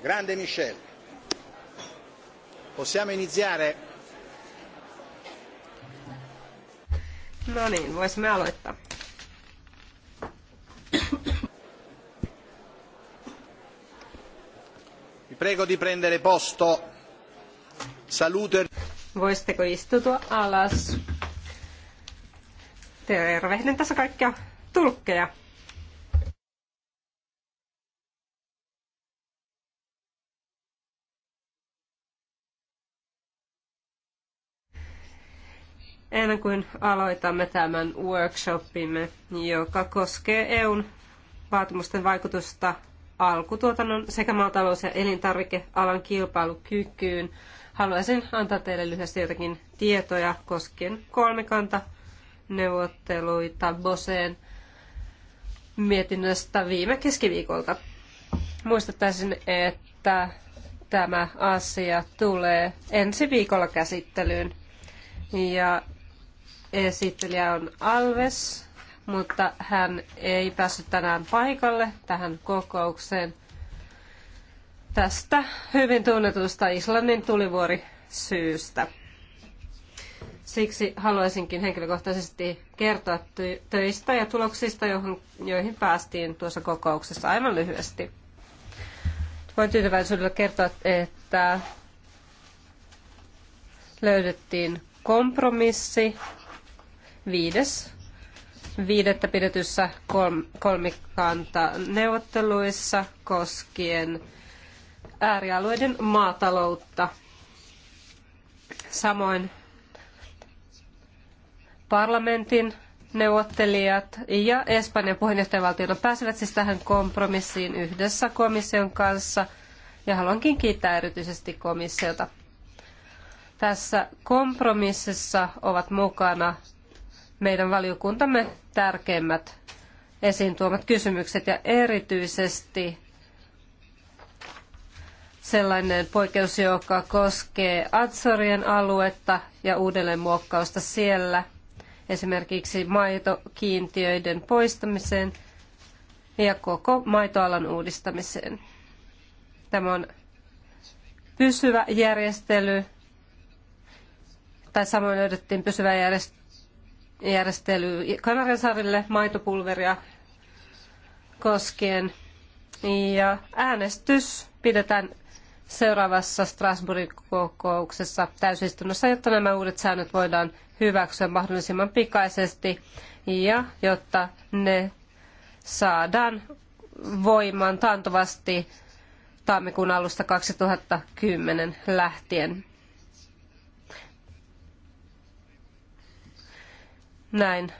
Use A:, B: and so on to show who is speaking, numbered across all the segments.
A: Grande Michel.
B: Possiamo iniziare? No niin, voisimme aloittaa.
C: Vi prego di prendere posto.
D: Salute.
B: Voisitteko istutua alas? Tervehdin tässä kaikkia tulkkeja. aloitamme tämän workshopimme, joka koskee EUn vaatimusten vaikutusta alkutuotannon sekä maatalous- ja elintarvikealan kilpailukykyyn. Haluaisin antaa teille lyhyesti jotakin tietoja koskien kolmikanta neuvotteluita Boseen mietinnöstä viime keskiviikolta. Muistuttaisin, että tämä asia tulee ensi viikolla käsittelyyn ja Esittelijä on Alves, mutta hän ei päässyt tänään paikalle tähän kokoukseen tästä hyvin tunnetusta Islannin tulivuori syystä. Siksi haluaisinkin henkilökohtaisesti kertoa töistä ja tuloksista, joihin päästiin tuossa kokouksessa aivan lyhyesti. Voin tyytyväisyydellä kertoa, että löydettiin kompromissi viides viidettä pidetyssä kolmikanta neuvotteluissa koskien äärialueiden maataloutta. Samoin parlamentin neuvottelijat ja Espanjan puheenjohtajavaltiona pääsevät siis tähän kompromissiin yhdessä komission kanssa. Ja haluankin kiittää erityisesti komissiota. Tässä kompromississa ovat mukana meidän valiokuntamme tärkeimmät esiin tuomat kysymykset ja erityisesti sellainen poikkeus, joka koskee Azorien aluetta ja uudelleenmuokkausta siellä, esimerkiksi maitokiintiöiden poistamiseen ja koko maitoalan uudistamiseen. Tämä on pysyvä järjestely, tai samoin löydettiin pysyvä järjestely järjestely Kanariansaarille maitopulveria koskien. Ja äänestys pidetään seuraavassa Strasbourgin kokouksessa täysistunnossa, jotta nämä uudet säännöt voidaan hyväksyä mahdollisimman pikaisesti ja jotta ne saadaan voimaan taantuvasti tammikuun alusta 2010 lähtien. Näin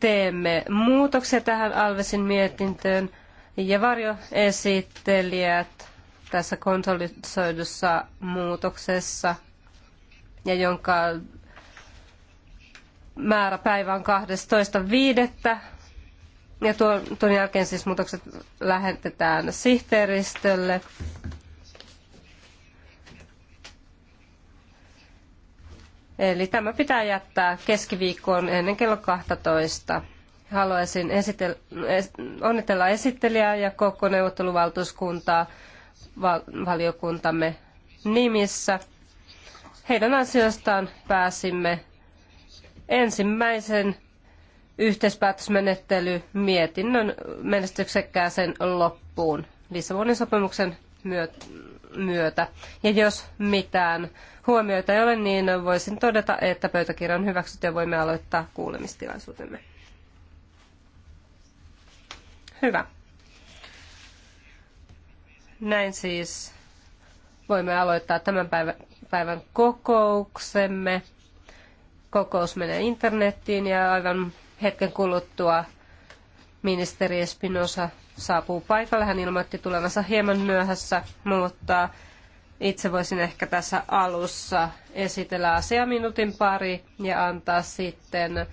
B: teemme muutoksia tähän Alvesin mietintöön ja varjoesittelijät tässä konsolidoidussa muutoksessa ja jonka määräpäivä on 12.5. Ja tuon, tuon jälkeen siis muutokset lähetetään sihteeristölle Eli tämä pitää jättää keskiviikkoon ennen kello 12. Haluaisin esitel- es- onnitella esittelijää ja koko neuvotteluvaltuuskuntaa val- valiokuntamme nimissä. Heidän ansiostaan pääsimme ensimmäisen yhteispäätösmenettely mietinnön menestyksekkääseen loppuun Lissabonin sopimuksen myötä myötä. Ja jos mitään huomioita ei ole, niin voisin todeta, että pöytäkirja on hyväksytty ja voimme aloittaa kuulemistilaisuutemme. Hyvä. Näin siis voimme aloittaa tämän päivän, päivän kokouksemme. Kokous menee internettiin ja aivan hetken kuluttua ministeri Espinosa saapuu paikalle. Hän ilmoitti tulevansa hieman myöhässä, mutta itse voisin ehkä tässä alussa esitellä asia minuutin pari ja antaa sitten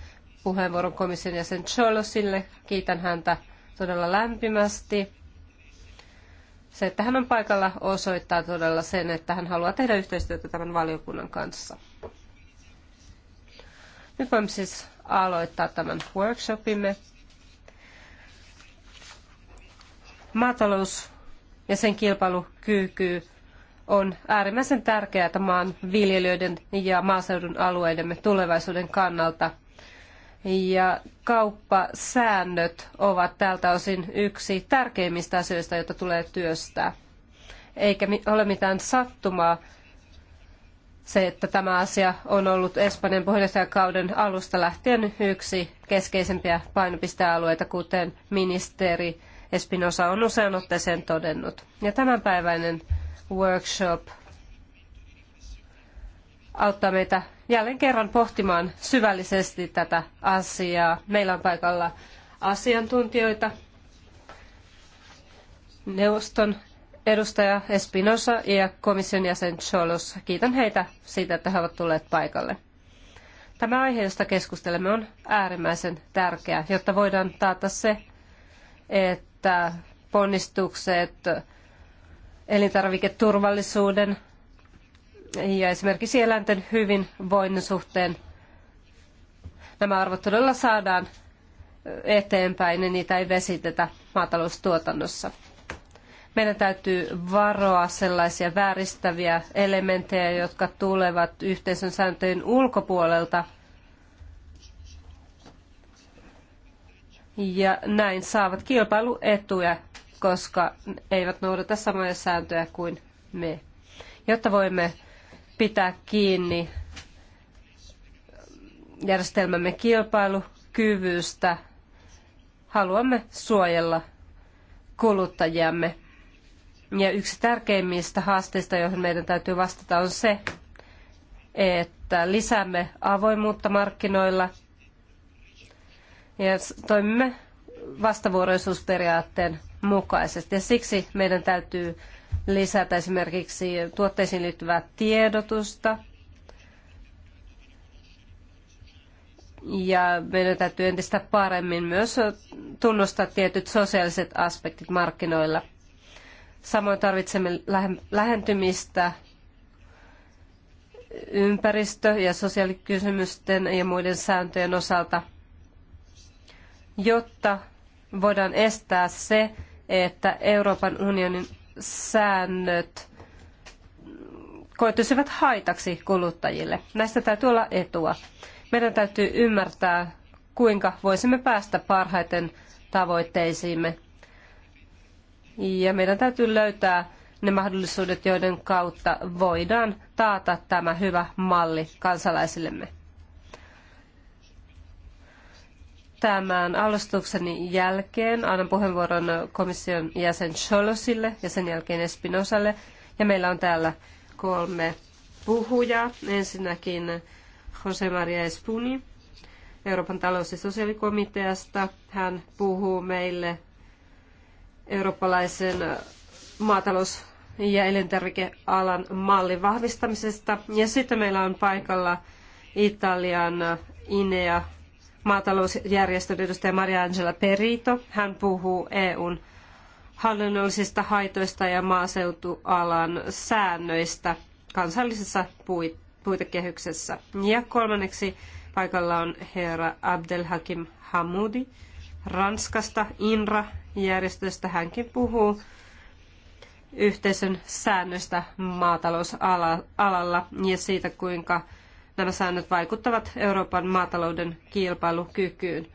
B: puheenvuoron komission jäsen Cholosille. Kiitän häntä todella lämpimästi. Se, että hän on paikalla, osoittaa todella sen, että hän haluaa tehdä yhteistyötä tämän valiokunnan kanssa. Nyt voimme siis aloittaa tämän workshopimme. Maatalous ja sen kilpailukyky on äärimmäisen tärkeää maan viljelijöiden ja maaseudun alueidemme tulevaisuuden kannalta. Ja kauppasäännöt ovat tältä osin yksi tärkeimmistä asioista, joita tulee työstää. Eikä ole mitään sattumaa se, että tämä asia on ollut Espanjan puheenjohtajakauden alusta lähtien yksi keskeisempiä painopistealueita, kuten ministeri Espinosa on usean otteeseen todennut. Ja tämänpäiväinen workshop auttaa meitä jälleen kerran pohtimaan syvällisesti tätä asiaa. Meillä on paikalla asiantuntijoita, neuvoston edustaja Espinosa ja komission jäsen Cholos. Kiitän heitä siitä, että he ovat tulleet paikalle. Tämä aihe, josta keskustelemme, on äärimmäisen tärkeä, jotta voidaan taata se, että että ponnistukset elintarviketurvallisuuden ja esimerkiksi eläinten hyvinvoinnin suhteen nämä arvot todella saadaan eteenpäin ja niitä ei vesitetä maataloustuotannossa. Meidän täytyy varoa sellaisia vääristäviä elementtejä, jotka tulevat yhteisön sääntöjen ulkopuolelta – ja näin saavat kilpailuetuja, koska eivät noudata samoja sääntöjä kuin me. Jotta voimme pitää kiinni järjestelmämme kilpailukyvystä, haluamme suojella kuluttajiamme. Ja yksi tärkeimmistä haasteista, johon meidän täytyy vastata, on se, että lisäämme avoimuutta markkinoilla – ja toimimme vastavuoroisuusperiaatteen mukaisesti. Ja siksi meidän täytyy lisätä esimerkiksi tuotteisiin liittyvää tiedotusta. Ja meidän täytyy entistä paremmin myös tunnustaa tietyt sosiaaliset aspektit markkinoilla. Samoin tarvitsemme lähentymistä ympäristö- ja sosiaalikysymysten ja muiden sääntöjen osalta – jotta voidaan estää se, että Euroopan unionin säännöt koituisivat haitaksi kuluttajille. Näistä täytyy olla etua. Meidän täytyy ymmärtää, kuinka voisimme päästä parhaiten tavoitteisiimme. Ja meidän täytyy löytää ne mahdollisuudet, joiden kautta voidaan taata tämä hyvä malli kansalaisillemme. tämän alustukseni jälkeen annan puheenvuoron komission jäsen Cholosille ja sen jälkeen Espinosalle. Ja meillä on täällä kolme puhujaa. Ensinnäkin Jose Maria Espuni Euroopan talous- ja sosiaalikomiteasta. Hän puhuu meille eurooppalaisen maatalous- ja elintarvikealan mallin vahvistamisesta. Ja sitten meillä on paikalla Italian INEA maatalousjärjestön edustaja Maria Angela Perito. Hän puhuu EUn hallinnollisista haitoista ja maaseutualan säännöistä kansallisessa puitekehyksessä. Ja kolmanneksi paikalla on herra Abdelhakim Hamoudi Ranskasta, INRA-järjestöstä. Hänkin puhuu yhteisön säännöistä maatalousalalla ja siitä, kuinka nämä säännöt vaikuttavat Euroopan maatalouden kilpailukykyyn.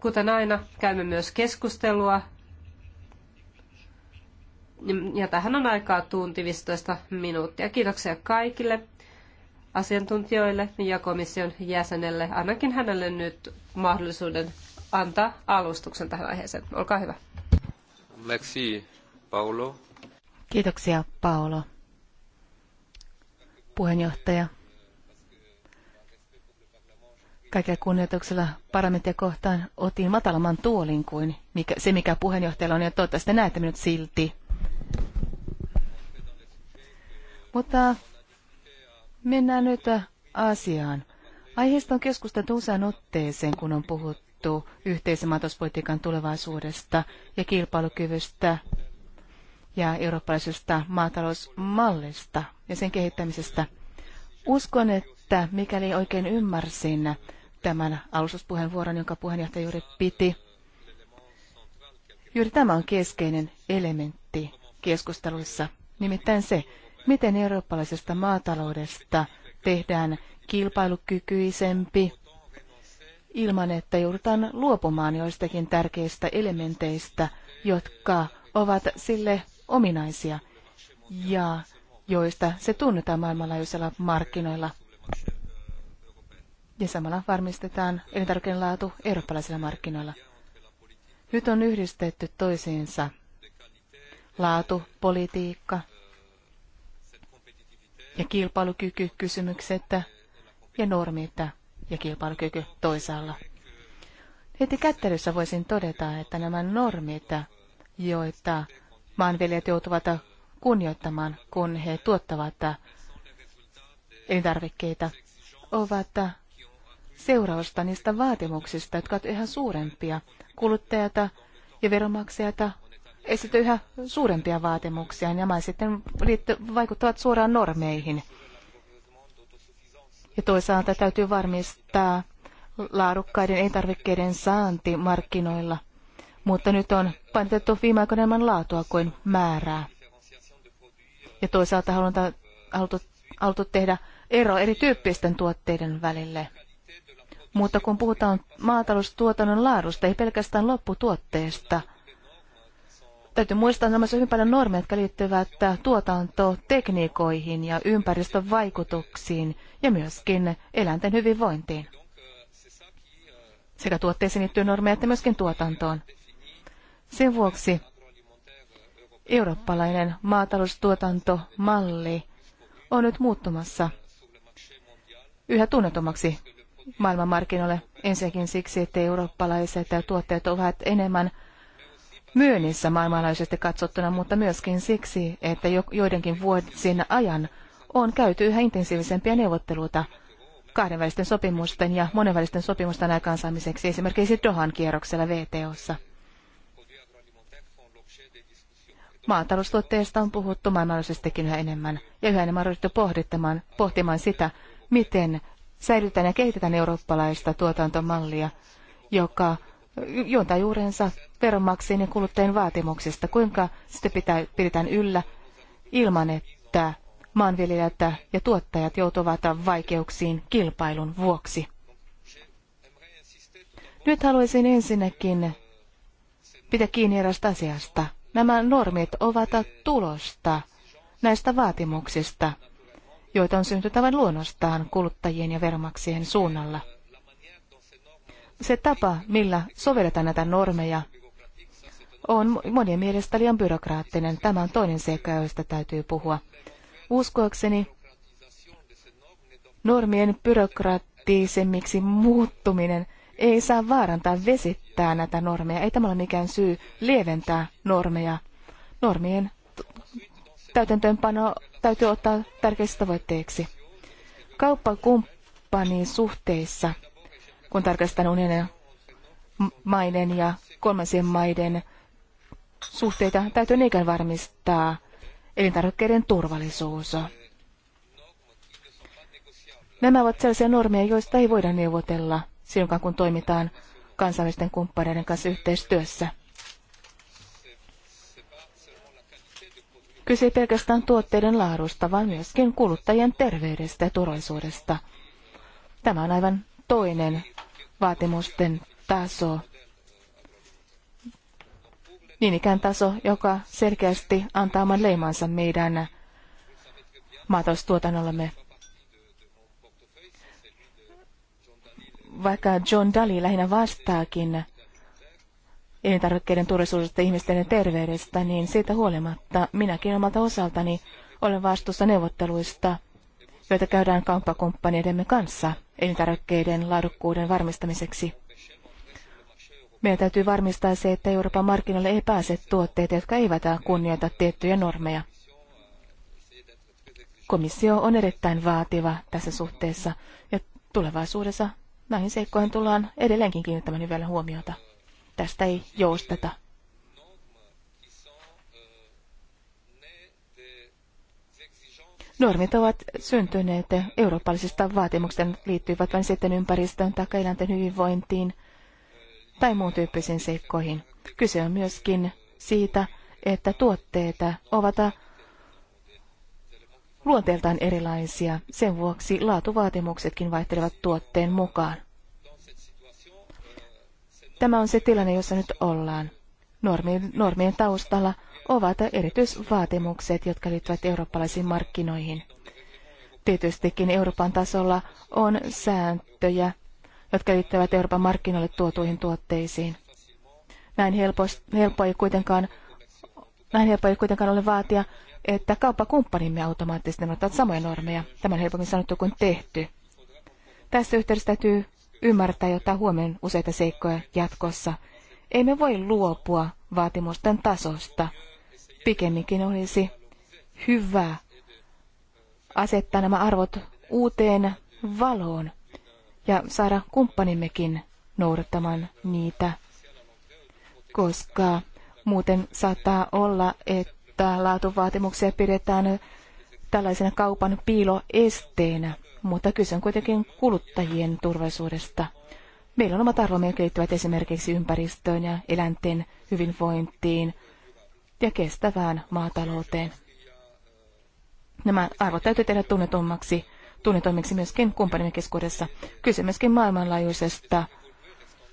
B: Kuten aina, käymme myös keskustelua ja tähän on aikaa tunti 15 minuuttia. Kiitoksia kaikille asiantuntijoille ja komission jäsenelle. Annankin hänelle nyt mahdollisuuden antaa alustuksen tähän aiheeseen. Olkaa hyvä.
D: Merci, Paolo.
B: Kiitoksia, Paolo.
A: Puheenjohtaja kaikilla kunnioituksella parlamenttia kohtaan otin matalamman tuolin kuin mikä, se, mikä puheenjohtajalla on, ja toivottavasti näette minut silti. Mutta mennään nyt asiaan. Aiheesta on keskusteltu usean otteeseen, kun on puhuttu yhteisen maatalouspolitiikan tulevaisuudesta ja kilpailukyvystä ja eurooppalaisesta maatalousmallista ja sen kehittämisestä. Uskon, että mikäli oikein ymmärsin, tämän alustuspuheenvuoron, jonka puheenjohtaja juuri piti. Juuri tämä on keskeinen elementti keskusteluissa, nimittäin se, miten eurooppalaisesta maataloudesta tehdään kilpailukykyisempi ilman, että joudutaan luopumaan joistakin tärkeistä elementeistä, jotka ovat sille ominaisia ja joista se tunnetaan maailmanlaajuisilla markkinoilla – ja samalla varmistetaan elintarvikkeiden laatu eurooppalaisilla markkinoilla. Nyt on yhdistetty toisiinsa laatu, politiikka ja kilpailukyky kysymykset ja normit ja kilpailukyky toisaalla. Heti kättelyssä voisin todeta, että nämä normit, joita maanviljelijät joutuvat kunnioittamaan, kun he tuottavat elintarvikkeita, ovat seurausta niistä vaatimuksista, jotka ovat yhä suurempia. Kuluttajata ja veronmaksajata esittää yhä suurempia vaatimuksia. ja Nämä sitten vaikuttavat suoraan normeihin. Ja toisaalta täytyy varmistaa laadukkaiden elintarvikkeiden saanti markkinoilla. Mutta nyt on painotettu viime aikoina enemmän laatua kuin määrää. Ja toisaalta halutaan, haluttu, tehdä ero erityyppisten tuotteiden välille. Mutta kun puhutaan maataloustuotannon laadusta, ei pelkästään lopputuotteesta, täytyy muistaa nämä hyvin paljon normeja, jotka liittyvät tuotantotekniikoihin ja ympäristön vaikutuksiin ja myöskin eläinten hyvinvointiin. Sekä tuotteisiin liittyy normeja että myöskin tuotantoon. Sen vuoksi eurooppalainen maataloustuotantomalli on nyt muuttumassa yhä tunnetummaksi maailmanmarkkinoille ensinnäkin siksi, että eurooppalaiset tuotteet ovat enemmän myynnissä maailmanlaajuisesti katsottuna, mutta myöskin siksi, että joidenkin vuosien ajan on käyty yhä intensiivisempiä neuvotteluita kahdenvälisten sopimusten ja monenvälisten sopimusten aikaansaamiseksi esimerkiksi Dohan kierroksella VTOssa. Maataloustuotteista on puhuttu maailmanlaajuisestikin yhä enemmän ja yhä enemmän on ryhdytty pohtimaan sitä, miten säilytetään ja kehitetään eurooppalaista tuotantomallia, joka juontaa juurensa veronmaksajien ja kuluttajien vaatimuksista, kuinka sitä pitää, pidetään yllä ilman, että maanviljelijät ja tuottajat joutuvat vaikeuksiin kilpailun vuoksi. Nyt haluaisin ensinnäkin pitää kiinni erästä asiasta. Nämä normit ovat tulosta näistä vaatimuksista, joita on syntynyt aivan luonnostaan kuluttajien ja veromaksien suunnalla. Se tapa, millä sovelletaan näitä normeja, on monien mielestä liian byrokraattinen. Tämä on toinen seikka, josta täytyy puhua. Uskoakseni normien byrokraattisemmiksi muuttuminen ei saa vaarantaa vesittää näitä normeja. Ei tämä ole mikään syy lieventää normeja. Normien täytäntöönpano täytyy ottaa tärkeäksi tavoitteeksi. Kauppakumppanin suhteissa, kun tarkastan unionin maiden ja kolmansien maiden suhteita, täytyy niinkään varmistaa elintarvikkeiden turvallisuus. Nämä ovat sellaisia normeja, joista ei voida neuvotella silloin, kun toimitaan kansainvälisten kumppaneiden kanssa yhteistyössä. Kyse ei pelkästään tuotteiden laadusta, vaan myöskin kuluttajien terveydestä ja turvallisuudesta. Tämä on aivan toinen vaatimusten taso. Niin ikään taso, joka selkeästi antaa oman leimansa meidän maataloustuotannollemme. Vaikka John Daly lähinnä vastaakin elintarvikkeiden turvallisuudesta ja ihmisten terveydestä, niin siitä huolimatta minäkin omalta osaltani olen vastuussa neuvotteluista, joita käydään kauppakumppaneidemme kanssa elintarvikkeiden laadukkuuden varmistamiseksi. Meidän täytyy varmistaa se, että Euroopan markkinoille ei pääse tuotteita, jotka eivät kunnioita tiettyjä normeja. Komissio on erittäin vaativa tässä suhteessa ja tulevaisuudessa näihin seikkoihin tullaan edelleenkin kiinnittämään vielä huomiota. Tästä ei jousteta. Normit ovat syntyneet eurooppalaisista vaatimuksista, liittyvät vain sitten ympäristöön tai eläinten hyvinvointiin tai muun tyyppisiin seikkoihin. Kyse on myöskin siitä, että tuotteita ovat luonteeltaan erilaisia. Sen vuoksi laatuvaatimuksetkin vaihtelevat tuotteen mukaan. Tämä on se tilanne, jossa nyt ollaan. Normien, normien taustalla ovat erityisvaatimukset, jotka liittyvät eurooppalaisiin markkinoihin. Tietystikin Euroopan tasolla on sääntöjä, jotka liittyvät Euroopan markkinoille tuotuihin tuotteisiin. Näin helppo ei kuitenkaan näin helppo ei kuitenkaan ole vaatia, että kauppakumppanimme automaattisesti noudattavat samoja normeja. Tämän helpommin sanottu kuin tehty. Tässä yhteydessä täytyy ymmärtää ja ottaa huomioon useita seikkoja jatkossa. Emme voi luopua vaatimusten tasosta. Pikemminkin olisi hyvä asettaa nämä arvot uuteen valoon ja saada kumppanimmekin noudattamaan niitä, koska muuten saattaa olla, että laatuvaatimuksia pidetään tällaisena kaupan piiloesteenä mutta kyse on kuitenkin kuluttajien turvallisuudesta. Meillä on omat arvomme, jotka liittyvät esimerkiksi ympäristöön ja eläinten hyvinvointiin ja kestävään maatalouteen. Nämä arvot täytyy tehdä tunnetummaksi, tunnetummiksi myöskin kumppanimme keskuudessa. Kyse myöskin maailmanlaajuisesta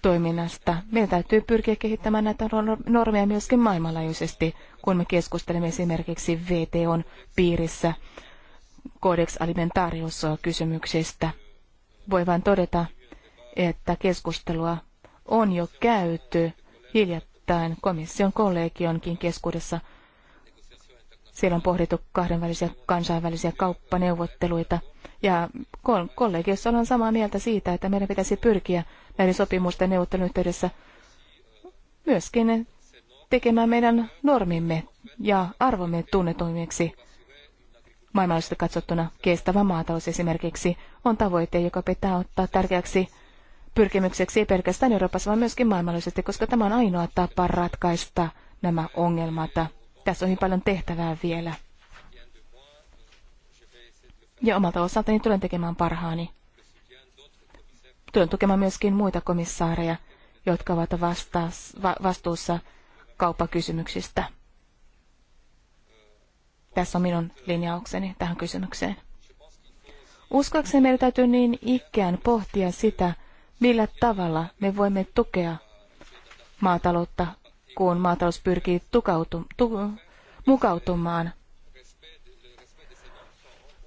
A: toiminnasta. Meidän täytyy pyrkiä kehittämään näitä normeja myöskin maailmanlaajuisesti, kun me keskustelemme esimerkiksi VTOn piirissä Codex alimentarius kysymyksistä Voi vain todeta, että keskustelua on jo käyty hiljattain komission kollegionkin keskuudessa. Siellä on pohdittu kahdenvälisiä kansainvälisiä kauppaneuvotteluita ja kollegiossa ollaan samaa mieltä siitä, että meidän pitäisi pyrkiä näiden sopimusten neuvottelun yhteydessä myöskin tekemään meidän normimme ja arvomme tunnetuimmiksi maailmallisesti katsottuna kestävä maatalous esimerkiksi on tavoite, joka pitää ottaa tärkeäksi pyrkimykseksi ei pelkästään Euroopassa, vaan myöskin maailmallisesti, koska tämä on ainoa tapa ratkaista nämä ongelmat. Tässä on hyvin paljon tehtävää vielä. Ja omalta osaltani tulen tekemään parhaani. Tulen tukemaan myöskin muita komissaareja, jotka ovat vastaus, va, vastuussa kauppakysymyksistä. Tässä on minun linjaukseni tähän kysymykseen. Uskoakseni meidän täytyy niin ikään pohtia sitä, millä tavalla me voimme tukea maataloutta, kun maatalous pyrkii tukautu, tu, mukautumaan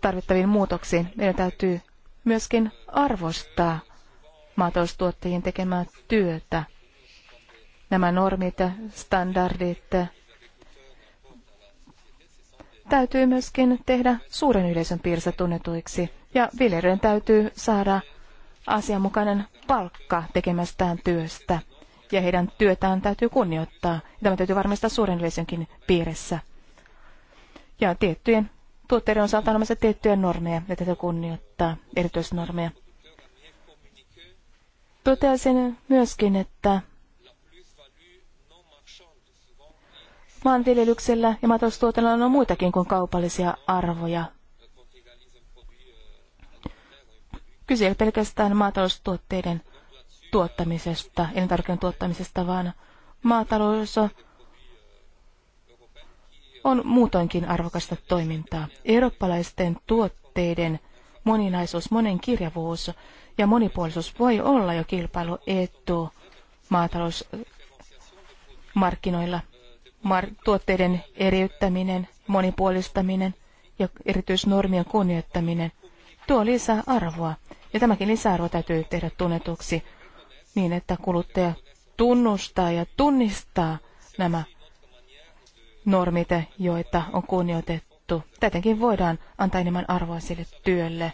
A: tarvittaviin muutoksiin. Meidän täytyy myöskin arvostaa maataloustuottajien tekemää työtä. Nämä normit, standardit täytyy myöskin tehdä suuren yleisön piirissä tunnetuiksi. Ja viljelijöiden täytyy saada asianmukainen palkka tekemästään työstä. Ja heidän työtään täytyy kunnioittaa. Tämä täytyy varmistaa suuren yleisönkin piirissä. Ja tiettyjen tuotteiden osalta on olemassa tiettyjä normeja, ja täytyy kunnioittaa erityisnormeja. Toteaisin myöskin, että Maanviljelyksellä ja maataloustuotannolla on muitakin kuin kaupallisia arvoja. Kyse ei pelkästään maataloustuotteiden tuottamisesta, elintarvikkeiden tuottamisesta, vaan maatalous on muutoinkin arvokasta toimintaa. Eurooppalaisten tuotteiden moninaisuus, monen kirjavuus ja monipuolisuus voi olla jo kilpailuetu maatalousmarkkinoilla tuotteiden eriyttäminen, monipuolistaminen ja erityisnormien kunnioittaminen tuo lisää arvoa. Ja tämäkin lisäarvo täytyy tehdä tunnetuksi niin, että kuluttaja tunnustaa ja tunnistaa nämä normit, joita on kunnioitettu. Tietenkin voidaan antaa enemmän arvoa sille työlle,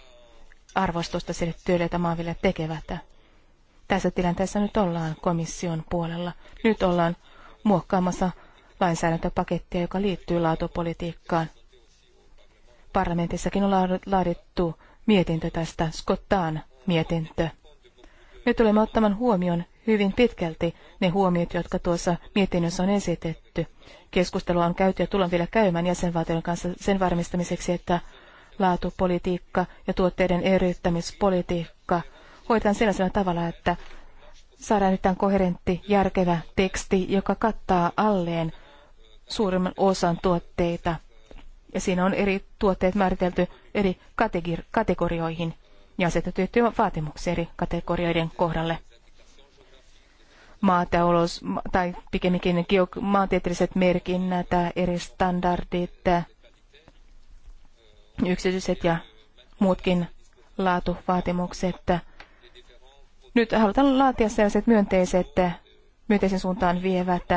A: arvostusta sille työlle, jota maanville tekevät. Tässä tilanteessa nyt ollaan komission puolella. Nyt ollaan muokkaamassa lainsäädäntöpakettia, joka liittyy laatupolitiikkaan. Parlamentissakin on laadittu mietintö tästä, Skottaan mietintö. Me tulemme ottamaan huomioon hyvin pitkälti ne huomiot, jotka tuossa mietinnössä on esitetty. Keskustelua on käyty ja tullaan vielä käymään jäsenvaltion kanssa sen varmistamiseksi, että laatupolitiikka ja tuotteiden eriyttämispolitiikka hoitetaan sellaisella tavalla, että saadaan nyt tämän koherentti, järkevä teksti, joka kattaa alleen suurimman osan tuotteita. Ja siinä on eri tuotteet määritelty eri kategorioihin ja asetettu tiettyjä vaatimuksia eri kategorioiden kohdalle. Maatalous, tai pikemminkin maantieteelliset merkinnät, eri standardit, yksityiset ja muutkin laatuvaatimukset. Nyt halutaan laatia sellaiset myönteiset, myönteisen suuntaan vievät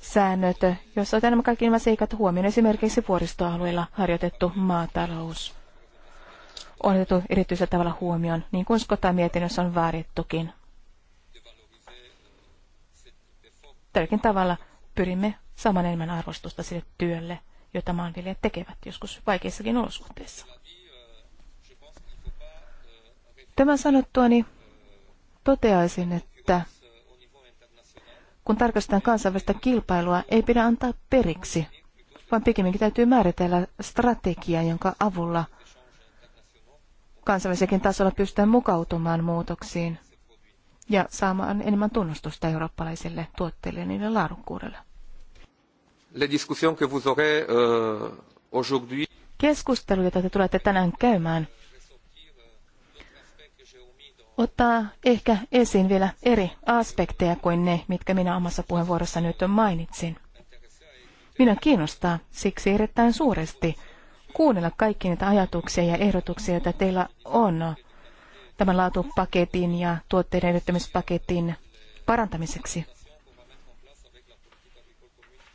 A: säännöt, jossa otetaan nämä kaikki nämä seikat huomioon, esimerkiksi vuoristoalueilla harjoitettu maatalous on otettu erityisellä tavalla huomioon, niin kuin Skotan mietinnössä on vaadittukin. Tälläkin tavalla pyrimme saman enemmän arvostusta sille työlle, jota maanviljelijät tekevät joskus vaikeissakin olosuhteissa. Tämän sanottuani toteaisin, että kun tarkastetaan kansainvälistä kilpailua, ei pidä antaa periksi, vaan pikemminkin täytyy määritellä strategia, jonka avulla kansainvälisekin tasolla pystytään mukautumaan muutoksiin ja saamaan enemmän tunnustusta eurooppalaisille tuotteille ja niiden laadukkuudelle. Euh, Keskustelu, jota te tulette tänään käymään, ottaa ehkä esiin vielä eri aspekteja kuin ne, mitkä minä omassa puheenvuorossa nyt mainitsin. Minä kiinnostaa siksi erittäin suuresti kuunnella kaikki niitä ajatuksia ja ehdotuksia, joita teillä on tämän laatupaketin ja tuotteiden edettämispaketin parantamiseksi.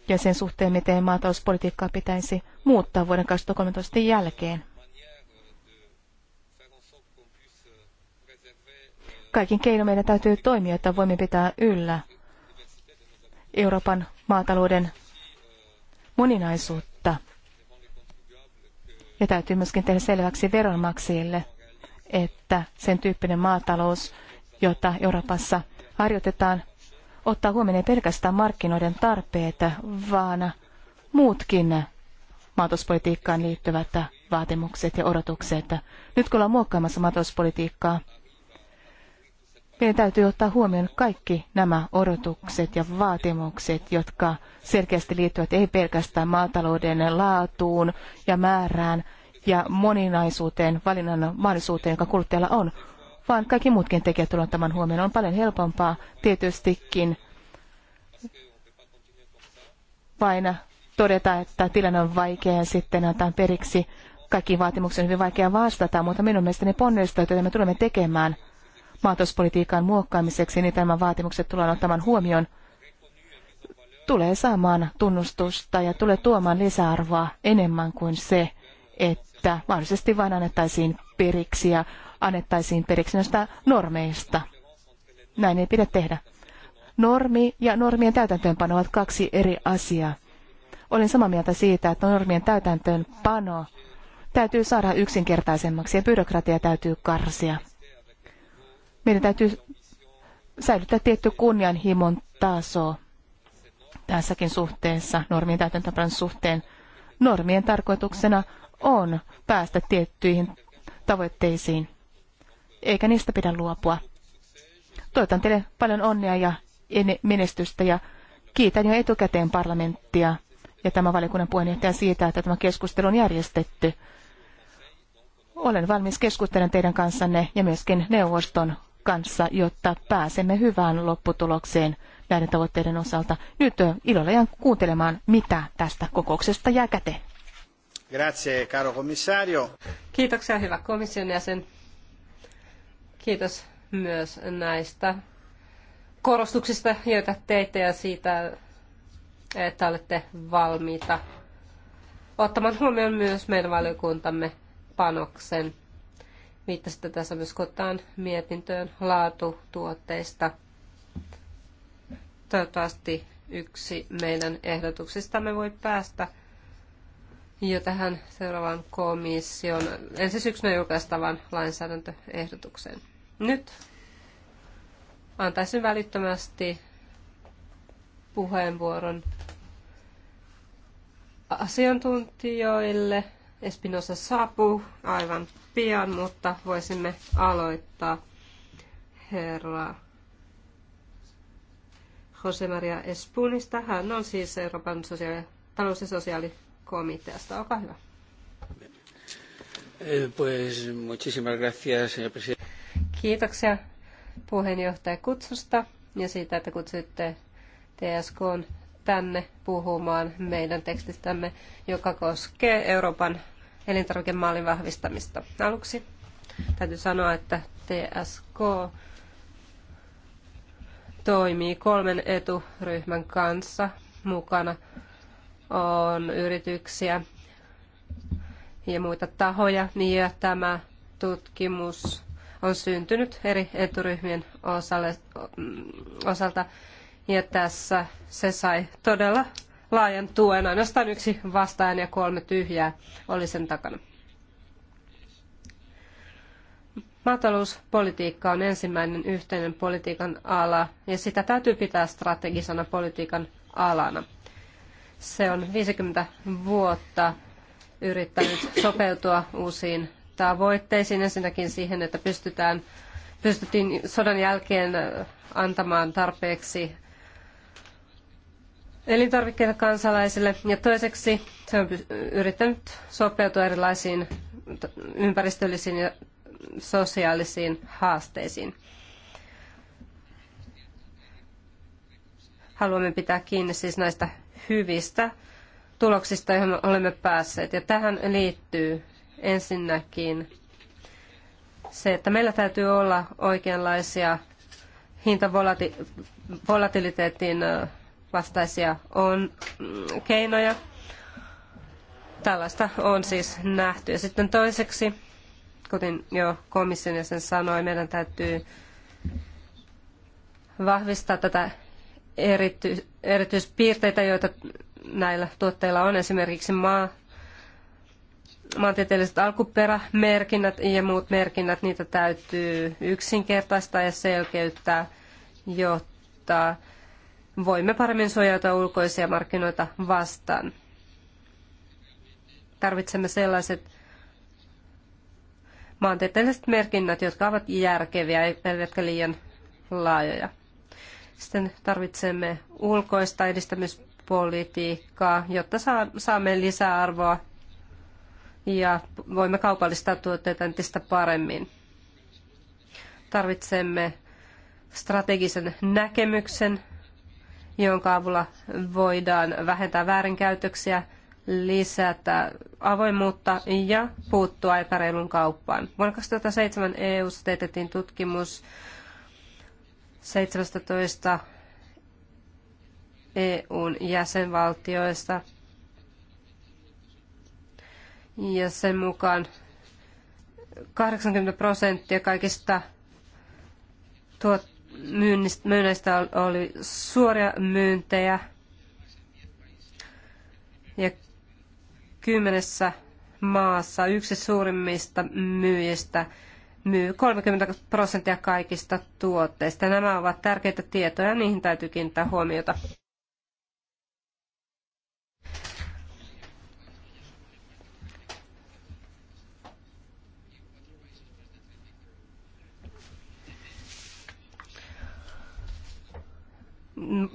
A: Ja sen suhteen, miten maatalouspolitiikkaa pitäisi muuttaa vuoden 2013 jälkeen. Kaikin keino meidän täytyy toimia, että voimme pitää yllä Euroopan maatalouden moninaisuutta. Ja täytyy myöskin tehdä selväksi veronmaksajille, että sen tyyppinen maatalous, jota Euroopassa harjoitetaan, ottaa huomioon ei pelkästään markkinoiden tarpeet, vaan muutkin maatalouspolitiikkaan liittyvät vaatimukset ja odotukset. Nyt kun ollaan muokkaamassa maatalouspolitiikkaa, meidän täytyy ottaa huomioon kaikki nämä odotukset ja vaatimukset, jotka selkeästi liittyvät ei pelkästään maatalouden laatuun ja määrään ja moninaisuuteen, valinnan mahdollisuuteen, joka kuluttajalla on, vaan kaikki muutkin tekijät tulevat tämän huomioon. On paljon helpompaa tietystikin vain todeta, että tilanne on vaikea ja sitten antaa periksi. Kaikkiin vaatimuksiin on hyvin vaikea vastata, mutta minun mielestäni ponnistelut, joita me tulemme tekemään – maatalouspolitiikan muokkaamiseksi, niin tämän vaatimukset tullaan ottamaan huomioon, tulee saamaan tunnustusta ja tulee tuomaan lisäarvoa enemmän kuin se, että mahdollisesti vain annettaisiin periksi ja annettaisiin periksi näistä normeista. Näin ei pidä tehdä. Normi ja normien täytäntöönpano ovat kaksi eri asiaa. Olen samaa mieltä siitä, että normien täytäntöönpano täytyy saada yksinkertaisemmaksi ja byrokratia täytyy karsia meidän täytyy säilyttää tietty kunnianhimon taso tässäkin suhteessa, normien täytäntöpanon suhteen. Normien tarkoituksena on päästä tiettyihin tavoitteisiin, eikä niistä pidä luopua. Toivotan teille paljon onnea ja menestystä ja kiitän jo etukäteen parlamenttia ja tämä valiokunnan puheenjohtajan siitä, että tämä keskustelu on järjestetty. Olen valmis keskustelemaan teidän kanssanne ja myöskin neuvoston kanssa, jotta pääsemme hyvään lopputulokseen näiden tavoitteiden osalta. Nyt ilolla jään kuuntelemaan,
B: mitä tästä kokouksesta jää käteen. Grazie, caro commissario. Kiitoksia, hyvä komission jäsen. Kiitos myös näistä korostuksista, joita teitte ja siitä, että olette valmiita ottamaan huomioon myös meidän valiokuntamme panoksen. Viittasitte tässä myös kotaan mietintöön laatutuotteista. Toivottavasti yksi meidän ehdotuksistamme voi päästä jo tähän seuraavaan komission ensi syksynä julkaistavan lainsäädäntöehdotukseen. Nyt antaisin välittömästi puheenvuoron asiantuntijoille – Espinosa saapuu aivan pian, mutta voisimme aloittaa herra Jose Maria Espunista. Hän on siis Euroopan sosiaali- talous- ja sosiaalikomiteasta. Olkaa hyvä.
D: Eh, pues muchísimas gracias, señor presidente.
B: Kiitoksia puheenjohtaja kutsusta ja siitä, että kutsuitte TSK tänne puhumaan meidän tekstistämme, joka koskee Euroopan elintarvikemallin vahvistamista. Aluksi täytyy sanoa, että TSK toimii kolmen eturyhmän kanssa. Mukana on yrityksiä ja muita tahoja, ja tämä tutkimus on syntynyt eri eturyhmien osalta ja tässä se sai todella laajan tuen. Ainoastaan yksi vastaan ja kolme tyhjää oli sen takana. Maatalouspolitiikka on ensimmäinen yhteinen politiikan ala ja sitä täytyy pitää strategisena politiikan alana. Se on 50 vuotta yrittänyt sopeutua uusiin tavoitteisiin. Ensinnäkin siihen, että pystytään, pystyttiin sodan jälkeen antamaan tarpeeksi elintarvikkeita kansalaisille ja toiseksi se on yrittänyt sopeutua erilaisiin ympäristöllisiin ja sosiaalisiin haasteisiin. Haluamme pitää kiinni siis näistä hyvistä tuloksista, joihin olemme päässeet. Ja tähän liittyy ensinnäkin se, että meillä täytyy olla oikeanlaisia hintavolatiliteetin vastaisia on mm, keinoja. Tällaista on siis nähty. Ja sitten toiseksi, kuten jo komission jäsen sanoi, meidän täytyy vahvistaa tätä erity, erityispiirteitä, joita näillä tuotteilla on, esimerkiksi maa, maantieteelliset alkuperämerkinnät ja muut merkinnät, niitä täytyy yksinkertaistaa ja selkeyttää, jotta voimme paremmin suojata ulkoisia markkinoita vastaan. Tarvitsemme sellaiset maantieteelliset merkinnät, jotka ovat järkeviä eivätkä liian laajoja. Sitten tarvitsemme ulkoista edistämispolitiikkaa, jotta saamme lisäarvoa ja voimme kaupallistaa tuotteita entistä paremmin. Tarvitsemme strategisen näkemyksen jonka avulla voidaan vähentää väärinkäytöksiä, lisätä avoimuutta ja puuttua epäreilun kauppaan. Vuonna 2007 eu teetettiin tutkimus 17 EUn jäsenvaltioista. Ja sen mukaan 80 prosenttia kaikista tuotteista myynneistä oli suoria myyntejä ja kymmenessä maassa yksi suurimmista myyjistä myy 30 prosenttia kaikista tuotteista. Nämä ovat tärkeitä tietoja ja niihin täytyy kiinnittää huomiota.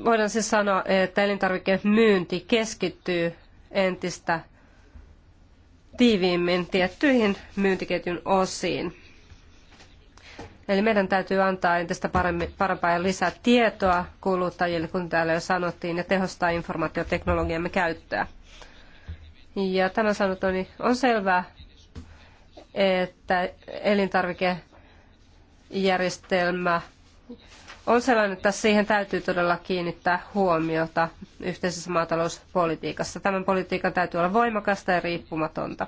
B: Voidaan siis sanoa, että elintarvikemyynti keskittyy entistä tiiviimmin tiettyihin myyntiketjun osiin. Eli meidän täytyy antaa entistä parempaa ja lisää tietoa kuluttajille, kun täällä jo sanottiin, ja tehostaa informaatioteknologiamme käyttöä. Ja tämä sanotoni on selvää, että elintarvikejärjestelmä on sellainen, että siihen täytyy todella kiinnittää huomiota yhteisessä maatalouspolitiikassa. Tämän politiikan täytyy olla voimakasta ja riippumatonta.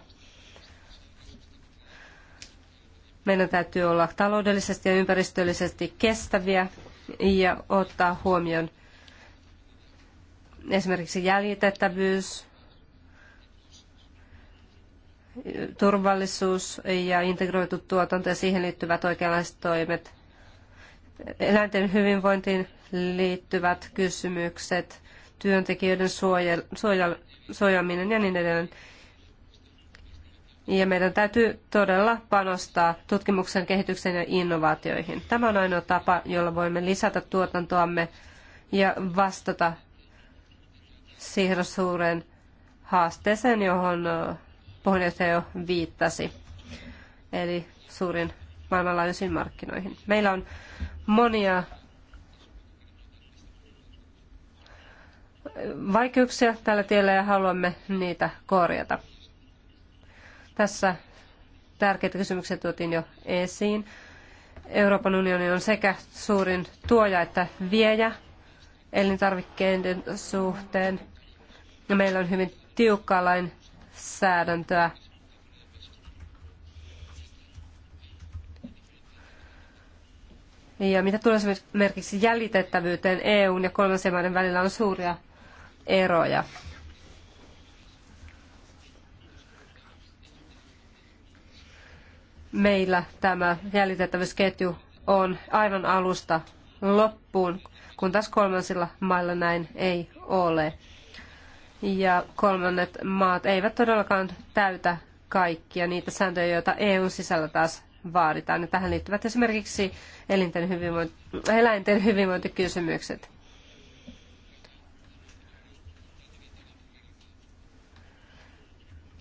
B: Meidän täytyy olla taloudellisesti ja ympäristöllisesti kestäviä ja ottaa huomioon esimerkiksi jäljitettävyys, turvallisuus ja integroitu tuotanto ja siihen liittyvät oikeanlaiset toimet eläinten hyvinvointiin liittyvät kysymykset, työntekijöiden suoja, suoja, suojaaminen ja niin edelleen. Ja meidän täytyy todella panostaa tutkimuksen, kehitykseen ja innovaatioihin. Tämä on ainoa tapa, jolla voimme lisätä tuotantoamme ja vastata siihen suureen haasteeseen, johon puheenjohtaja jo viittasi, eli suurin maailmanlaajuisiin markkinoihin. Meillä on monia vaikeuksia tällä tiellä ja haluamme niitä korjata. Tässä tärkeitä kysymyksiä tuotiin jo esiin. Euroopan unioni on sekä suurin tuoja että viejä elintarvikkeiden suhteen. Meillä on hyvin tiukkaa lainsäädäntöä Ja mitä tulee esimerkiksi jäljitettävyyteen EUn ja kolmansien maiden välillä on suuria eroja. Meillä tämä jäljitettävyysketju on aivan alusta loppuun, kun taas kolmansilla mailla näin ei ole. Ja kolmannet maat eivät todellakaan täytä kaikkia niitä sääntöjä, joita EUn sisällä taas vaaditaan. Ja tähän liittyvät esimerkiksi elinten hyvinvointi, eläinten hyvinvointikysymykset.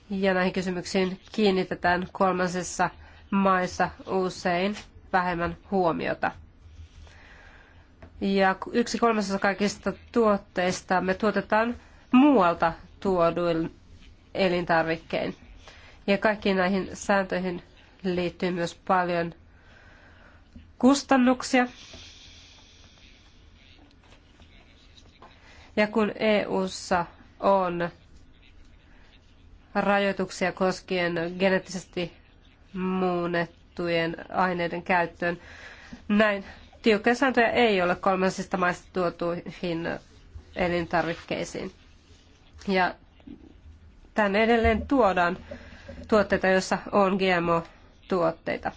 B: Ja näihin kysymyksiin kiinnitetään kolmansissa maissa usein vähemmän huomiota. Ja yksi kolmasosa kaikista tuotteista me tuotetaan muualta tuoduin elintarvikkein. Ja kaikkiin näihin sääntöihin liittyy myös paljon kustannuksia. Ja kun EU:ssa on rajoituksia koskien geneettisesti muunnettujen aineiden käyttöön, näin tiukkoja sääntöjä ei ole kolmansista maista tuotuihin elintarvikkeisiin. Ja tänne edelleen tuodaan tuotteita, joissa on GMO tuotteita.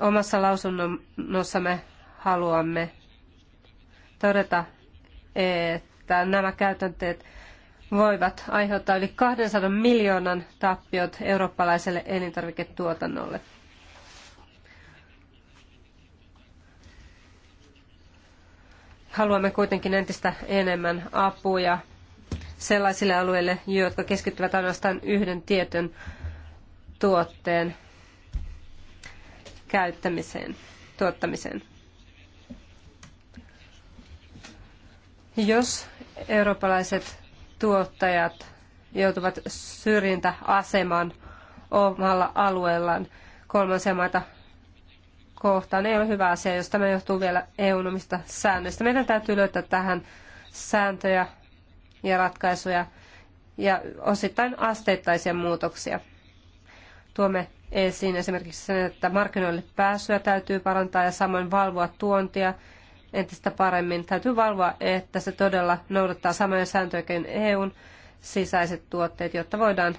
B: Omassa lausunnossamme haluamme todeta, että nämä käytänteet voivat aiheuttaa yli 200 miljoonan tappiot eurooppalaiselle elintarviketuotannolle. Haluamme kuitenkin entistä enemmän apuja sellaisille alueille, jotka keskittyvät ainoastaan yhden tietyn tuotteen käyttämiseen, tuottamiseen. Jos eurooppalaiset tuottajat joutuvat syrjintäasemaan omalla alueellaan kolmansia maita kohtaan, ei ole hyvä asia, jos tämä johtuu vielä EUn omista säännöistä. Meidän täytyy löytää tähän sääntöjä ja ratkaisuja ja osittain asteittaisia muutoksia. Tuomme esiin esimerkiksi sen, että markkinoille pääsyä täytyy parantaa ja samoin valvoa tuontia entistä paremmin. Täytyy valvoa, että se todella noudattaa samoja sääntöjä kuin EUn sisäiset tuotteet, jotta voidaan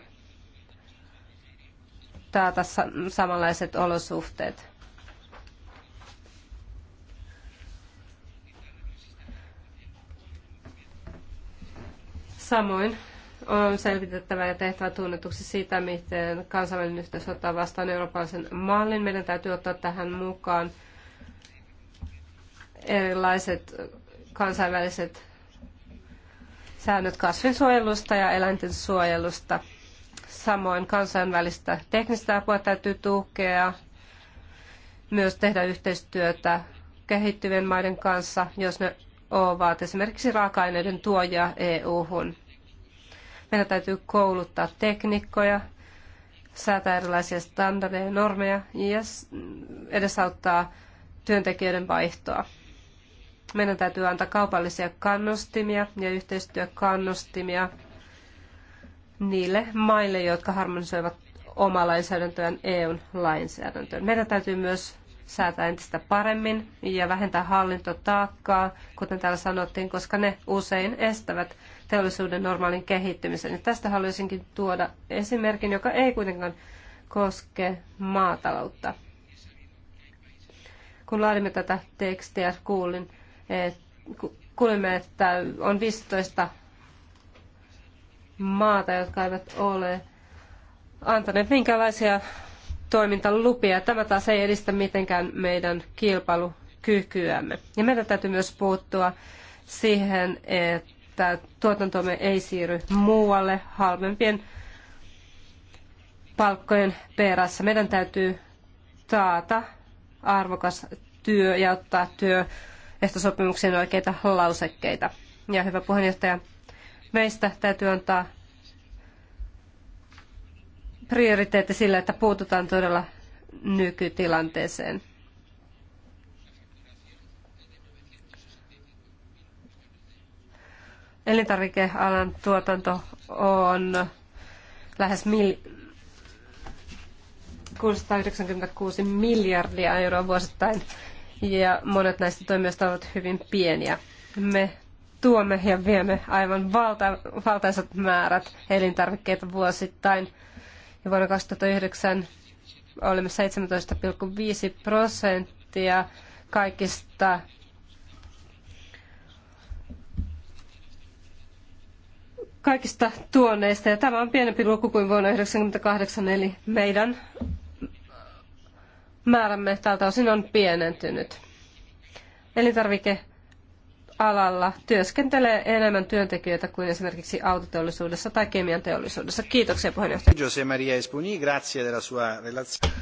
B: taata samanlaiset olosuhteet. Samoin on selvitettävä ja tehtävä tunnetuksi siitä, miten kansainvälinen yhteisö ottaa vastaan eurooppalaisen mallin. Meidän täytyy ottaa tähän mukaan erilaiset kansainväliset säännöt kasvinsuojelusta ja eläinten suojelusta. Samoin kansainvälistä teknistä apua täytyy tukea, myös tehdä yhteistyötä kehittyvien maiden kanssa, jos ne ovat esimerkiksi raaka-aineiden tuoja EU-hun. Meidän täytyy kouluttaa teknikkoja, säätää erilaisia standardeja ja normeja ja edesauttaa työntekijöiden vaihtoa. Meidän täytyy antaa kaupallisia kannustimia ja yhteistyökannustimia niille maille, jotka harmonisoivat omaa lainsäädäntöään EUn lainsäädäntöön. Meidän täytyy myös säätää entistä paremmin ja vähentää hallintotaakkaa, kuten täällä sanottiin, koska ne usein estävät teollisuuden normaalin kehittymisen. Ja tästä haluaisinkin tuoda esimerkin, joka ei kuitenkaan koske maataloutta. Kun laadimme tätä tekstiä, kuulin, et, kuulimme, että on 15 maata, jotka eivät ole antaneet minkälaisia toimintalupia. Tämä taas ei edistä mitenkään meidän kilpailukykyämme. Ja meidän täytyy myös puuttua siihen, että tuotantomme ei siirry muualle halvempien palkkojen perässä. Meidän täytyy taata arvokas työ ja ottaa työehtosopimuksien oikeita lausekkeita. Ja hyvä puheenjohtaja, meistä täytyy antaa prioriteetti sillä, että puututaan todella nykytilanteeseen. Elintarvikealan tuotanto on lähes mil, 696 miljardia euroa vuosittain ja monet näistä toimijoista ovat hyvin pieniä. Me tuomme ja viemme aivan valta, valtaisat määrät elintarvikkeita vuosittain – vuonna 2009 olimme 17,5 prosenttia kaikista kaikista tuonneista. Ja tämä on pienempi luku kuin vuonna 1998, eli meidän määrämme tältä osin on pienentynyt. Elintarvike alalla työskentelee enemmän työntekijöitä kuin esimerkiksi autoteollisuudessa tai kemian teollisuudessa. Kiitoksia puheenjohtaja.
C: Jose Maria Espuni, grazie della sua relazione.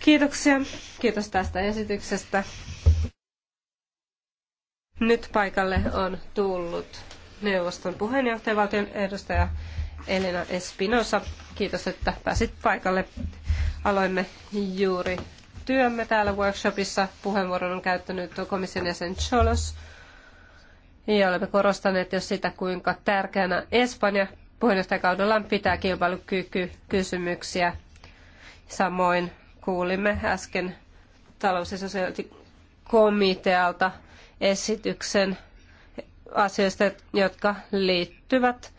B: Kiitoksia. Kiitos tästä esityksestä. Nyt paikalle on tullut neuvoston puheenjohtaja, valtion edustaja Elina Espinosa. Kiitos, että pääsit paikalle. Aloimme juuri työmme täällä workshopissa. Puheenvuoron on käyttänyt komission jäsen Cholos. Ja olemme korostaneet jo sitä, kuinka tärkeänä Espanja puheenjohtajakaudellaan pitää kilpailukykykysymyksiä. Samoin kuulimme äsken talous- ja sosiaalikomitealta esityksen asioista, jotka liittyvät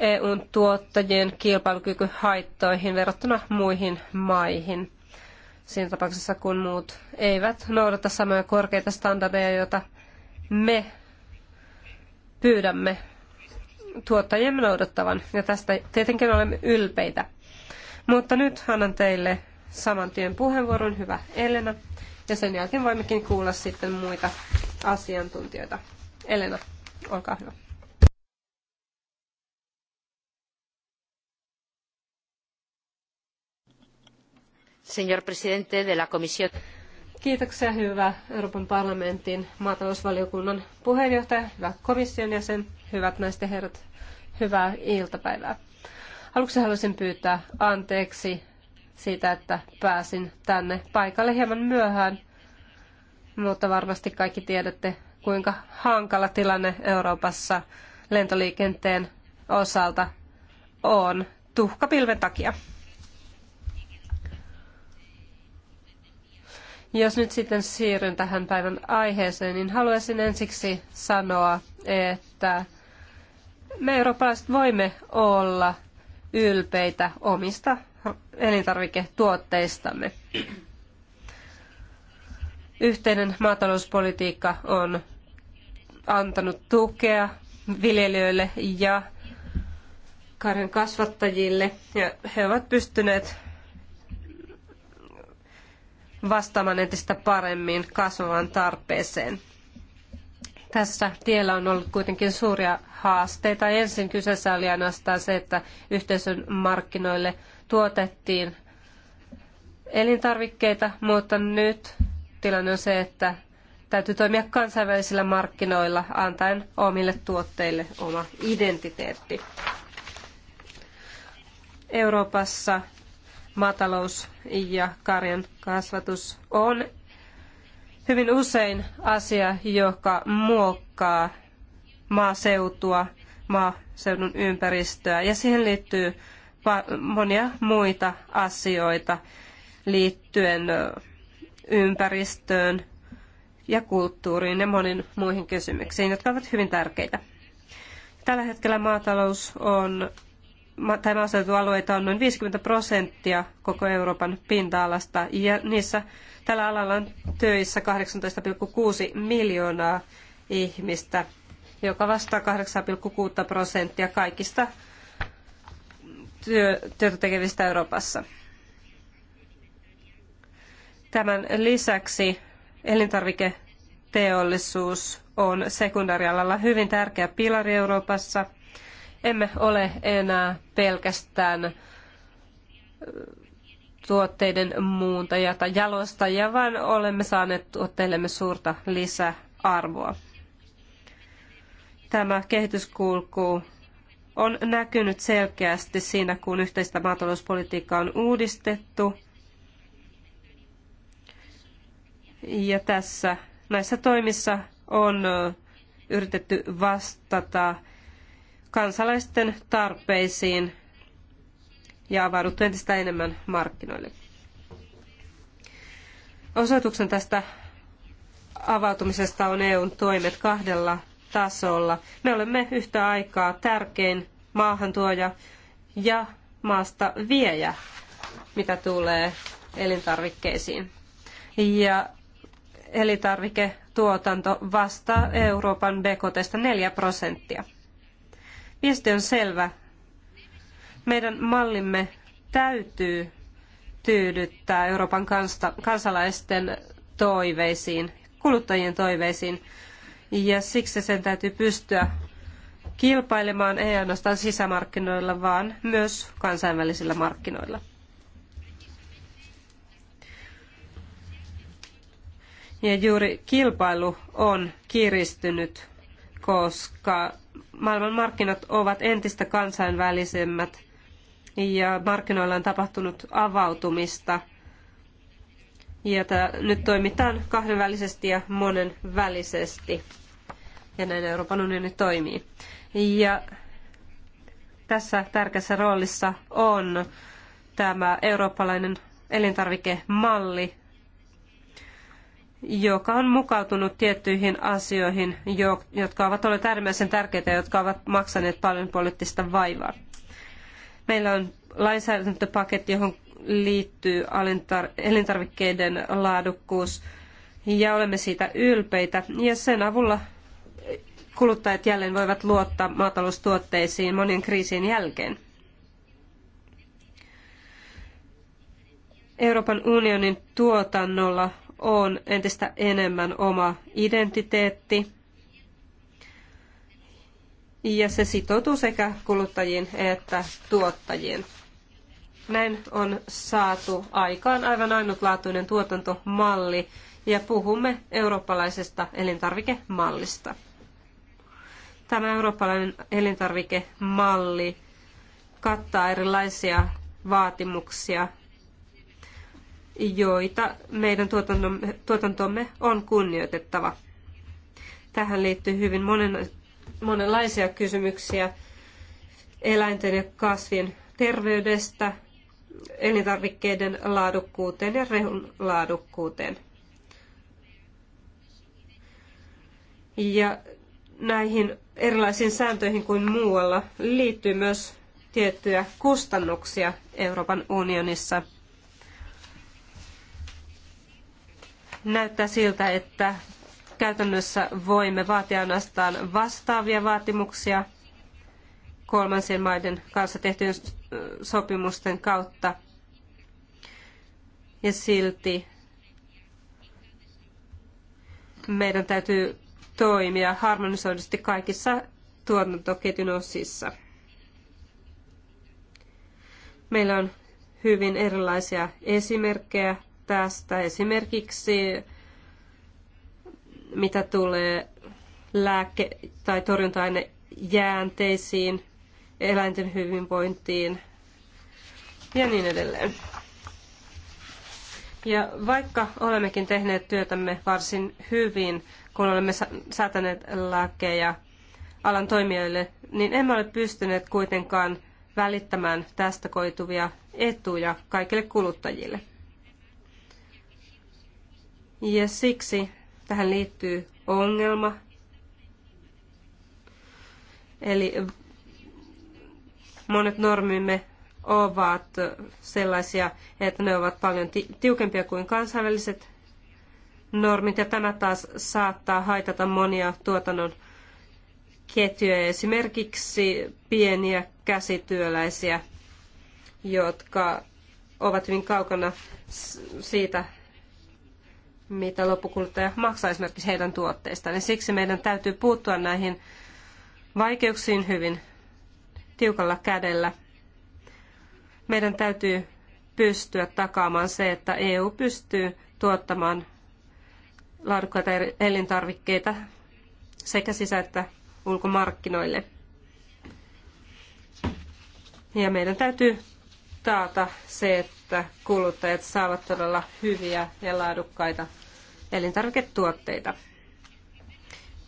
B: EUn tuottajien kilpailukykyhaittoihin verrattuna muihin maihin. Siinä tapauksessa, kun muut eivät noudata samoja korkeita standardeja, joita me pyydämme tuottajiemme noudattavan, ja tästä tietenkin olemme ylpeitä. Mutta nyt annan teille saman tien puheenvuoron, hyvä Elena, ja sen jälkeen voimmekin kuulla sitten muita asiantuntijoita. Elena, olkaa hyvä. Señor presidente de la Comisión. Kiitoksia hyvä Euroopan parlamentin maatalousvaliokunnan puheenjohtaja, hyvä komission jäsen, hyvät naiset ja herrat, hyvää iltapäivää. Aluksi haluaisin pyytää anteeksi siitä, että pääsin tänne paikalle hieman myöhään, mutta varmasti kaikki tiedätte, kuinka hankala tilanne Euroopassa lentoliikenteen osalta on tuhkapilven takia. Jos nyt sitten siirryn tähän päivän aiheeseen, niin haluaisin ensiksi sanoa, että me eurooppalaiset voimme olla ylpeitä omista elintarviketuotteistamme. Yhteinen maatalouspolitiikka on antanut tukea viljelijöille ja karjan kasvattajille ja he ovat pystyneet vastaamaan entistä paremmin kasvavaan tarpeeseen. Tässä tiellä on ollut kuitenkin suuria haasteita. Ensin kyseessä oli ainoastaan se, että yhteisön markkinoille tuotettiin elintarvikkeita, mutta nyt tilanne on se, että täytyy toimia kansainvälisillä markkinoilla antaen omille tuotteille oma identiteetti. Euroopassa maatalous ja karjan kasvatus on hyvin usein asia, joka muokkaa maaseutua, maaseudun ympäristöä ja siihen liittyy monia muita asioita liittyen ympäristöön ja kulttuuriin ja moniin muihin kysymyksiin, jotka ovat hyvin tärkeitä. Tällä hetkellä maatalous on tai maaseutualueita on noin 50 prosenttia koko Euroopan pinta-alasta ja niissä tällä alalla on töissä 18,6 miljoonaa ihmistä, joka vastaa 8,6 prosenttia kaikista työ, työtä tekevistä Euroopassa. Tämän lisäksi elintarviketeollisuus on sekundaarialalla hyvin tärkeä pilari Euroopassa – emme ole enää pelkästään tuotteiden muuntajia tai jalostajia, vaan olemme saaneet tuotteillemme suurta lisäarvoa. Tämä kehityskulku on näkynyt selkeästi siinä, kun yhteistä maatalouspolitiikkaa on uudistettu. Ja tässä näissä toimissa on yritetty vastata kansalaisten tarpeisiin ja avauduttu entistä enemmän markkinoille. Osoituksen tästä avautumisesta on EUn toimet kahdella tasolla. Me olemme yhtä aikaa tärkein maahantuoja ja maasta viejä, mitä tulee elintarvikkeisiin. Ja elintarviketuotanto vastaa Euroopan BKTstä 4 prosenttia. Viesti on selvä. Meidän mallimme täytyy tyydyttää Euroopan kansalaisten toiveisiin, kuluttajien toiveisiin. Ja siksi sen täytyy pystyä kilpailemaan ei ainoastaan sisämarkkinoilla, vaan myös kansainvälisillä markkinoilla. Ja juuri kilpailu on kiristynyt, koska maailman markkinat ovat entistä kansainvälisemmät ja markkinoilla on tapahtunut avautumista. Ja nyt toimitaan kahdenvälisesti ja monenvälisesti. Ja näin Euroopan unioni toimii. Ja tässä tärkeässä roolissa on tämä eurooppalainen elintarvikemalli, joka on mukautunut tiettyihin asioihin, jotka ovat olleet äärimmäisen tärkeitä ja jotka ovat maksaneet paljon poliittista vaivaa. Meillä on lainsäädäntöpaketti, johon liittyy elintarvikkeiden laadukkuus ja olemme siitä ylpeitä ja sen avulla kuluttajat jälleen voivat luottaa maataloustuotteisiin monien kriisien jälkeen. Euroopan unionin tuotannolla on entistä enemmän oma identiteetti. Ja se sitoutuu sekä kuluttajiin että tuottajiin. Näin on saatu aikaan aivan ainutlaatuinen tuotantomalli ja puhumme eurooppalaisesta elintarvikemallista. Tämä eurooppalainen elintarvikemalli kattaa erilaisia vaatimuksia joita meidän tuotantomme on kunnioitettava. Tähän liittyy hyvin monen, monenlaisia kysymyksiä eläinten ja kasvien terveydestä, elintarvikkeiden laadukkuuteen ja rehun laadukkuuteen. Ja näihin erilaisiin sääntöihin kuin muualla liittyy myös tiettyjä kustannuksia Euroopan unionissa – näyttää siltä, että käytännössä voimme vaatia ainoastaan vastaavia vaatimuksia kolmansien maiden kanssa tehtyjen sopimusten kautta. Ja silti meidän täytyy toimia harmonisoidusti kaikissa tuotantoketjun osissa. Meillä on hyvin erilaisia esimerkkejä tästä. Esimerkiksi mitä tulee lääke- tai torjunta-ainejäänteisiin, eläinten hyvinvointiin ja niin edelleen. Ja vaikka olemmekin tehneet työtämme varsin hyvin, kun olemme säätäneet lääkejä alan toimijoille, niin emme ole pystyneet kuitenkaan välittämään tästä koituvia etuja kaikille kuluttajille. Ja siksi tähän liittyy ongelma. Eli monet normimme ovat sellaisia, että ne ovat paljon tiukempia kuin kansainväliset normit, ja tämä taas saattaa haitata monia tuotannon ketjuja, esimerkiksi pieniä käsityöläisiä, jotka ovat hyvin kaukana siitä mitä loppukuluttaja maksaa esimerkiksi heidän tuotteistaan. Ja siksi meidän täytyy puuttua näihin vaikeuksiin hyvin tiukalla kädellä. Meidän täytyy pystyä takaamaan se, että EU pystyy tuottamaan laadukkaita elintarvikkeita sekä sisä- että ulkomarkkinoille. Ja meidän täytyy taata se, että kuluttajat saavat todella hyviä ja laadukkaita elintarviketuotteita.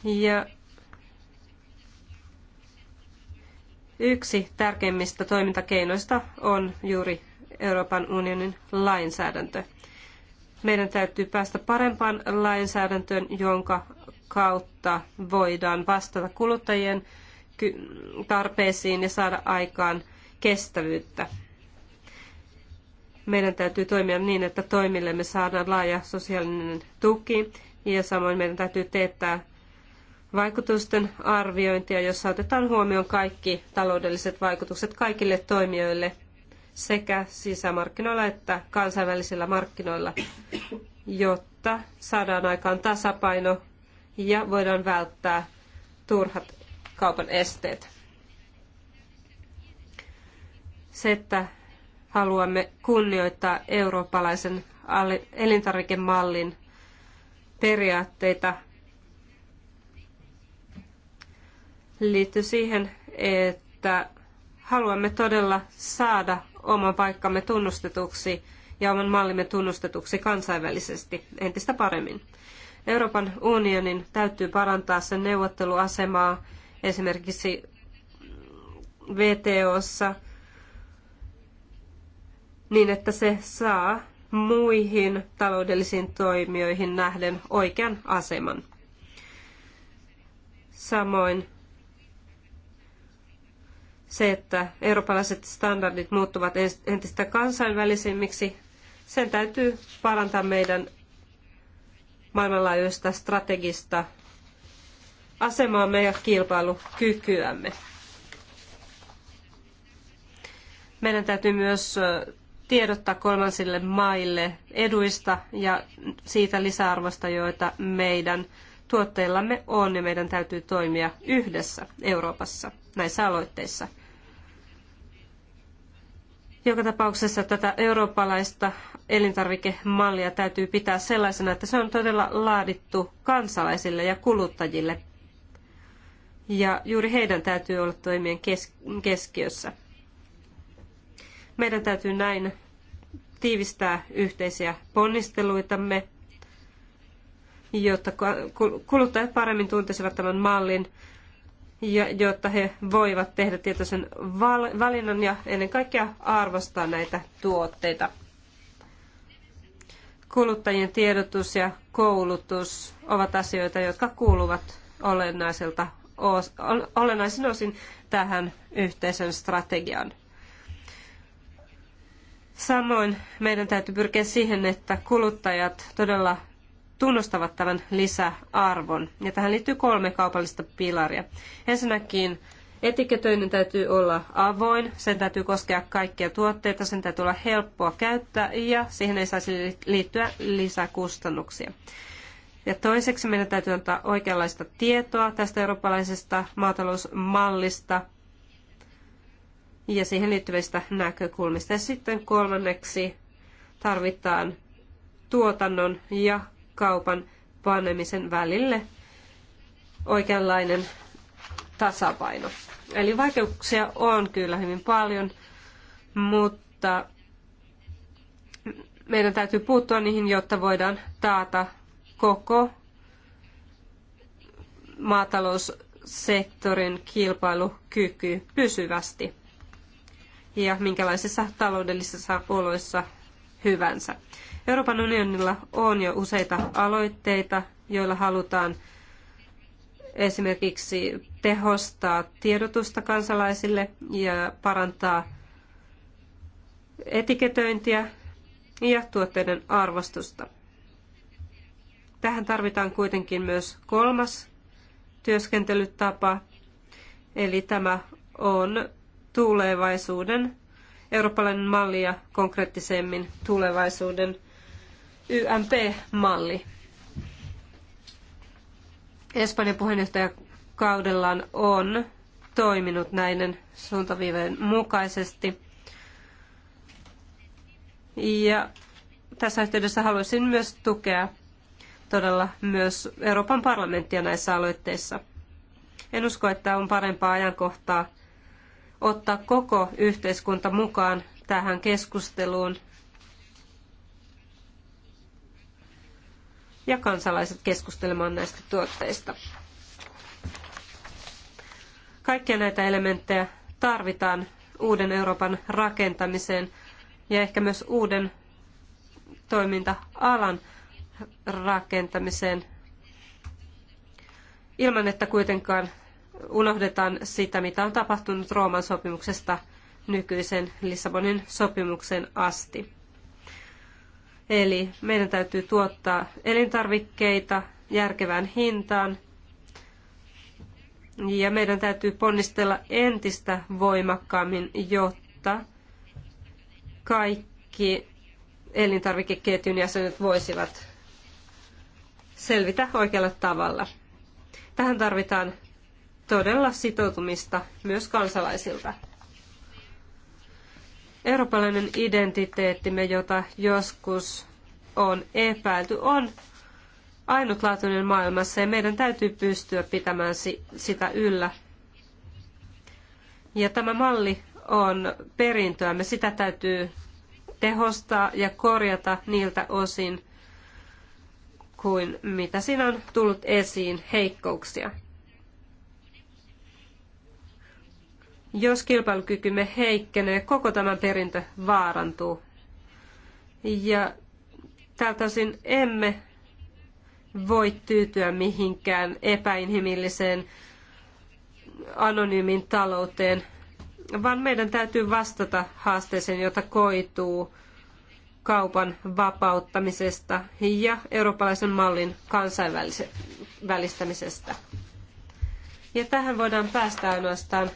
B: Ja yksi tärkeimmistä toimintakeinoista on juuri Euroopan unionin lainsäädäntö. Meidän täytyy päästä parempaan lainsäädäntöön, jonka kautta voidaan vastata kuluttajien tarpeisiin ja saada aikaan kestävyyttä. Meidän täytyy toimia niin, että me saadaan laaja sosiaalinen tuki ja samoin meidän täytyy teettää vaikutusten arviointia, jossa otetaan huomioon kaikki taloudelliset vaikutukset kaikille toimijoille sekä sisämarkkinoilla että kansainvälisillä markkinoilla, jotta saadaan aikaan tasapaino ja voidaan välttää turhat kaupan esteet. Se, että haluamme kunnioittaa eurooppalaisen elintarvikemallin periaatteita liittyy siihen, että haluamme todella saada oman paikkamme tunnustetuksi ja oman mallimme tunnustetuksi kansainvälisesti entistä paremmin. Euroopan unionin täytyy parantaa sen neuvotteluasemaa esimerkiksi VTOssa – niin, että se saa muihin taloudellisiin toimijoihin nähden oikean aseman. Samoin se, että eurooppalaiset standardit muuttuvat entistä kansainvälisemmiksi, sen täytyy parantaa meidän maailmanlaajuista strategista asemaamme ja kilpailukykyämme. Meidän täytyy myös tiedottaa kolmansille maille eduista ja siitä lisäarvosta, joita meidän tuotteillamme on ja meidän täytyy toimia yhdessä Euroopassa näissä aloitteissa. Joka tapauksessa tätä eurooppalaista elintarvikemallia täytyy pitää sellaisena, että se on todella laadittu kansalaisille ja kuluttajille. Ja juuri heidän täytyy olla toimien keskiössä. Meidän täytyy näin tiivistää yhteisiä ponnisteluitamme, jotta kuluttajat paremmin tuntisivat tämän mallin ja jotta he voivat tehdä tietoisen valinnan ja ennen kaikkea arvostaa näitä tuotteita. Kuluttajien tiedotus ja koulutus ovat asioita, jotka kuuluvat olennaiselta, olennaisin osin tähän yhteisön strategiaan. Samoin meidän täytyy pyrkiä siihen, että kuluttajat todella tunnustavat tämän lisäarvon. Ja tähän liittyy kolme kaupallista pilaria. Ensinnäkin etiketöinnin täytyy olla avoin, sen täytyy koskea kaikkia tuotteita, sen täytyy olla helppoa käyttää ja siihen ei saisi liittyä lisäkustannuksia. Ja toiseksi meidän täytyy antaa oikeanlaista tietoa tästä eurooppalaisesta maatalousmallista – ja siihen liittyvistä näkökulmista. Ja sitten kolmanneksi tarvitaan tuotannon ja kaupan panemisen välille oikeanlainen tasapaino. Eli vaikeuksia on kyllä hyvin paljon, mutta meidän täytyy puuttua niihin, jotta voidaan taata koko maataloussektorin kilpailukyky pysyvästi ja minkälaisissa taloudellisissa oloissa hyvänsä. Euroopan unionilla on jo useita aloitteita, joilla halutaan esimerkiksi tehostaa tiedotusta kansalaisille ja parantaa etiketöintiä ja tuotteiden arvostusta. Tähän tarvitaan kuitenkin myös kolmas työskentelytapa, eli tämä on tulevaisuuden, eurooppalainen malli ja konkreettisemmin tulevaisuuden YMP-malli. Espanjan puheenjohtajakaudellaan on toiminut näiden suuntaviivojen mukaisesti. Ja tässä yhteydessä haluaisin myös tukea todella myös Euroopan parlamenttia näissä aloitteissa. En usko, että on parempaa ajankohtaa ottaa koko yhteiskunta mukaan tähän keskusteluun ja kansalaiset keskustelemaan näistä tuotteista. Kaikkia näitä elementtejä tarvitaan uuden Euroopan rakentamiseen ja ehkä myös uuden toiminta-alan rakentamiseen ilman, että kuitenkaan unohdetaan sitä, mitä on tapahtunut Rooman sopimuksesta nykyisen Lissabonin sopimuksen asti. Eli meidän täytyy tuottaa elintarvikkeita järkevään hintaan ja meidän täytyy ponnistella entistä voimakkaammin, jotta kaikki elintarvikeketjun jäsenet voisivat selvitä oikealla tavalla. Tähän tarvitaan todella sitoutumista myös kansalaisilta. Eurooppalainen identiteettimme, jota joskus on epäilty, on ainutlaatuinen maailmassa ja meidän täytyy pystyä pitämään sitä yllä. Ja tämä malli on perintöämme. Sitä täytyy tehostaa ja korjata niiltä osin kuin mitä siinä on tullut esiin heikkouksia. Jos kilpailukykymme heikkenee, koko tämä perintö vaarantuu. Ja tältä osin emme voi tyytyä mihinkään epäinhimilliseen anonyymin talouteen, vaan meidän täytyy vastata haasteeseen, jota koituu kaupan vapauttamisesta ja eurooppalaisen mallin kansainvälistämisestä. Ja tähän voidaan päästä ainoastaan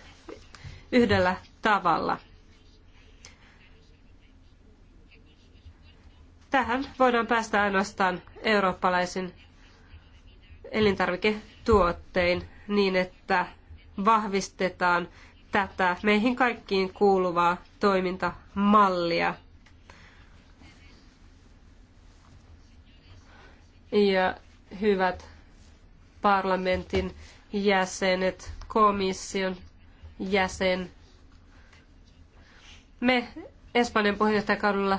B: yhdellä tavalla. Tähän voidaan päästä ainoastaan eurooppalaisin elintarviketuottein niin, että vahvistetaan tätä meihin kaikkiin kuuluvaa toimintamallia. Ja hyvät parlamentin jäsenet, komission jäsen. Me Espanjan puheenjohtajakaudella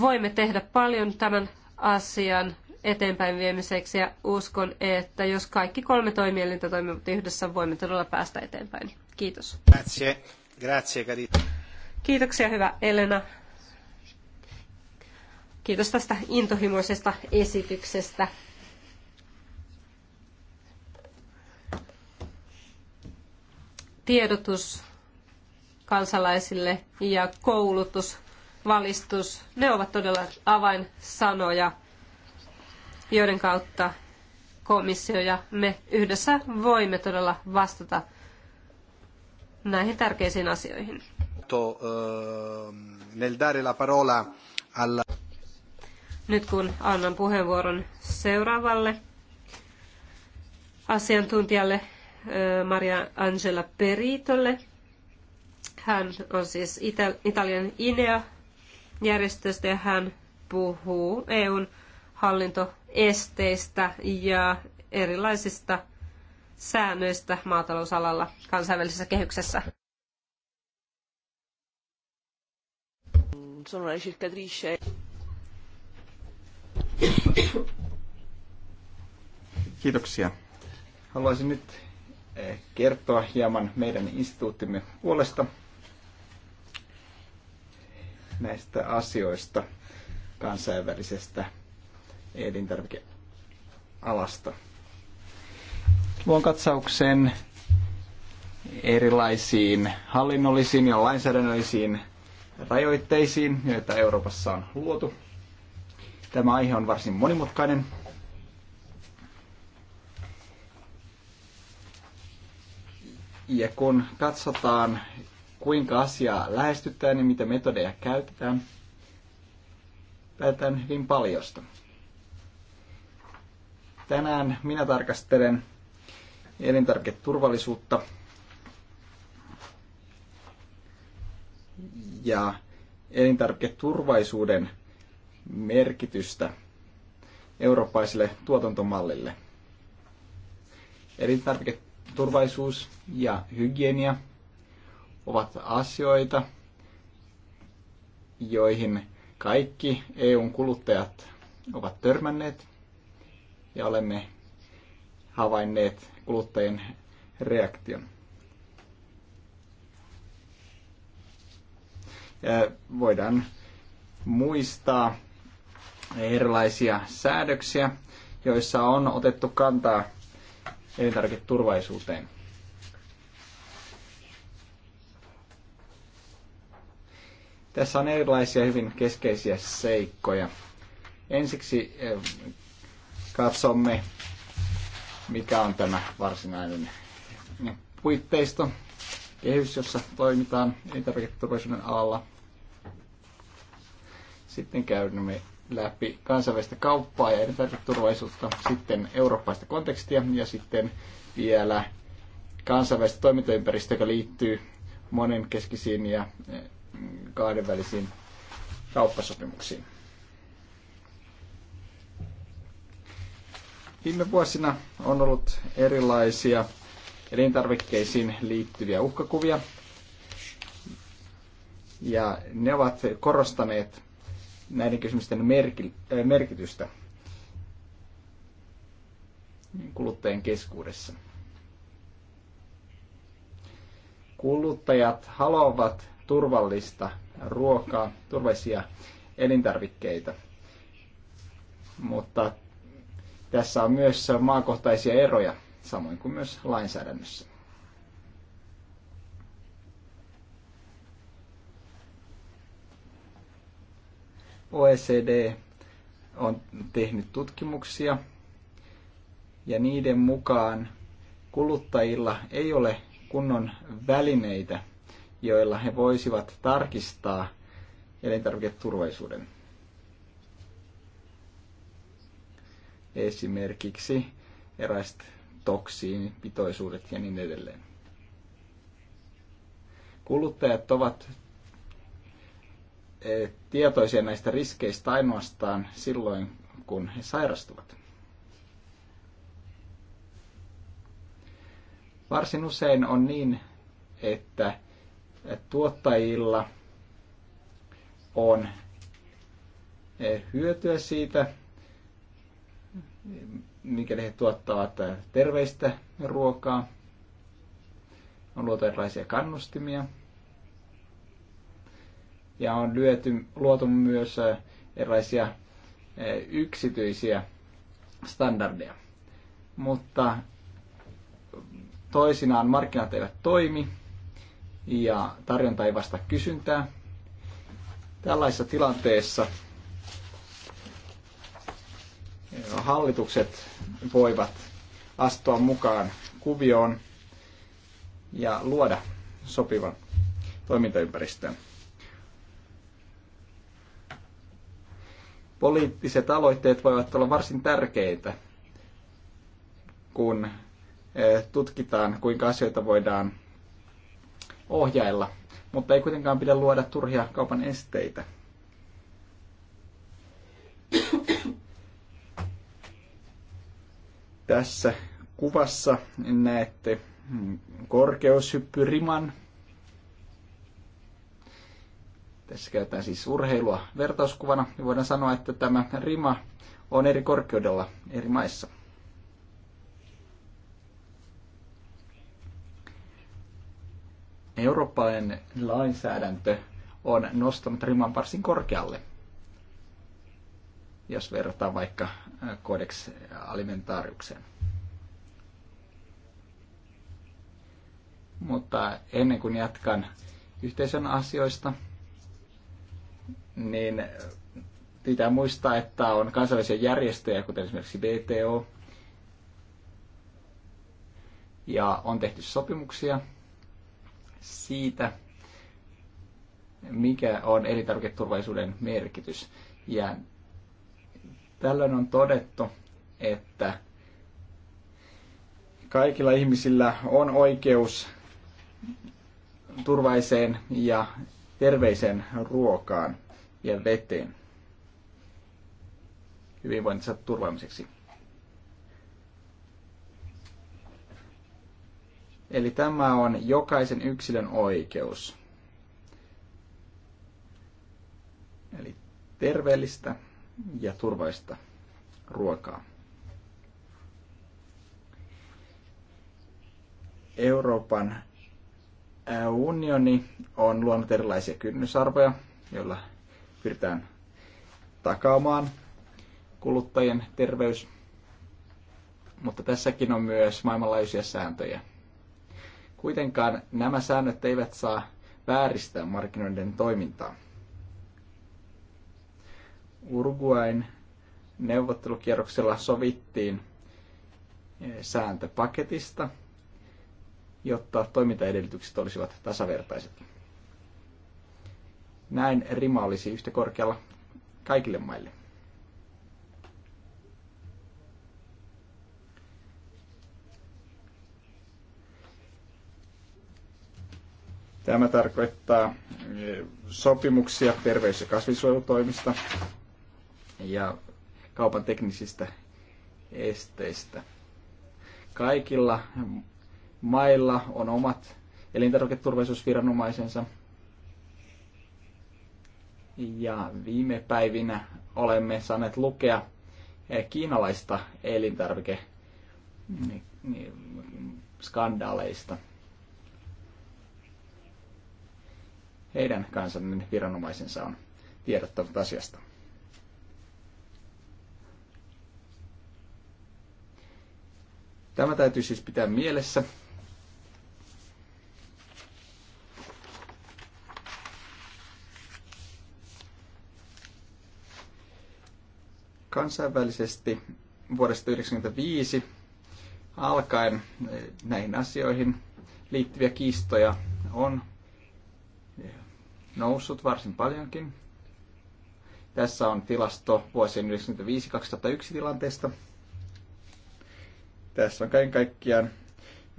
B: voimme tehdä paljon tämän asian eteenpäin viemiseksi ja uskon, että jos kaikki kolme toimielintä toimivat yhdessä, voimme todella päästä eteenpäin. Kiitos.
D: Grazie.
C: Grazie,
B: Kiitoksia, hyvä Elena. Kiitos tästä intohimoisesta esityksestä. tiedotus kansalaisille ja koulutus, valistus, ne ovat todella avainsanoja, joiden kautta komissio ja me yhdessä voimme todella vastata näihin tärkeisiin asioihin.
C: Eh,
B: Nyt kun annan puheenvuoron seuraavalle asiantuntijalle, Maria Angela Peritolle. Hän on siis Italian INEA-järjestöstä ja hän puhuu EUn hallintoesteistä ja erilaisista säännöistä maatalousalalla kansainvälisessä kehyksessä. Sono ricercatrice.
C: Kiitoksia. Haluaisin nyt kertoa hieman meidän instituuttimme puolesta näistä asioista kansainvälisestä elintarvikealasta. Luon katsauksen erilaisiin hallinnollisiin ja lainsäädännöllisiin rajoitteisiin, joita Euroopassa on luotu. Tämä aihe on varsin monimutkainen Ja kun katsotaan, kuinka asiaa lähestytään ja niin mitä metodeja käytetään, päätän hyvin paljosta. Tänään minä tarkastelen elintarviketurvallisuutta ja elintarviketurvallisuuden merkitystä eurooppaiselle tuotantomallille. Elintarviketurvallisuus turvallisuus ja hygienia ovat asioita, joihin kaikki EUn kuluttajat ovat törmänneet ja olemme havainneet kuluttajien reaktion. Ja voidaan muistaa erilaisia säädöksiä, joissa on otettu kantaa elintarviketurvallisuuteen. Tässä on erilaisia hyvin keskeisiä seikkoja. Ensiksi eh, katsomme, mikä on tämä varsinainen puitteisto, kehys, jossa toimitaan elintarviketurvallisuuden alalla. Sitten käymme läpi kansainvälistä kauppaa ja elintarviketurvallisuutta, sitten eurooppaista kontekstia ja sitten vielä kansainvälistä toimintaympäristöä, joka liittyy monenkeskisiin ja eh, kahdenvälisiin kauppasopimuksiin. Viime vuosina on ollut erilaisia elintarvikkeisiin liittyviä uhkakuvia, ja ne ovat korostaneet näiden kysymysten äh, merkitystä niin kuluttajien keskuudessa. Kuluttajat haluavat turvallista ruokaa, turvallisia elintarvikkeita, mutta tässä on myös maakohtaisia eroja, samoin kuin myös lainsäädännössä. OECD on tehnyt tutkimuksia ja niiden mukaan kuluttajilla ei ole kunnon välineitä, joilla he voisivat tarkistaa elintarviketurvallisuuden. Esimerkiksi eräiset toksiinipitoisuudet ja niin edelleen. Kuluttajat ovat E, tietoisia näistä riskeistä ainoastaan silloin, kun he sairastuvat. Varsin usein on niin, että tuottajilla on e, hyötyä siitä, mikäli he tuottavat terveistä ruokaa. On luotu erilaisia kannustimia – ja on lyöty, luotu myös eh, erilaisia eh, yksityisiä standardeja. Mutta toisinaan markkinat eivät toimi ja tarjonta ei vastaa kysyntää. Tällaisessa tilanteessa eh, hallitukset voivat astua mukaan kuvioon ja luoda sopivan toimintaympäristön. poliittiset aloitteet voivat olla varsin tärkeitä, kun eh, tutkitaan, kuinka asioita voidaan ohjailla, mutta ei kuitenkaan pidä luoda turhia kaupan esteitä. Tässä kuvassa näette korkeushyppyriman, tässä käytetään siis urheilua vertauskuvana. Ja voidaan sanoa, että tämä rima on eri korkeudella eri maissa. Eurooppalainen lainsäädäntö on nostanut riman varsin korkealle. Jos verrataan vaikka äh, Codex Alimentariukseen. Mutta ennen kuin jatkan yhteisön asioista, niin pitää muistaa, että on kansainvälisiä järjestöjä, kuten esimerkiksi BTO, ja on tehty sopimuksia siitä, mikä on elintarviketurvallisuuden merkitys. Ja tällöin on todettu, että kaikilla ihmisillä on oikeus turvaiseen ja terveiseen ruokaan ja veteen hyvinvointinsa turvaamiseksi. Eli tämä on jokaisen yksilön oikeus. Eli terveellistä ja turvallista ruokaa. Euroopan unioni on luonut erilaisia kynnysarvoja, joilla pyritään takaamaan kuluttajien terveys. Mutta tässäkin on myös maailmanlaajuisia sääntöjä. Kuitenkaan nämä säännöt eivät saa vääristää markkinoiden toimintaa. Uruguain neuvottelukierroksella sovittiin eh, sääntöpaketista, jotta toimintaedellytykset olisivat tasavertaiset. Näin rima olisi yhtä korkealla kaikille maille. Tämä tarkoittaa eh, sopimuksia terveys- ja kasvinsuojelutoimista ja kaupan teknisistä esteistä. Kaikilla mailla on omat elintarviketurvallisuusviranomaisensa – ja viime päivinä olemme saaneet lukea eh, kiinalaista elintarvike niin, niin, skandaaleista. Heidän kansallinen viranomaisensa on tiedottanut asiasta. Tämä täytyy siis pitää mielessä, kansainvälisesti vuodesta 1995 alkaen eh, näihin asioihin liittyviä kiistoja on noussut varsin paljonkin. Tässä on tilasto vuosien 1995-2001 tilanteesta. Tässä on kaiken kaikkiaan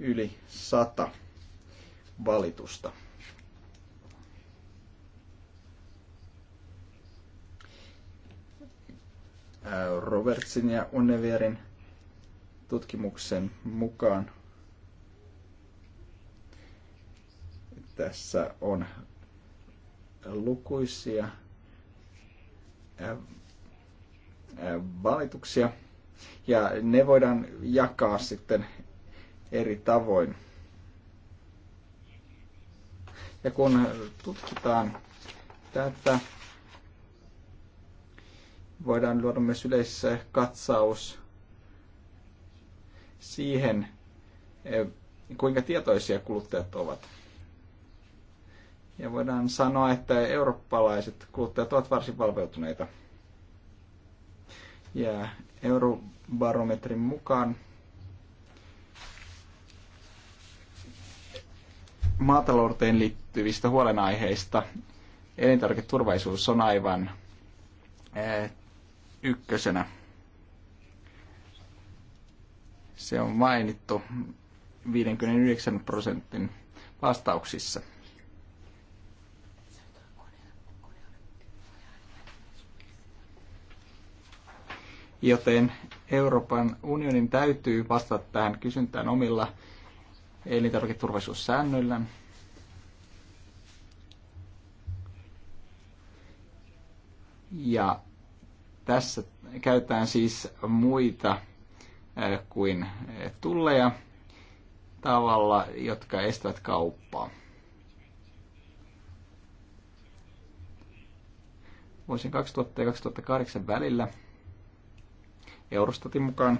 C: yli 100 valitusta. Äh, Robertsin ja Unnevierin tutkimuksen mukaan tässä on lukuisia äh, äh, valituksia ja ne voidaan jakaa sitten eri tavoin. Ja kun tutkitaan tätä voidaan luoda myös katsaus siihen, e, kuinka tietoisia kuluttajat ovat. Ja voidaan sanoa, että eurooppalaiset kuluttajat ovat varsin valveutuneita. Ja eurobarometrin mukaan maatalouteen liittyvistä huolenaiheista elintarviketurvallisuus on aivan e, ykkösenä. Se on mainittu 59 prosentin vastauksissa. Joten Euroopan unionin täytyy vastata tähän kysyntään omilla elintarviketurvallisuussäännöillä. Ja tässä käytetään siis muita eh, kuin eh, tulleja tavalla, jotka estävät kauppaa. Vuosien 2000 ja 2008 välillä Eurostatin mukaan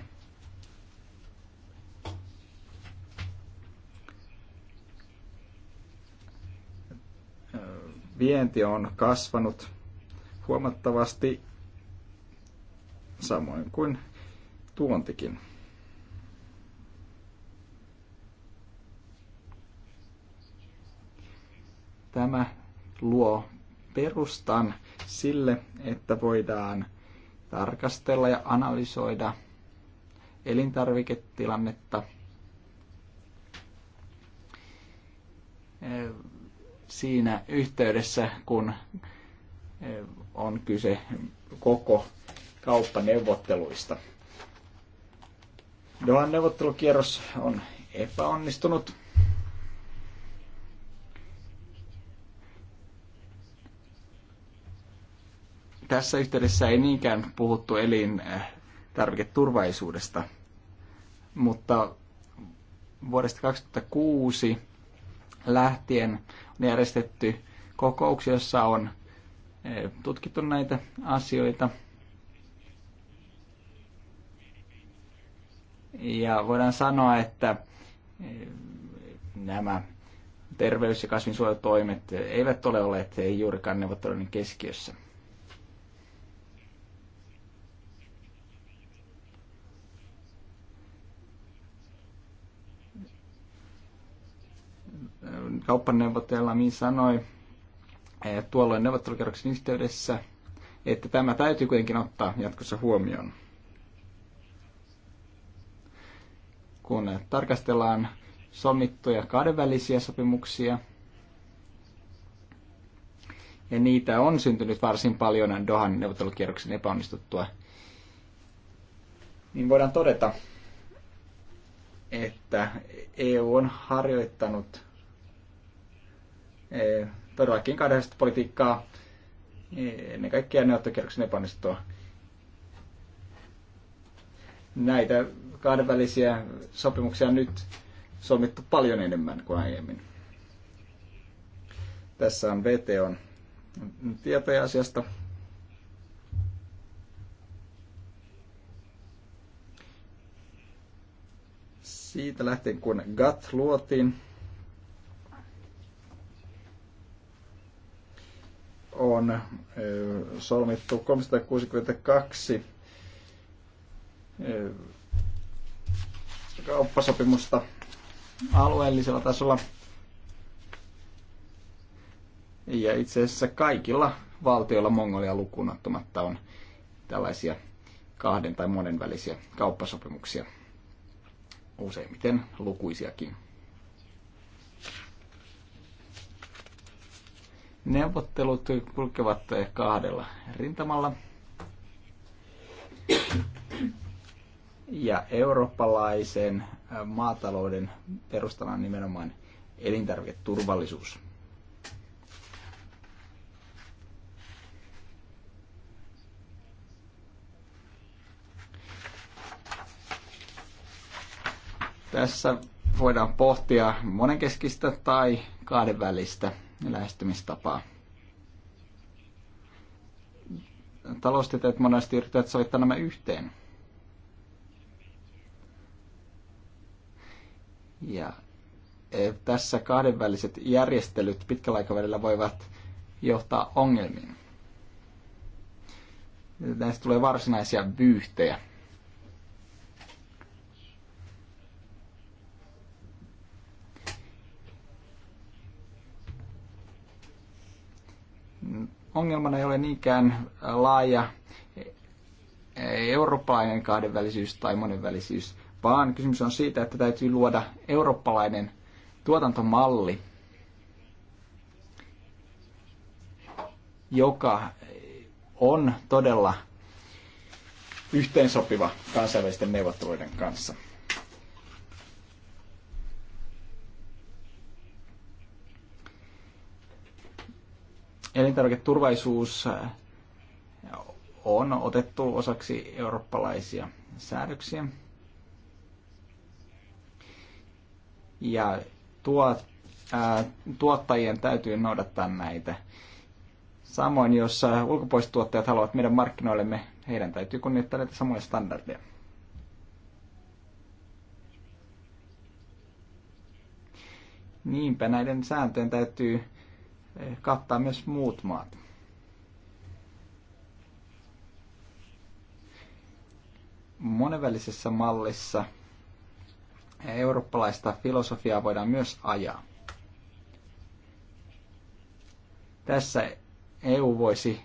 C: vienti on kasvanut huomattavasti samoin kuin tuontikin. Tämä luo perustan sille, että voidaan tarkastella ja analysoida elintarviketilannetta siinä yhteydessä, kun on kyse koko kauppaneuvotteluista. Dohan neuvottelukierros on epäonnistunut. Tässä yhteydessä ei niinkään puhuttu elin eh, mutta vuodesta 2006 lähtien on järjestetty kokouksia, jossa on eh, tutkittu näitä asioita – Ja voidaan sanoa, että eh, nämä terveys- ja kasvinsuojelutoimet eivät ole olleet ei juurikaan neuvotteluiden keskiössä. Kauppaneuvotella niin sanoi eh, tuolloin neuvottelukerroksen yhteydessä, että tämä täytyy kuitenkin ottaa jatkossa huomioon. kun tarkastellaan sommittuja kahdenvälisiä sopimuksia, ja niitä on syntynyt varsin paljon Dohan neuvottelukierroksen epäonnistuttua, niin voidaan todeta, että EU on harjoittanut eh, todellakin kahdenvälistä politiikkaa eh, ennen kaikkea neuvottelukierroksen epäonnistuttua. Näitä kahdenvälisiä sopimuksia nyt solmittu paljon enemmän kuin aiemmin. Tässä on VTOn tietoja asiasta. Siitä lähtien, kun GATT luotiin, on solmittu 362 kauppasopimusta alueellisella tasolla. Ja itse asiassa kaikilla valtioilla Mongolia lukuun ottamatta on tällaisia kahden tai monen välisiä kauppasopimuksia, useimmiten lukuisiakin. Neuvottelut kulkevat kahdella rintamalla – ja eurooppalaisen maatalouden perustana on nimenomaan elintarviketurvallisuus. Tässä voidaan pohtia monenkeskistä tai kahdenvälistä lähestymistapaa. Taloustieteet monesti yrittävät soittaa nämä yhteen. Ja e, tässä kahdenväliset järjestelyt pitkällä aikavälillä voivat johtaa ongelmiin. Näistä tulee varsinaisia vyyhtejä. Ongelmana ei ole niinkään laaja eurooppalainen kahdenvälisyys tai monenvälisyys, vaan kysymys on siitä, että täytyy luoda eurooppalainen tuotantomalli, joka on todella yhteensopiva kansainvälisten neuvotteluiden kanssa. Elintarviketurvallisuus on otettu osaksi eurooppalaisia säädöksiä. ja tuot, ää, tuottajien täytyy noudattaa näitä. Samoin, jos ulkopuoliset tuottajat haluavat meidän markkinoillemme, heidän täytyy kunnioittaa näitä samoja standardeja. Niinpä näiden sääntöjen täytyy kattaa myös muut maat. Monenvälisessä mallissa – eurooppalaista filosofiaa voidaan myös ajaa. Tässä EU voisi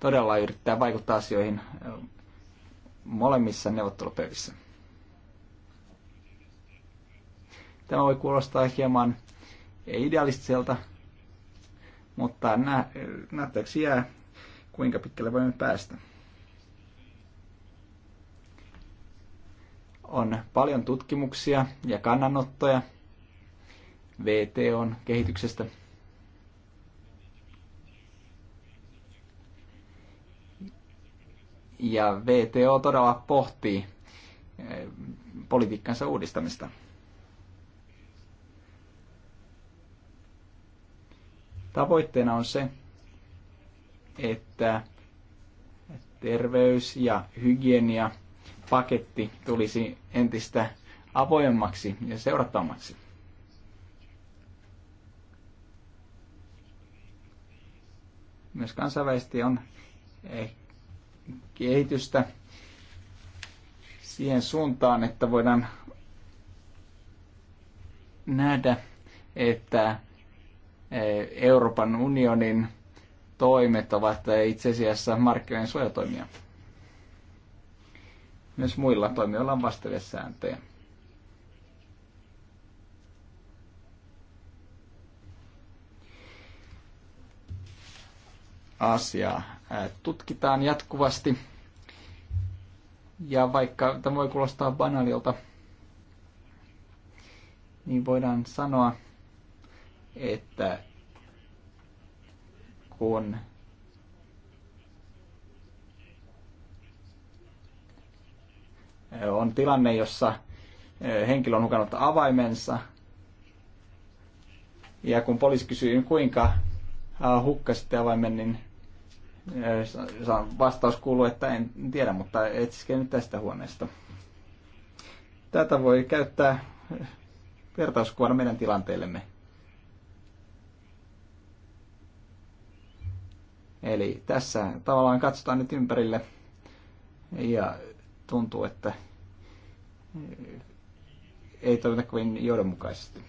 C: todella yrittää vaikuttaa asioihin molemmissa neuvottelupöydissä. Tämä voi kuulostaa hieman idealistiselta, mutta nä- nähtäväksi jää, kuinka pitkälle voimme päästä. on paljon tutkimuksia ja kannanottoja VTOn kehityksestä. Ja VTO todella pohtii eh, politiikkansa uudistamista. Tavoitteena on se, että terveys ja hygienia – paketti tulisi entistä avoimemmaksi ja seurattavammaksi. Myös kansainvälisesti on eh, kehitystä siihen suuntaan, että voidaan nähdä, että eh, Euroopan unionin toimet ovat itse asiassa markkinoiden suojatoimia. Myös muilla toimijoilla on vastaavia sääntöjä. Asiaa tutkitaan jatkuvasti. Ja vaikka tämä voi kuulostaa banaalilta, niin voidaan sanoa, että kun on tilanne, jossa e, henkilö on hukannut avaimensa. Ja kun poliisi kysyy, niin kuinka hukkasitte avaimen, niin e, vastaus kuuluu, että en tiedä, mutta etsiskelin nyt tästä huoneesta. Tätä voi käyttää e, vertauskuvana meidän tilanteellemme. Eli tässä tavallaan katsotaan nyt ympärille ja tuntuu, että eh, ei toimita kovin johdonmukaisesti.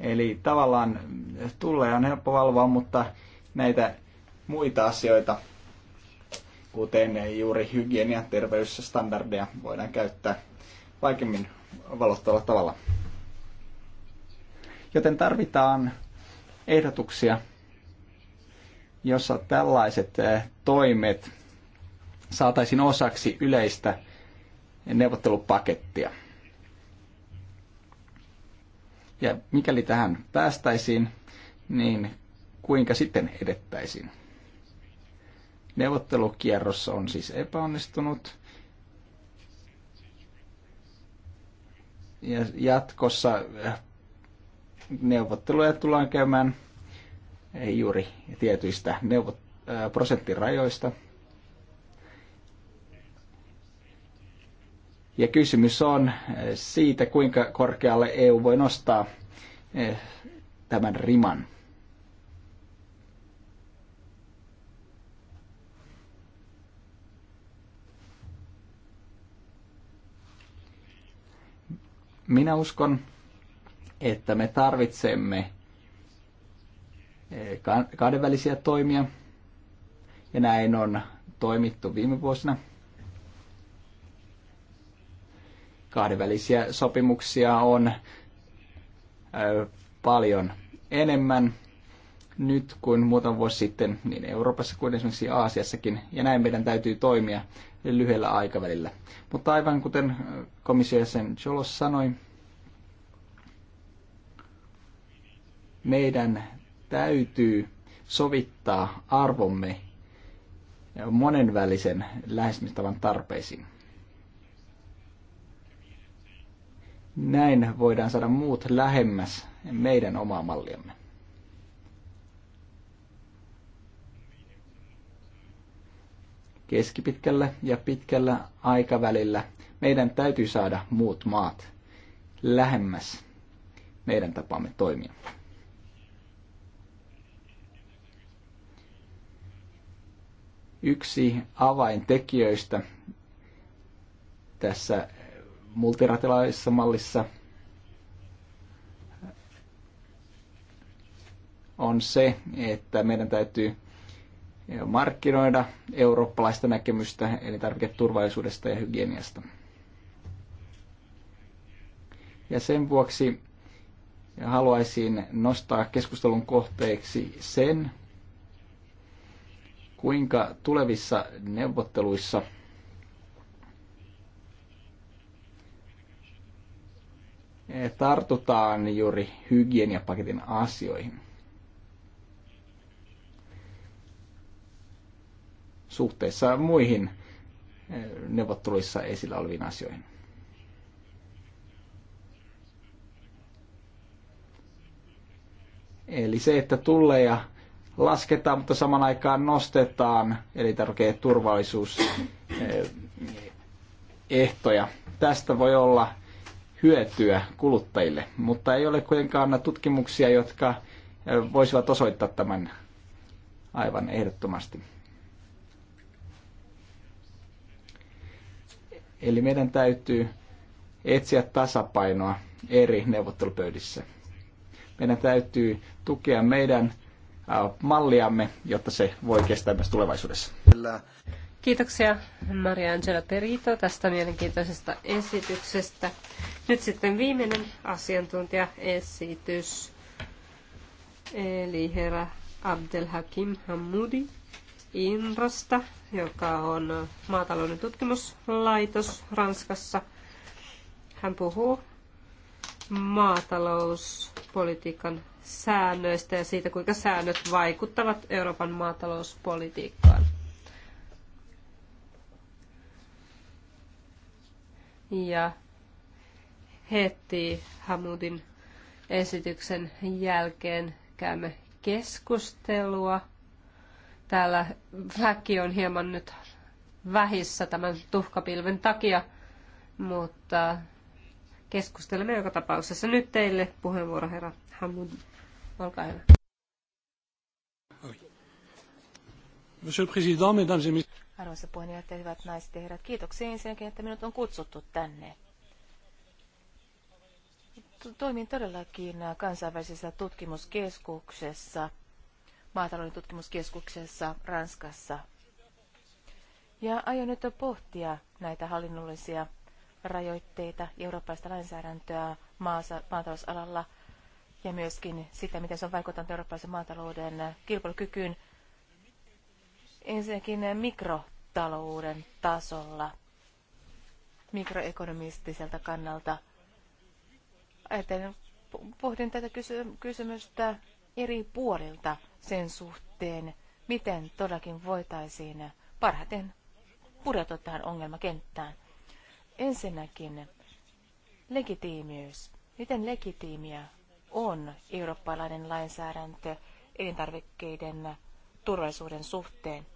C: Eli tavallaan tulee on helppo valvoa, mutta näitä muita asioita, kuten juuri hygienia- ja terveysstandardeja, voidaan käyttää vaikemmin valottavalla tavalla. Joten tarvitaan ehdotuksia, jossa tällaiset eh, toimet saataisiin osaksi yleistä neuvottelupakettia. Ja mikäli tähän päästäisiin, niin kuinka sitten edettäisiin? Neuvottelukierros on siis epäonnistunut. Ja jatkossa eh, neuvotteluja tullaan käymään juuri tietyistä neuvot, prosenttirajoista. Ja kysymys on siitä, kuinka korkealle EU voi nostaa tämän riman. Minä uskon, että me tarvitsemme eh, kahdenvälisiä toimia, ja näin on toimittu viime vuosina. Kahdenvälisiä sopimuksia on eh, paljon enemmän nyt kuin muutama vuosi sitten niin Euroopassa kuin esimerkiksi Aasiassakin, ja näin meidän täytyy toimia lyhyellä aikavälillä. Mutta aivan kuten komissio sen Jolos sanoi, meidän täytyy sovittaa arvomme monenvälisen lähestymistavan tarpeisiin. Näin voidaan saada muut lähemmäs meidän omaa malliamme. Keskipitkällä ja pitkällä aikavälillä meidän täytyy saada muut maat lähemmäs meidän tapaamme toimia. yksi avaintekijöistä tässä multilateraalisessa mallissa on se, että meidän täytyy markkinoida eurooppalaista näkemystä turvallisuudesta ja hygieniasta. Ja sen vuoksi haluaisin nostaa keskustelun kohteeksi sen, kuinka tulevissa neuvotteluissa tartutaan juuri hygieniapaketin asioihin. suhteessa muihin eh, neuvotteluissa esillä oleviin asioihin. Eli se, että tulee ja lasketaan, mutta saman aikaan nostetaan eh, ehtoja. Tästä voi olla hyötyä kuluttajille, mutta ei ole kuitenkaan tutkimuksia, jotka eh, voisivat osoittaa tämän aivan ehdottomasti. Eli meidän täytyy etsiä tasapainoa eri neuvottelupöydissä. Meidän täytyy tukea meidän Äh, malliamme, jotta se voi kestää myös tulevaisuudessa.
B: Kiitoksia Maria Angela Perito tästä mielenkiintoisesta esityksestä. Nyt sitten viimeinen asiantuntijaesitys, eli herra Abdelhakim Hamoudi Inrasta, joka on maatalouden tutkimuslaitos Ranskassa. Hän puhuu maatalouspolitiikan säännöistä ja siitä, kuinka säännöt vaikuttavat Euroopan maatalouspolitiikkaan. Ja heti Hamudin esityksen jälkeen käymme keskustelua. Täällä väki on hieman nyt vähissä tämän tuhkapilven takia, mutta keskustelemme joka tapauksessa. Nyt teille puheenvuoro, herra Hamudin. Olkaa hyvä.
A: Monsieur
D: le Président, mesdames et messieurs.
A: Arvoisa puheenjohtaja, hyvät naiset ja herrat, kiitoksia ensinnäkin, että minut on kutsuttu tänne. Toimin todellakin kansainvälisessä tutkimuskeskuksessa, maatalouden tutkimuskeskuksessa Ranskassa. Ja aion nyt pohtia näitä hallinnollisia rajoitteita, eurooppalaista lainsäädäntöä maatalousalalla – ja myöskin sitä, miten se on vaikuttanut eurooppalaisen maatalouden kilpailukykyyn ensinnäkin mikrotalouden tasolla, mikroekonomistiselta kannalta. Ajattelen, pohdin tätä kysymystä eri puolilta sen suhteen, miten todellakin voitaisiin parhaiten pureutua tähän ongelmakenttään. Ensinnäkin legitiimiys. Miten legitiimiä on eurooppalainen lainsäädäntö elintarvikkeiden turvallisuuden suhteen.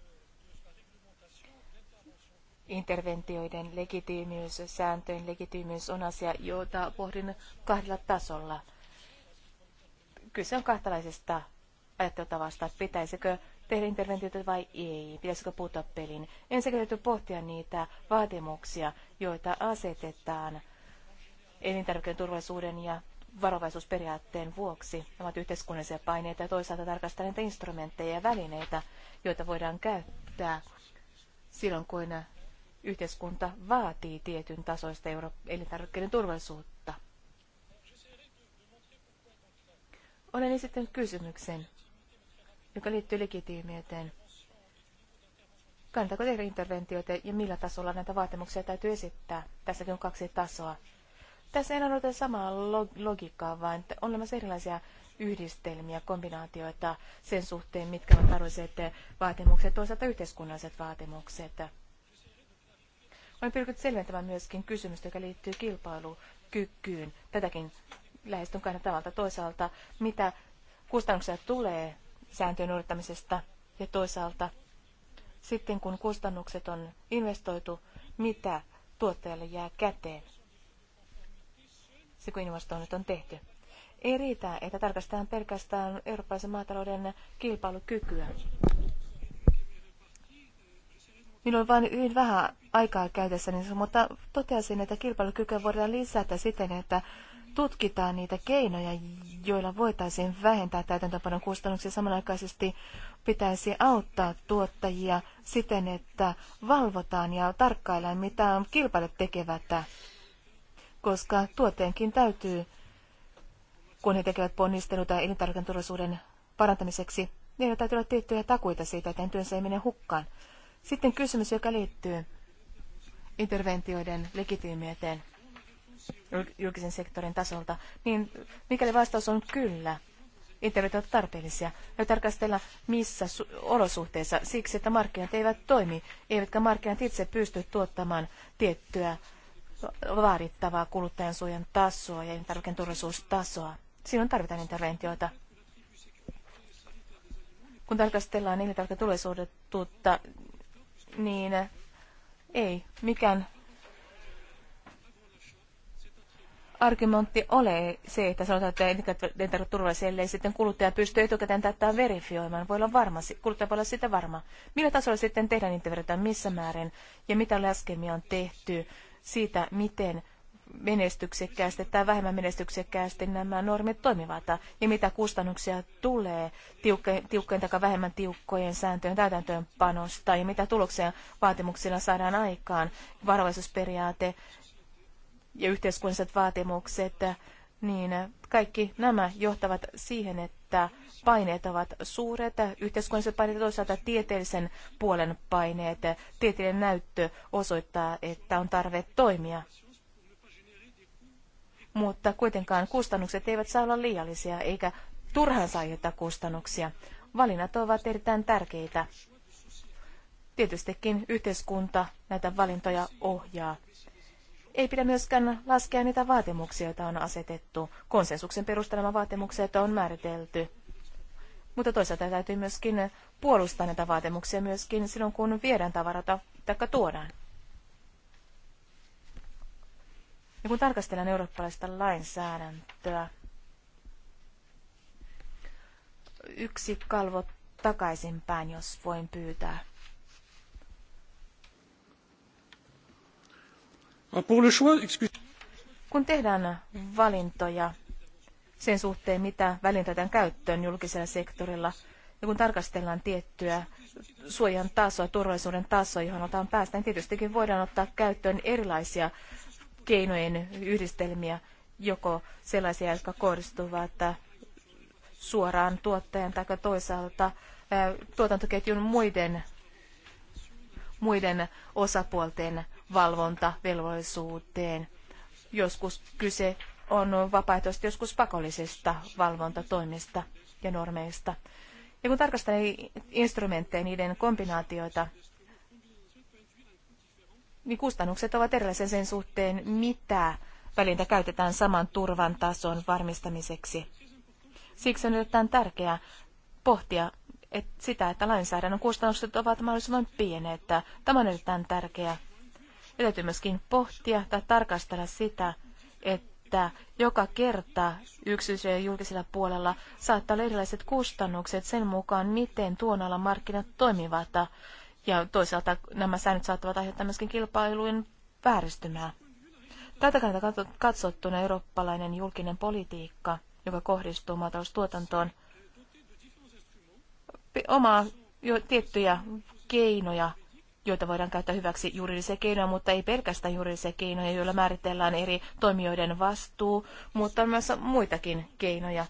A: Interventioiden legitiimiys, sääntöjen legitiimiys on asia, jota pohdin kahdella tasolla. Kyse on kahtalaisesta ajattelutavasta, pitäisikö tehdä interventioita vai ei, pitäisikö puuttua peliin. Ensinnäkin täytyy pohtia niitä vaatimuksia, joita asetetaan elintarvikkeiden turvallisuuden ja varovaisuusperiaatteen vuoksi. Ne ovat yhteiskunnallisia paineita ja toisaalta tarkastella niitä instrumentteja ja välineitä, joita voidaan käyttää silloin, kun yhteiskunta vaatii tietyn tasoista euro- elintarvikkeiden turvallisuutta. Olen esittänyt kysymyksen, joka liittyy legitiimiyteen. Kannattaako tehdä interventioita ja millä tasolla näitä vaatimuksia täytyy esittää? Tässäkin on kaksi tasoa. Tässä ei ole samaa logiikkaa, vaan että on olemassa erilaisia yhdistelmiä, kombinaatioita sen suhteen, mitkä ovat taloudelliset vaatimukset, toisaalta yhteiskunnalliset vaatimukset. Olen pyrkinyt selventämään myöskin kysymystä, joka liittyy kilpailukykyyn. Tätäkin lähestyn kahden tavalta. Toisaalta, mitä kustannuksia tulee sääntöjen noudattamisesta ja toisaalta sitten kun kustannukset on investoitu, mitä tuottajalle jää käteen se kun investoinnit on tehty. Ei riitä, että tarkastetaan pelkästään eurooppalaisen maatalouden kilpailukykyä. Minulla on vain hyvin vähän aikaa käytössäni, mutta toteasin, että kilpailukykyä voidaan lisätä siten, että tutkitaan niitä keinoja, joilla voitaisiin vähentää täytäntöpanon kustannuksia. Samanaikaisesti pitäisi auttaa tuottajia siten, että valvotaan ja tarkkaillaan, mitä kilpailut tekevät koska tuotteenkin täytyy, kun he tekevät ponnisteluita elintarviketurvallisuuden parantamiseksi, niin heillä täytyy olla tiettyjä takuita siitä, että työnsä ei mene hukkaan. Sitten kysymys, joka liittyy interventioiden legitiimiyteen julkisen sektorin tasolta, niin mikäli vastaus on kyllä, interventiot ovat tarpeellisia. Ja tarkastella missä olosuhteissa, siksi että markkinat eivät toimi, eivätkä markkinat itse pysty tuottamaan tiettyä vaadittavaa kuluttajansuojan tasoa ja elintarvikkeen turvallisuustasoa. Silloin tarvitaan interventioita. Kun tarkastellaan elintarvikkeen turvallisuutta, niin ei mikään argumentti ole se, että sanotaan, että ei tarvitse turvallisia, ellei sitten kuluttaja pysty etukäteen tätä verifioimaan. Voi olla varma, kuluttaja voi olla sitä varma. Millä tasolla sitten tehdään interventiota, missä määrin ja mitä laskemia on tehty siitä, miten menestyksekkäästi tai vähemmän menestyksekkäästi nämä normit toimivat ja mitä kustannuksia tulee tiukkojen tai vähemmän tiukkojen sääntöjen täytäntöönpanosta ja mitä tuloksia vaatimuksilla saadaan aikaan, varovaisuusperiaate ja yhteiskunnalliset vaatimukset, niin kaikki nämä johtavat siihen, että paineet ovat suuret, yhteiskunnalliset paineet toisaalta tieteellisen puolen paineet. Tieteellinen näyttö osoittaa, että on tarve toimia. Mutta kuitenkaan kustannukset eivät saa olla liiallisia, eikä turhan saa kustannuksia. Valinnat ovat erittäin tärkeitä. Tietystikin yhteiskunta näitä valintoja ohjaa. Ei pidä myöskään laskea niitä vaatimuksia, joita on asetettu. Konsensuksen perustelema vaatimukset on määritelty. Mutta toisaalta täytyy myöskin puolustaa näitä vaatimuksia myöskin silloin, kun viedään tavarata tai tuodaan. Ja kun tarkastellaan eurooppalaista lainsäädäntöä, yksi kalvo takaisinpäin, jos voin pyytää. Kun tehdään valintoja sen suhteen, mitä välineitä käyttöön julkisella sektorilla. Ja kun tarkastellaan tiettyä suojan tasoa, turvallisuuden tasoa, johon otetaan päästä, niin tietystikin voidaan ottaa käyttöön erilaisia keinojen yhdistelmiä, joko sellaisia, jotka kohdistuvat äh, suoraan tuottajan tai toisaalta äh, tuotantoketjun muiden, muiden osapuolten valvontavelvollisuuteen. Joskus kyse on vapaaehtoisesti joskus pakollisista valvontatoimista ja normeista. Ja kun tarkastelee instrumentteja, niiden kombinaatioita, niin kustannukset ovat erilaisia sen suhteen, mitä välintä käytetään saman turvan tason varmistamiseksi. Siksi on erittäin tärkeää pohtia et sitä, että lainsäädännön kustannukset ovat mahdollisimman pienet. Tämä on erittäin tärkeää. Ja täytyy myöskin pohtia tai tarkastella sitä, että että joka kerta yksityisellä ja julkisella puolella saattaa olla erilaiset kustannukset sen mukaan, miten tuon alan markkinat toimivat. Ja toisaalta nämä säännöt saattavat aiheuttaa myöskin kilpailujen vääristymää. Tätä kannalta katsottuna eurooppalainen julkinen politiikka, joka kohdistuu maataloustuotantoon, omaa jo tiettyjä keinoja joita voidaan käyttää hyväksi juridisia keinoja, mutta ei pelkästään juridisia keinoja, joilla määritellään eri toimijoiden vastuu, mutta on myös muitakin keinoja,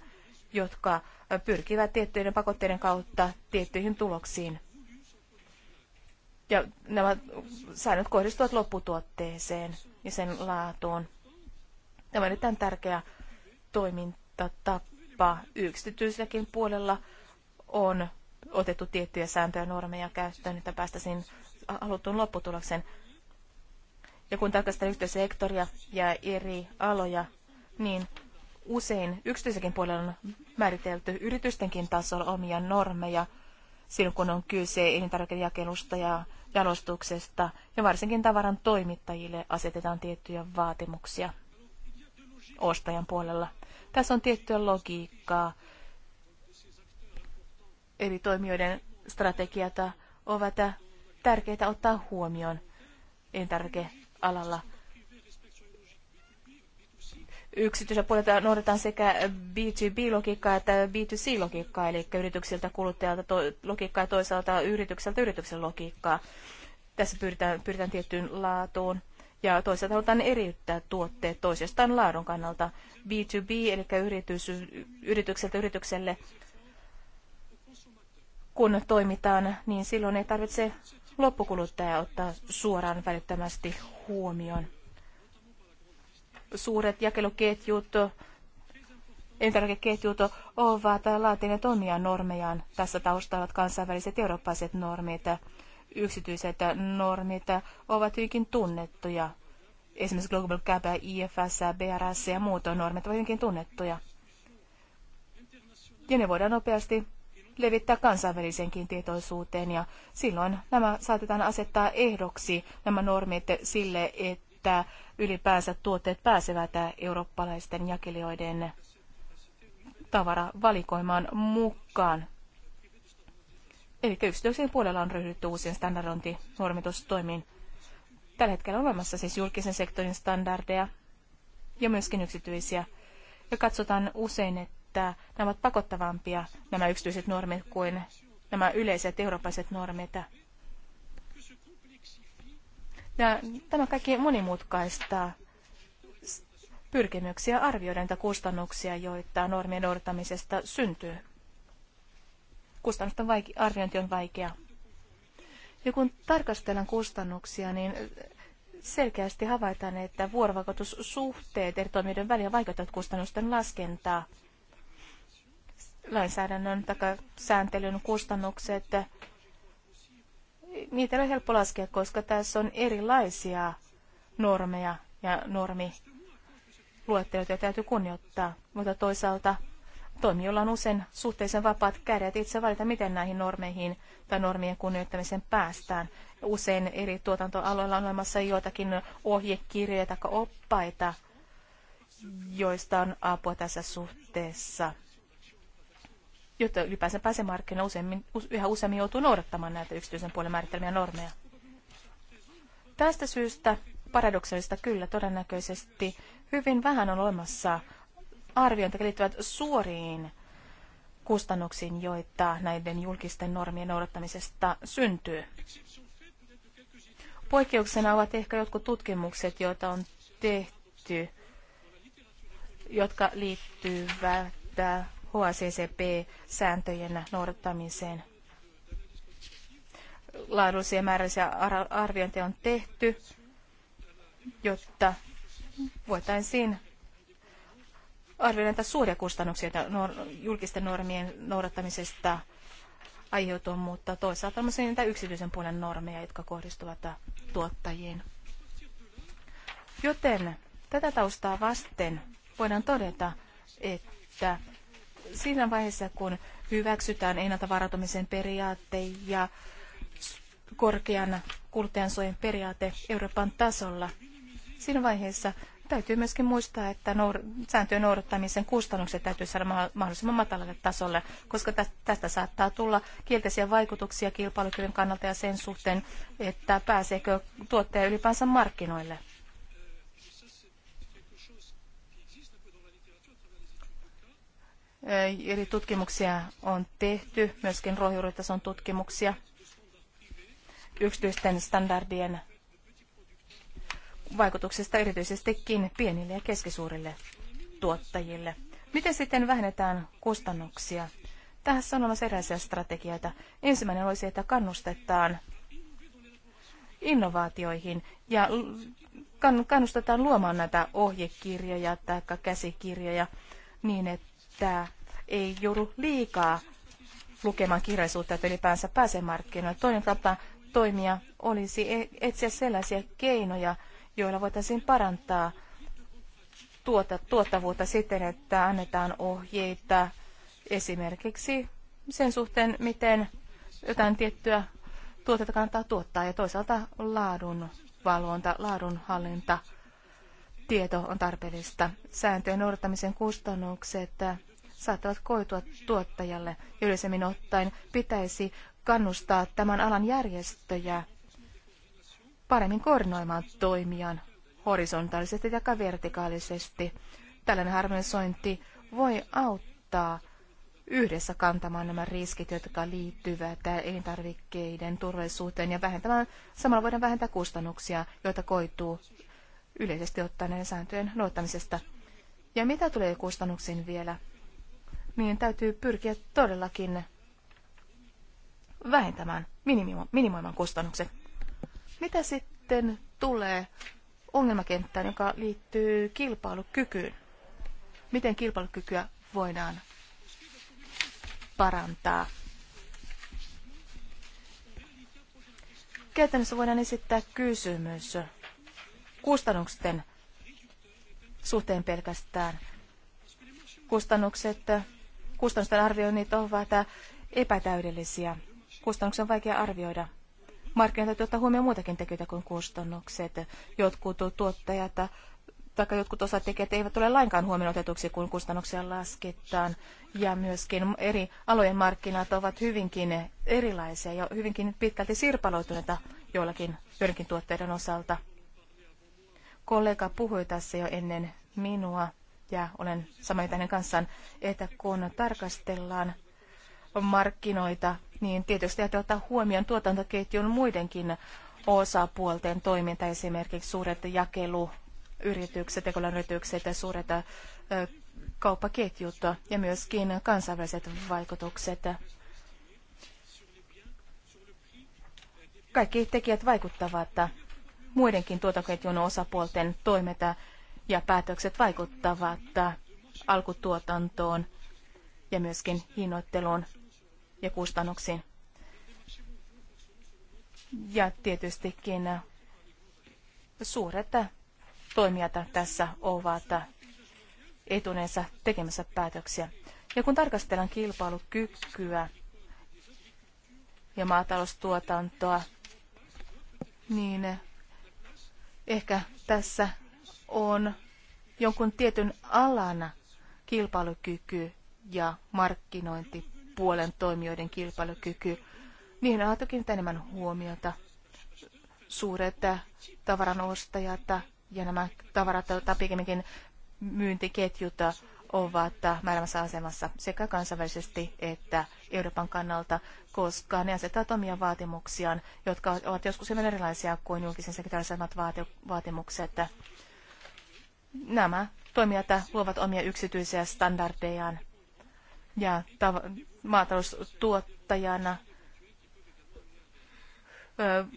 A: jotka pyrkivät tiettyjen pakotteiden kautta tiettyihin tuloksiin. Ja nämä säännöt kohdistuvat lopputuotteeseen ja sen laatuun. Tämä on erittäin tärkeä toimintatapa. Yksityiselläkin puolella on otettu tiettyjä sääntöjä ja normeja käyttöön, että päästäisiin haluttuun lopputuloksen. Ja kun tarkastellaan yhteissektoria ja eri aloja, niin usein yksityisenkin puolella on määritelty yritystenkin tasolla omia normeja silloin, kun on kyse elintarvikejakelusta ja jalostuksesta, ja varsinkin tavaran toimittajille asetetaan tiettyjä vaatimuksia ostajan puolella. Tässä on tiettyä logiikkaa. Eri toimijoiden strategiata ovat tärkeää ottaa huomioon elintarvikealalla. Yksityisellä puolella noudatetaan sekä B2B-logiikkaa että B2C-logiikkaa, eli yrityksiltä kuluttajalta to- logiikkaa ja toisaalta yritykseltä yrityksen logiikkaa. Tässä pyritään, pyritään tiettyyn laatuun ja toisaalta halutaan eriyttää tuotteet toisestaan laadun kannalta. B2B, eli yritys, yritykseltä yritykselle kun toimitaan, niin silloin ei tarvitse loppukuluttaja ottaa suoraan välittömästi huomioon. Suuret jakeluketjut, elintarvikeketjut ovat laatineet omia normejaan. Tässä taustalla ovat kansainväliset eurooppalaiset normit. Yksityiset normit ovat hyvinkin tunnettuja. Esimerkiksi Global Cap, IFS, BRS ja muut normit ovat hyvinkin tunnettuja. Ja ne voidaan nopeasti levittää kansainväliseenkin tietoisuuteen ja silloin nämä saatetaan asettaa ehdoksi nämä normit sille, että ylipäänsä tuotteet pääsevät eurooppalaisten jakelijoiden tavaravalikoimaan mukaan. Eli yksityisen puolella on ryhdytty uusien standardointinormitustoimiin. Tällä hetkellä on olemassa siis julkisen sektorin standardeja ja myöskin yksityisiä. Ja katsotaan usein, että että nämä ovat pakottavampia, nämä yksityiset normit, kuin nämä yleiset eurooppalaiset normit. Ja tämä kaikki monimutkaistaa pyrkimyksiä arvioida niitä kustannuksia, joita normien noudattamisesta syntyy. Kustannusten vaike- arviointi on vaikea. Ja kun tarkastellaan kustannuksia, niin selkeästi havaitaan, että vuorovaikutussuhteet eri toimijoiden välillä vaikuttavat kustannusten laskentaa lainsäädännön tai sääntelyn kustannukset, niitä on helppo laskea, koska tässä on erilaisia normeja ja normiluetteloita, joita täytyy kunnioittaa. Mutta toisaalta toimijoilla on usein suhteellisen vapaat kädet itse valita, miten näihin normeihin tai normien kunnioittamiseen päästään. Usein eri tuotantoaloilla on olemassa joitakin ohjekirjoja tai oppaita, joista on apua tässä suhteessa jotta ylipäänsä pääsee markkinoille, useammin, yhä useammin joutuu noudattamaan näitä yksityisen puolen määrittelemiä normeja. Tästä syystä, paradoksaalista kyllä todennäköisesti, hyvin vähän on olemassa arviointia liittyvät suoriin kustannuksiin, joita näiden julkisten normien noudattamisesta syntyy. Poikkeuksena ovat ehkä jotkut tutkimukset, joita on tehty, jotka liittyvät HACCP-sääntöjen noudattamiseen. Laadullisia ja määrällisiä arviointeja on tehty, jotta voitaisiin arvioida näitä suuria kustannuksia julkisten normien noudattamisesta aiheutuu, mutta toisaalta on niitä yksityisen puolen normeja, jotka kohdistuvat tuottajiin. Joten tätä taustaa vasten voidaan todeta, että siinä vaiheessa, kun hyväksytään ennalta varautumisen periaate ja korkean kuluttajansuojan periaate Euroopan tasolla, siinä vaiheessa täytyy myöskin muistaa, että noud- sääntöjen noudattamisen kustannukset täytyy saada mahdollisimman matalalle tasolle, koska tästä saattaa tulla kielteisiä vaikutuksia kilpailukyvyn kannalta ja sen suhteen, että pääseekö tuottaja ylipäänsä markkinoille. Eri tutkimuksia on tehty, myöskin ruohonjuuritason tutkimuksia yksityisten standardien vaikutuksesta erityisestikin pienille ja keskisuurille tuottajille. Miten sitten vähennetään kustannuksia? Tähän on olemassa erilaisia strategioita. Ensimmäinen olisi, että kannustetaan innovaatioihin ja kannustetaan luomaan näitä ohjekirjoja tai käsikirjoja niin, että että ei joudu liikaa lukemaan kirjallisuutta, että ylipäänsä pääsee markkinoille. Toinen tapa toimia olisi e- etsiä sellaisia keinoja, joilla voitaisiin parantaa tuota, tuottavuutta siten, että annetaan ohjeita esimerkiksi sen suhteen, miten jotain tiettyä tuotetta kannattaa tuottaa ja toisaalta laadun valvonta, laadun hallinta – tieto on tarpeellista. Sääntöjen noudattamisen kustannukset saattavat koitua tuottajalle. Yleisemmin ottaen pitäisi kannustaa tämän alan järjestöjä paremmin koordinoimaan toimiaan horisontaalisesti ja vertikaalisesti. Tällainen harmonisointi voi auttaa yhdessä kantamaan nämä riskit, jotka liittyvät elintarvikkeiden turvallisuuteen ja vähentämään, samalla voidaan vähentää kustannuksia, joita koituu yleisesti ottaen näiden sääntöjen noudattamisesta. Ja mitä tulee kustannuksiin vielä, niin täytyy pyrkiä todellakin vähentämään, minimo, minimoimaan kustannukset. Mitä sitten tulee ongelmakenttään, joka liittyy kilpailukykyyn? Miten kilpailukykyä voidaan parantaa? Käytännössä voidaan esittää kysymys, kustannusten suhteen pelkästään. Kustannukset, kustannusten arvioinnit ovat epätäydellisiä. Kustannuksia on vaikea arvioida. Markkinoita täytyy ottaa huomioon muutakin tekijöitä kuin kustannukset. Jotkut tuottajat tai jotkut osatekijät eivät ole lainkaan huomioon otetuksi, kun kustannuksia lasketaan. Ja myöskin eri alojen markkinat ovat hyvinkin erilaisia ja hyvinkin pitkälti sirpaloituneita joillakin, joidenkin tuotteiden osalta. Kollega puhui tässä jo ennen minua ja olen samaa hänen kanssaan, että kun tarkastellaan markkinoita, niin tietysti täytyy ottaa huomioon tuotantoketjun muidenkin osapuolten toiminta, esimerkiksi suuret jakeluyritykset, yritykset ja suuret kauppaketjut ja myöskin kansainväliset vaikutukset. Kaikki tekijät vaikuttavat muidenkin tuotantoketjun osapuolten toimet ja päätökset vaikuttavat alkutuotantoon ja myöskin hinnoitteluun ja kustannuksiin. Ja tietystikin suuret toimijat tässä ovat etuneensa tekemässä päätöksiä. Ja kun tarkastellaan kilpailukykyä ja maataloustuotantoa, niin Ehkä tässä on jonkun tietyn alana kilpailukyky ja markkinointipuolen toimijoiden kilpailukyky. Niihin on toki enemmän huomiota. Suuret tavaranostajat ja nämä tavarat tai pikemminkin myyntiketjut ovat määrämässä asemassa sekä kansainvälisesti että Euroopan kannalta, koska ne asettavat omia vaatimuksiaan, jotka ovat joskus hyvin erilaisia kuin julkisen sektorin samat vaatimukset. Nämä toimijat luovat omia yksityisiä standardejaan ja tav- maataloustuottajana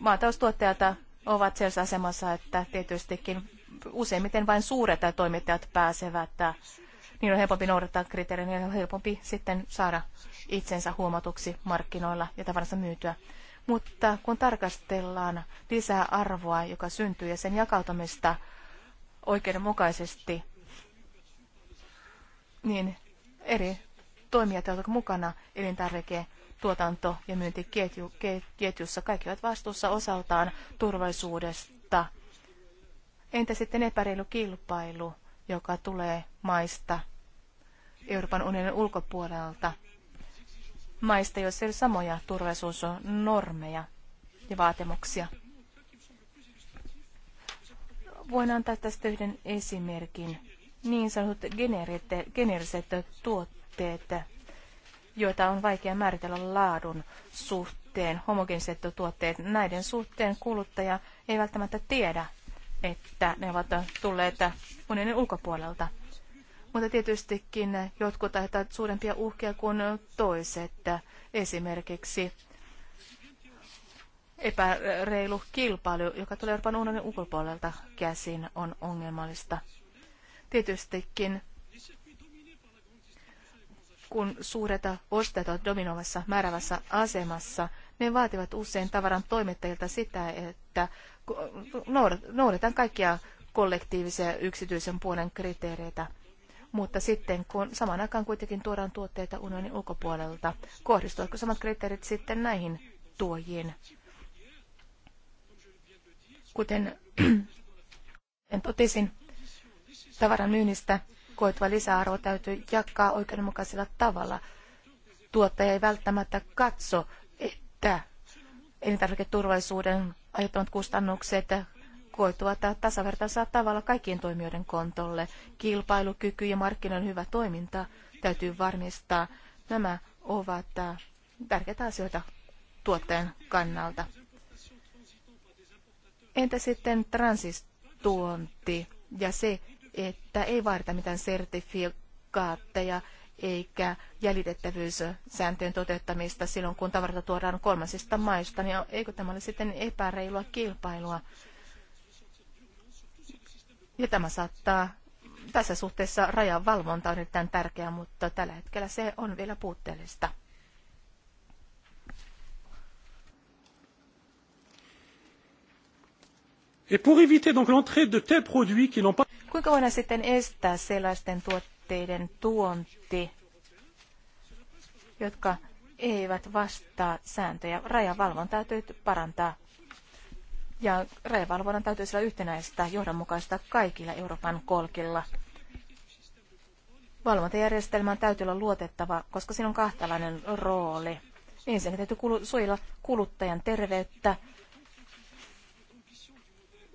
A: maataloustuottajat ovat sellaisessa asemassa, että tietystikin useimmiten vain suuret toimittajat pääsevät niin on helpompi noudattaa kriteerejä, niin on helpompi sitten saada itsensä huomatuksi markkinoilla ja tavarassa myytyä. Mutta kun tarkastellaan lisää arvoa, joka syntyy ja sen jakautumista oikeudenmukaisesti, niin eri toimijat ovat mukana elintarvike tuotanto- ja myyntiketjussa. Kaikki ovat vastuussa osaltaan turvallisuudesta. Entä sitten epäreilu kilpailu? joka tulee maista Euroopan unionin ulkopuolelta. Maista, joissa ei ole samoja turvallisuusnormeja ja vaatimuksia. Voin antaa tästä yhden esimerkin. Niin sanotut geneeriset tuotteet, joita on vaikea määritellä laadun suhteen, homogeniset tuotteet, näiden suhteen kuluttaja ei välttämättä tiedä, että ne ovat tulleet unionin ulkopuolelta. Mutta tietystikin jotkut aiheuttavat suurempia uhkia kuin toiset. Esimerkiksi epäreilu kilpailu, joka tulee Euroopan unionin ulkopuolelta käsin, on ongelmallista. Tietystikin kun suuret ostajat ovat dominoivassa määrävässä asemassa, ne vaativat usein tavaran toimittajilta sitä, että noudatetaan kaikkia kollektiivisia ja yksityisen puolen kriteereitä. Mutta sitten kun saman aikaan kuitenkin tuodaan tuotteita unionin ulkopuolelta, kohdistuvatko samat kriteerit sitten näihin tuojiin? Kuten en totesin, tavaran myynnistä koetva lisäarvo täytyy jakaa oikeudenmukaisella tavalla. Tuottaja ei välttämättä katso, että elintarviketurvallisuuden aiheuttamat kustannukset koituvat tasavertaisella tavalla kaikkien toimijoiden kontolle. Kilpailukyky ja markkinoiden hyvä toiminta täytyy varmistaa. Nämä ovat äh, tärkeitä asioita tuottajan kannalta. Entä sitten transistuonti ja se, että ei vaadita mitään sertifikaatteja eikä jäljitettävyyssääntöjen toteuttamista silloin, kun tavarata tuodaan kolmansista maista, niin eikö tämä ole sitten epäreilua kilpailua? Ja tämä saattaa tässä suhteessa rajan valvonta on erittäin tärkeää, mutta tällä hetkellä se on vielä puutteellista.
B: Et pour éviter donc l'entrée de tels produits qui n'ont pas
A: Kuinka voidaan sitten estää sellaisten tuotteiden tuotteiden tuonti, jotka eivät vastaa sääntöjä. Rajavalvonta täytyy parantaa ja rajavalvonnan täytyy olla yhtenäistä johdonmukaista kaikilla Euroopan kolkilla. Valvontajärjestelmän täytyy olla luotettava, koska siinä on kahtalainen rooli. Ensinnäkin täytyy suojella kuluttajan terveyttä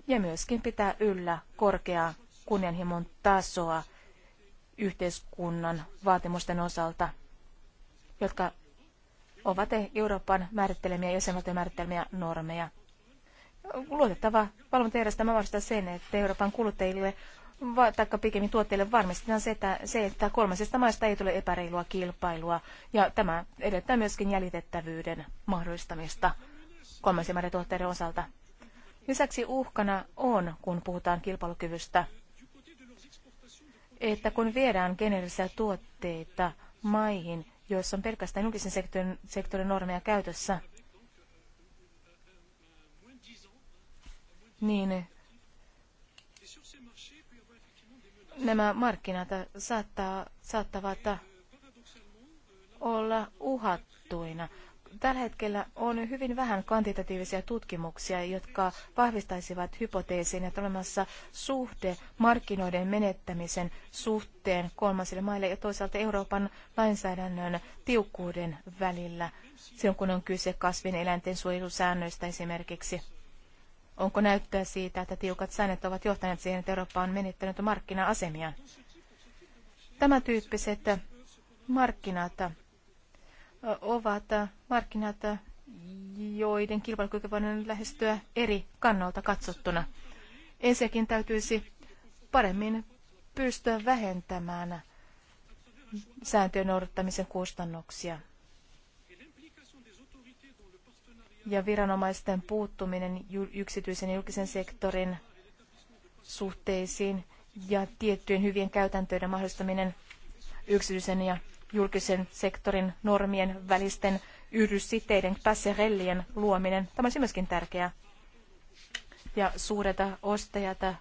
A: ja myöskin pitää yllä korkeaa kunnianhimon tasoa yhteiskunnan vaatimusten osalta, jotka ovat Euroopan määrittelemiä jäsenvaltion määrittelemiä normeja. Luotettava valvontajärjestelmä varmistaa sen, että Euroopan kuluttajille tai pikemmin tuotteille varmistetaan se että, se, että kolmasista maista ei tule epäreilua kilpailua. Ja tämä edellyttää myöskin jäljitettävyyden mahdollistamista kolmansien maiden tuotteiden osalta. Lisäksi uhkana on, kun puhutaan kilpailukyvystä, että kun viedään geneerisiä tuotteita maihin, joissa on pelkästään julkisen sektorin, sektorin normeja käytössä, niin nämä markkinat saattaa, saattavat olla uhattuina. Tällä hetkellä on hyvin vähän kvantitatiivisia tutkimuksia, jotka vahvistaisivat hypoteesin, että olemassa suhde markkinoiden menettämisen suhteen kolmansille maille ja toisaalta Euroopan lainsäädännön tiukkuuden välillä, silloin kun on kyse kasvin eläinten suojelusäännöistä esimerkiksi. Onko näyttöä siitä, että tiukat säännöt ovat johtaneet siihen, että Eurooppa on menettänyt markkina-asemiaan? Tämä tyyppiset markkinat ovat markkinat, joiden kilpailukyky voidaan lähestyä eri kannalta katsottuna. Ensinnäkin täytyisi paremmin pystyä vähentämään sääntöjen noudattamisen kustannuksia. Ja viranomaisten puuttuminen yksityisen ja julkisen sektorin suhteisiin ja tiettyjen hyvien käytäntöiden mahdollistaminen yksityisen ja julkisen sektorin normien välisten yhdyssiteiden passerellien luominen. Tämä olisi myöskin tärkeää. Ja suuret ostajat äh,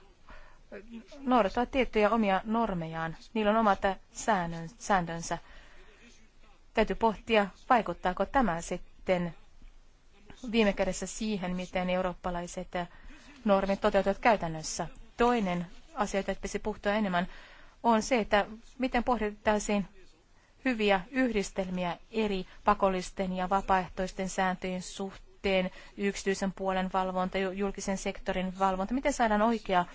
A: noudattavat tiettyjä omia normejaan. Niillä on omat sääntönsä. Täytyy pohtia, vaikuttaako tämä sitten viime kädessä siihen, miten eurooppalaiset normit toteutuvat käytännössä. Toinen asia, jota pitäisi puhtua enemmän, on se, että miten pohdittaisiin hyviä yhdistelmiä eri pakollisten ja vapaaehtoisten sääntöjen suhteen, yksityisen puolen valvonta, julkisen sektorin valvonta. Miten saadaan oikea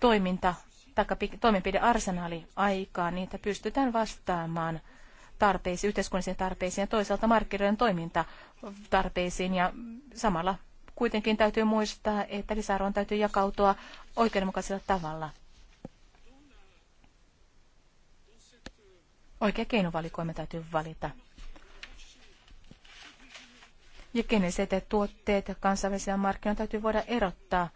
A: toiminta tai toimenpidearsenaali aikaan, niin että pystytään vastaamaan tarpeisiin, yhteiskunnallisiin tarpeisiin ja toisaalta markkinoiden
D: toimintatarpeisiin
A: ja samalla kuitenkin täytyy muistaa, että lisäarvon täytyy jakautua oikeudenmukaisella tavalla. Oikea keinovalikoima täytyy valita. Ja geeniset tuotteet ja kansainvälisiä markkinoita täytyy voida erottaa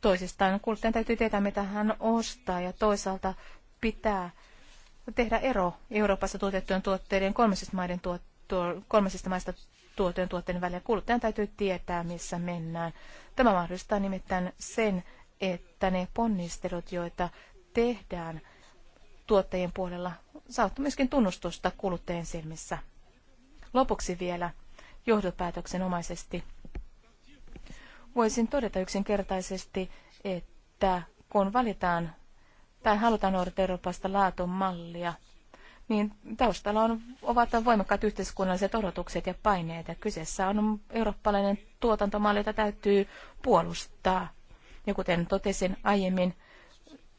A: toisistaan. Kuluttajan täytyy tietää, mitä hän ostaa ja toisaalta pitää tehdä ero Euroopassa tuotettujen tuotteiden kolmesista, maiden tuo, tuo, kolmesista maista tuotujen tuotteiden välillä. Kuluttajan täytyy tietää, missä mennään. Tämä mahdollistaa nimittäin sen, että ne ponnistelut, joita tehdään tuottajien puolella, saavat myöskin tunnustusta kuluttajien silmissä. Lopuksi vielä johdopäätöksenomaisesti. Voisin todeta yksinkertaisesti, että kun valitaan tai halutaan noudata Euroopasta mallia, niin taustalla on, ovat voimakkaat yhteiskunnalliset odotukset ja paineet. Ja kyseessä on eurooppalainen tuotantomalli, jota täytyy puolustaa. Ja kuten totesin aiemmin,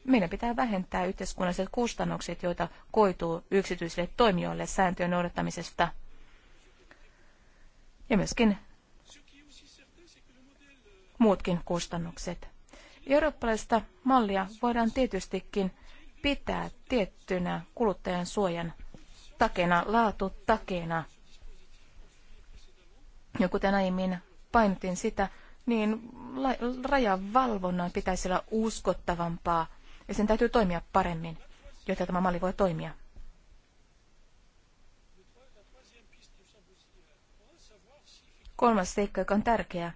A: meidän pitää vähentää yhteiskunnalliset kustannukset, joita koituu yksityisille toimijoille sääntöjen noudattamisesta. Ja myöskin muutkin kustannukset. Eurooppalaista mallia voidaan tietystikin pitää tiettynä kuluttajan suojan takena, laatu takena. Ja kuten aiemmin painotin sitä, niin rajavalvonnan pitäisi olla uskottavampaa ja sen täytyy toimia paremmin, jotta tämä malli voi toimia. Kolmas seikka, joka on tärkeä,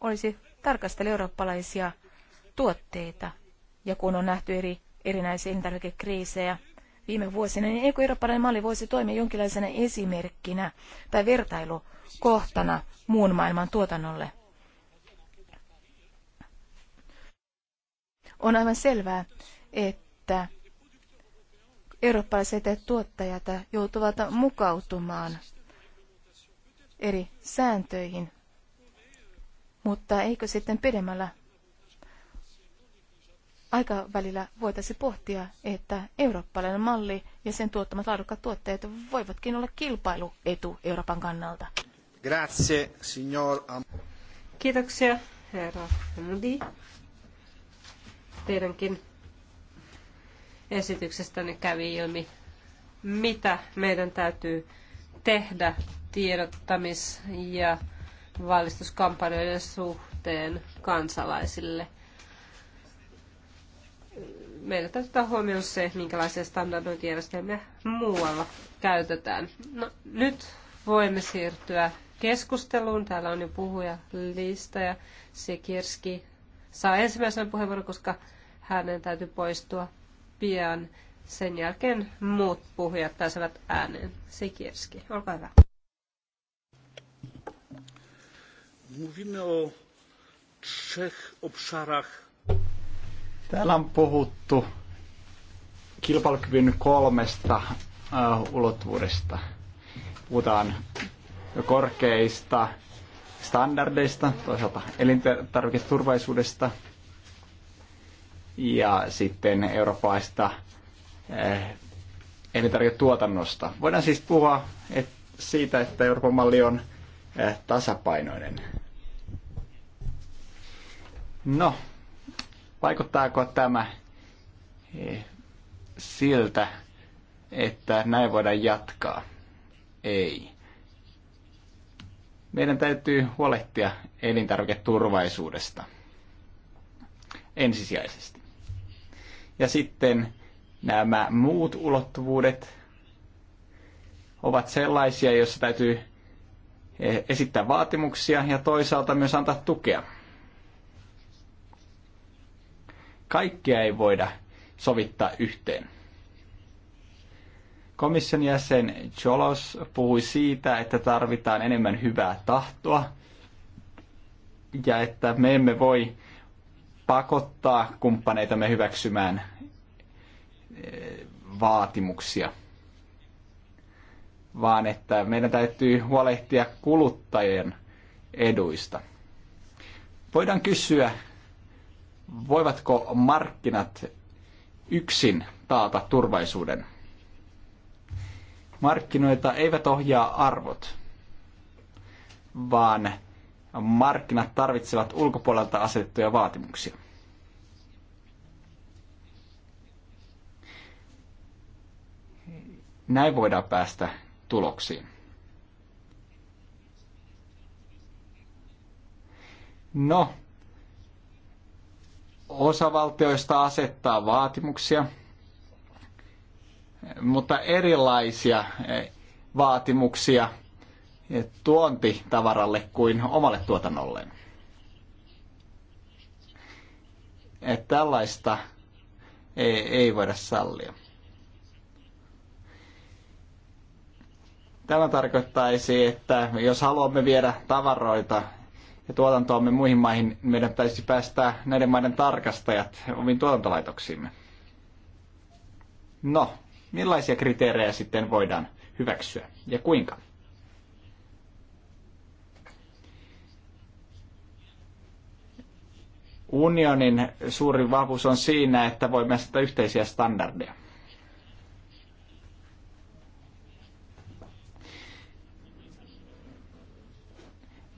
A: olisi tarkastella eurooppalaisia tuotteita. Ja kun on nähty eri, erinäisiä elintarvikekriisejä, viime vuosina, niin eikö eurooppalainen malli voisi toimia jonkinlaisena esimerkkinä tai vertailukohtana muun maailman tuotannolle? On aivan selvää, että eurooppalaiset tuottajat joutuvat mukautumaan eri sääntöihin, mutta eikö sitten pidemmällä aikavälillä voitaisiin pohtia, että eurooppalainen malli ja sen tuottamat laadukkaat tuotteet voivatkin olla kilpailuetu Euroopan kannalta.
C: Grazie, signor.
B: Kiitoksia, herra Moody. Teidänkin esityksestänne kävi ilmi, mitä meidän täytyy tehdä tiedottamis- ja valistuskampanjoiden suhteen kansalaisille – Meillä täytyy ottaa huomioon se, minkälaisia standardointijärjestelmiä muualla käytetään. No, nyt voimme siirtyä keskusteluun. Täällä on jo puhuja lista ja Sikirski saa ensimmäisen puheenvuoron, koska hänen täytyy poistua pian. Sen jälkeen muut puhujat pääsevät ääneen. Sikirski, olkaa hyvä.
D: Mówimy o trzech obszarach Täällä on
C: puhuttu kilpailukyvyn kolmesta äh, ulottuvuudesta. Puhutaan korkeista standardeista, toisaalta elintarviketurvallisuudesta ja sitten eurooppalaista äh, elintarviketuotannosta. Voidaan siis puhua et, siitä, että Euroopan malli on äh, tasapainoinen. No, Vaikuttaako tämä eh, siltä, että näin voidaan jatkaa? Ei. Meidän täytyy huolehtia elintarviketurvaisuudesta ensisijaisesti. Ja sitten nämä muut ulottuvuudet ovat sellaisia, joissa täytyy eh, esittää vaatimuksia ja toisaalta myös antaa tukea. kaikkia ei voida sovittaa yhteen. Komission jäsen Cholos puhui siitä, että tarvitaan enemmän hyvää tahtoa ja että me emme voi pakottaa kumppaneitamme hyväksymään eh, vaatimuksia, vaan että meidän täytyy huolehtia kuluttajien eduista. Voidaan kysyä, voivatko markkinat yksin taata turvallisuuden? Markkinoita eivät ohjaa arvot, vaan markkinat tarvitsevat ulkopuolelta asetettuja vaatimuksia. Näin voidaan päästä tuloksiin. No, osavaltioista asettaa vaatimuksia, mutta erilaisia eh, vaatimuksia eh, tuontitavaralle kuin omalle tuotannolleen. Että eh, tällaista ei, ei voida sallia. Tämä tarkoittaisi, että jos haluamme viedä tavaroita ja tuotantoamme muihin maihin, meidän pitäisi päästää näiden maiden tarkastajat omiin tuotantolaitoksiimme. No, millaisia kriteerejä sitten voidaan hyväksyä ja kuinka? Unionin suurin vahvuus on siinä, että voimme asettaa yhteisiä standardeja.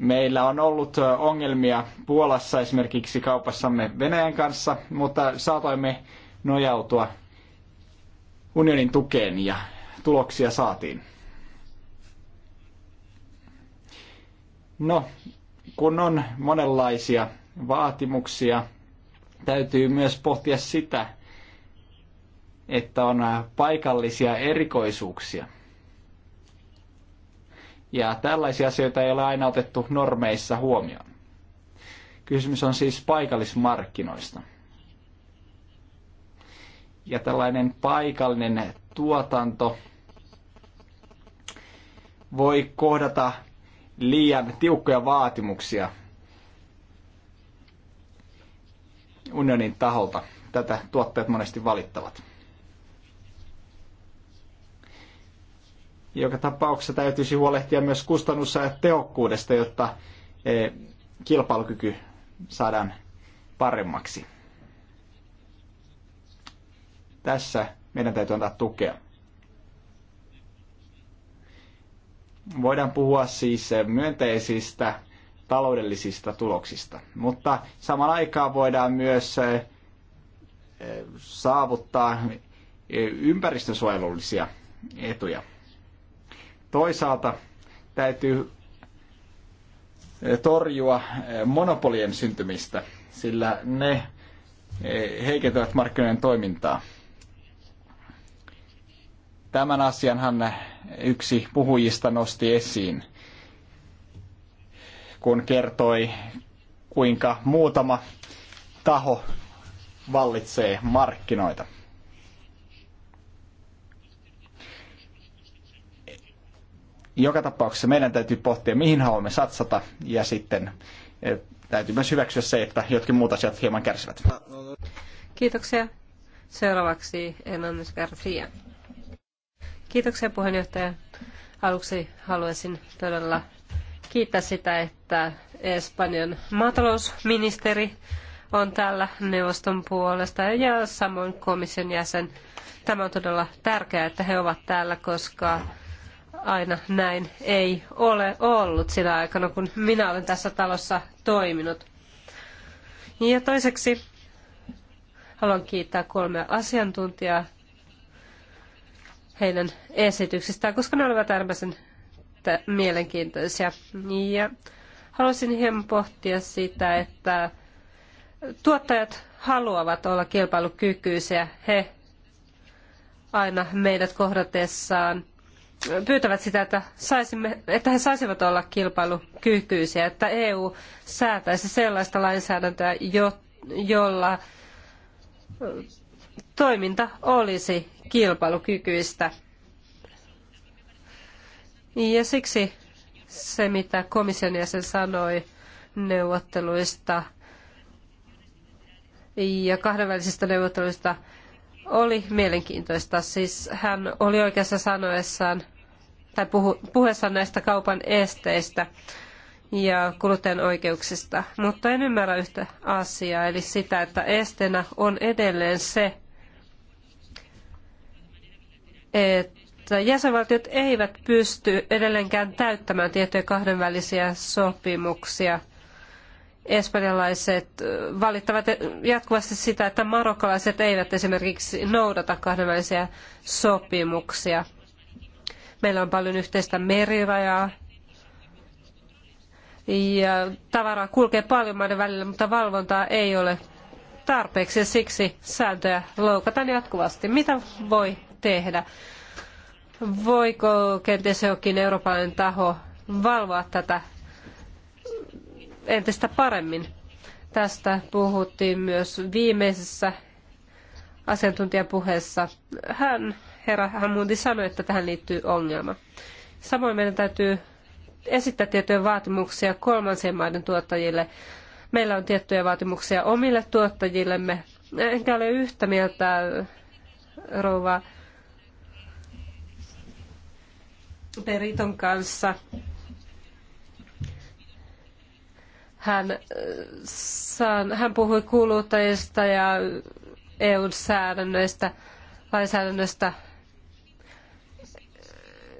C: Meillä on ollut ongelmia Puolassa esimerkiksi kaupassamme Venäjän kanssa, mutta saatoimme nojautua unionin tukeen ja tuloksia saatiin. No, kun on monenlaisia vaatimuksia, täytyy myös pohtia sitä, että on paikallisia erikoisuuksia – ja tällaisia asioita ei ole aina otettu normeissa huomioon. Kysymys on siis paikallismarkkinoista. Ja tällainen paikallinen tuotanto voi kohdata liian tiukkoja vaatimuksia unionin taholta. Tätä tuotteet monesti valittavat. Joka tapauksessa täytyisi huolehtia myös kustannus- ja tehokkuudesta, jotta e, kilpailukyky saadaan paremmaksi. Tässä meidän täytyy antaa tukea. Voidaan puhua siis myönteisistä taloudellisista tuloksista, mutta samaan aikaan voidaan myös e, saavuttaa ympäristönsuojelullisia etuja. Toisaalta täytyy eh, torjua eh, monopolien syntymistä, sillä ne eh, heikentävät markkinoiden toimintaa. Tämän asianhan yksi puhujista nosti esiin, kun kertoi, kuinka muutama taho vallitsee markkinoita. joka tapauksessa meidän täytyy pohtia, mihin haluamme satsata ja sitten eh, täytyy myös hyväksyä se, että jotkin muut asiat hieman kärsivät.
B: Kiitoksia. Seuraavaksi Emanuel Garcia. Kiitoksia puheenjohtaja. Aluksi haluaisin todella kiittää sitä, että Espanjan maatalousministeri on täällä neuvoston puolesta ja samoin komission jäsen. Tämä on todella tärkeää, että he ovat täällä, koska aina näin ei ole ollut sinä aikana, kun minä olen tässä talossa toiminut. Ja toiseksi haluan kiittää kolmea asiantuntijaa heidän esityksistään, koska ne olivat äärimmäisen mielenkiintoisia. Ja haluaisin hieman pohtia sitä, että tuottajat haluavat olla kilpailukykyisiä. He aina meidät kohdatessaan pyytävät sitä, että, saisimme, että he saisivat olla kilpailukykyisiä, että EU säätäisi sellaista lainsäädäntöä, jo, jolla toiminta olisi kilpailukykyistä. Ja siksi se, mitä komission jäsen sanoi neuvotteluista ja kahdenvälisistä neuvotteluista oli mielenkiintoista. Siis hän oli oikeassa sanoessaan tai puhu, näistä kaupan esteistä ja kuluttajan oikeuksista, mutta en ymmärrä yhtä asiaa, eli sitä, että esteenä on edelleen se, että jäsenvaltiot eivät pysty edelleenkään täyttämään tiettyjä kahdenvälisiä sopimuksia – espanjalaiset valittavat jatkuvasti sitä, että marokkolaiset eivät esimerkiksi noudata kahdenvälisiä sopimuksia. Meillä on paljon yhteistä merirajaa ja tavaraa kulkee paljon maiden välillä, mutta valvontaa ei ole tarpeeksi ja siksi sääntöjä loukataan jatkuvasti. Mitä voi tehdä? Voiko kenties jokin eurooppalainen taho valvoa tätä entistä paremmin. Tästä puhuttiin myös viimeisessä asiantuntijapuheessa. Hän, herra Hammundi, sanoi, että tähän liittyy ongelma. Samoin meidän täytyy esittää tiettyjä vaatimuksia kolmansien maiden tuottajille. Meillä on tiettyjä vaatimuksia omille tuottajillemme. Enkä ole yhtä mieltä rouva Periton kanssa Hän, äh, hän puhui kuluttajista ja EU-säädännöistä, lainsäädännöstä.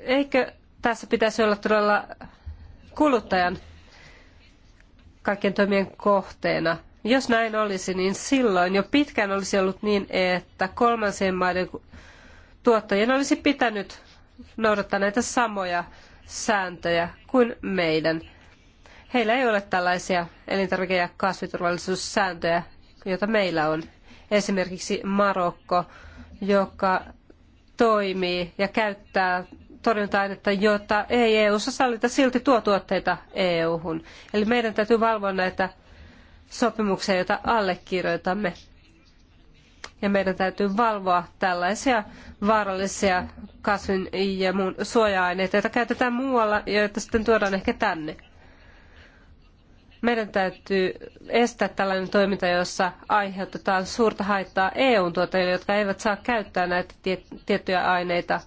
B: Eikö tässä pitäisi olla todella kuluttajan kaikkien toimien kohteena? Jos näin olisi, niin silloin jo pitkään olisi ollut niin, että kolmansien maiden tuottajien olisi pitänyt noudattaa näitä samoja sääntöjä kuin meidän. Heillä ei ole tällaisia elintarvike- ja kasviturvallisuussääntöjä, joita meillä on. Esimerkiksi Marokko, joka toimii ja käyttää torjunta-ainetta, jota ei EU-ssa sallita, silti tuo tuotteita EU-hun. Eli meidän täytyy valvoa näitä sopimuksia, joita allekirjoitamme. Ja meidän täytyy valvoa tällaisia vaarallisia kasvin ja muun suoja-aineita, joita käytetään muualla ja joita sitten tuodaan ehkä tänne. Meidän täytyy estää tällainen toiminta, jossa aiheutetaan suurta haittaa EU-tuottajille, jotka eivät saa käyttää näitä tiettyjä aineita.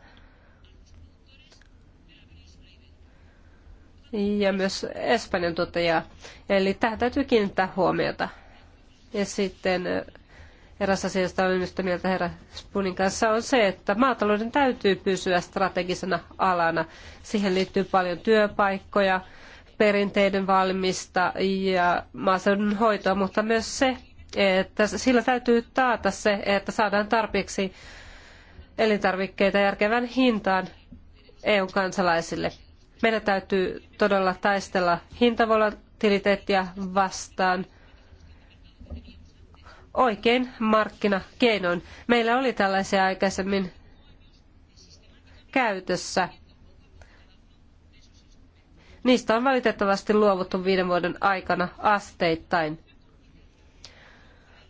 B: Ja myös Espanjan tuottajia. Eli tähän täytyy kiinnittää huomiota. Ja sitten eh, eräs asia, josta olen yhtä mieltä herra Spunin kanssa, on se, että maatalouden täytyy pysyä strategisena alana. Siihen liittyy paljon työpaikkoja, perinteiden valmista ja maaseudun hoitoa, mutta myös se, että sillä täytyy taata se, että saadaan tarpeeksi elintarvikkeita järkevän hintaan eu kansalaisille. Meidän täytyy todella taistella hintavolatiliteettia vastaan oikein markkinakeinoin. Meillä oli tällaisia aikaisemmin käytössä Niistä on valitettavasti luovuttu viiden vuoden aikana asteittain.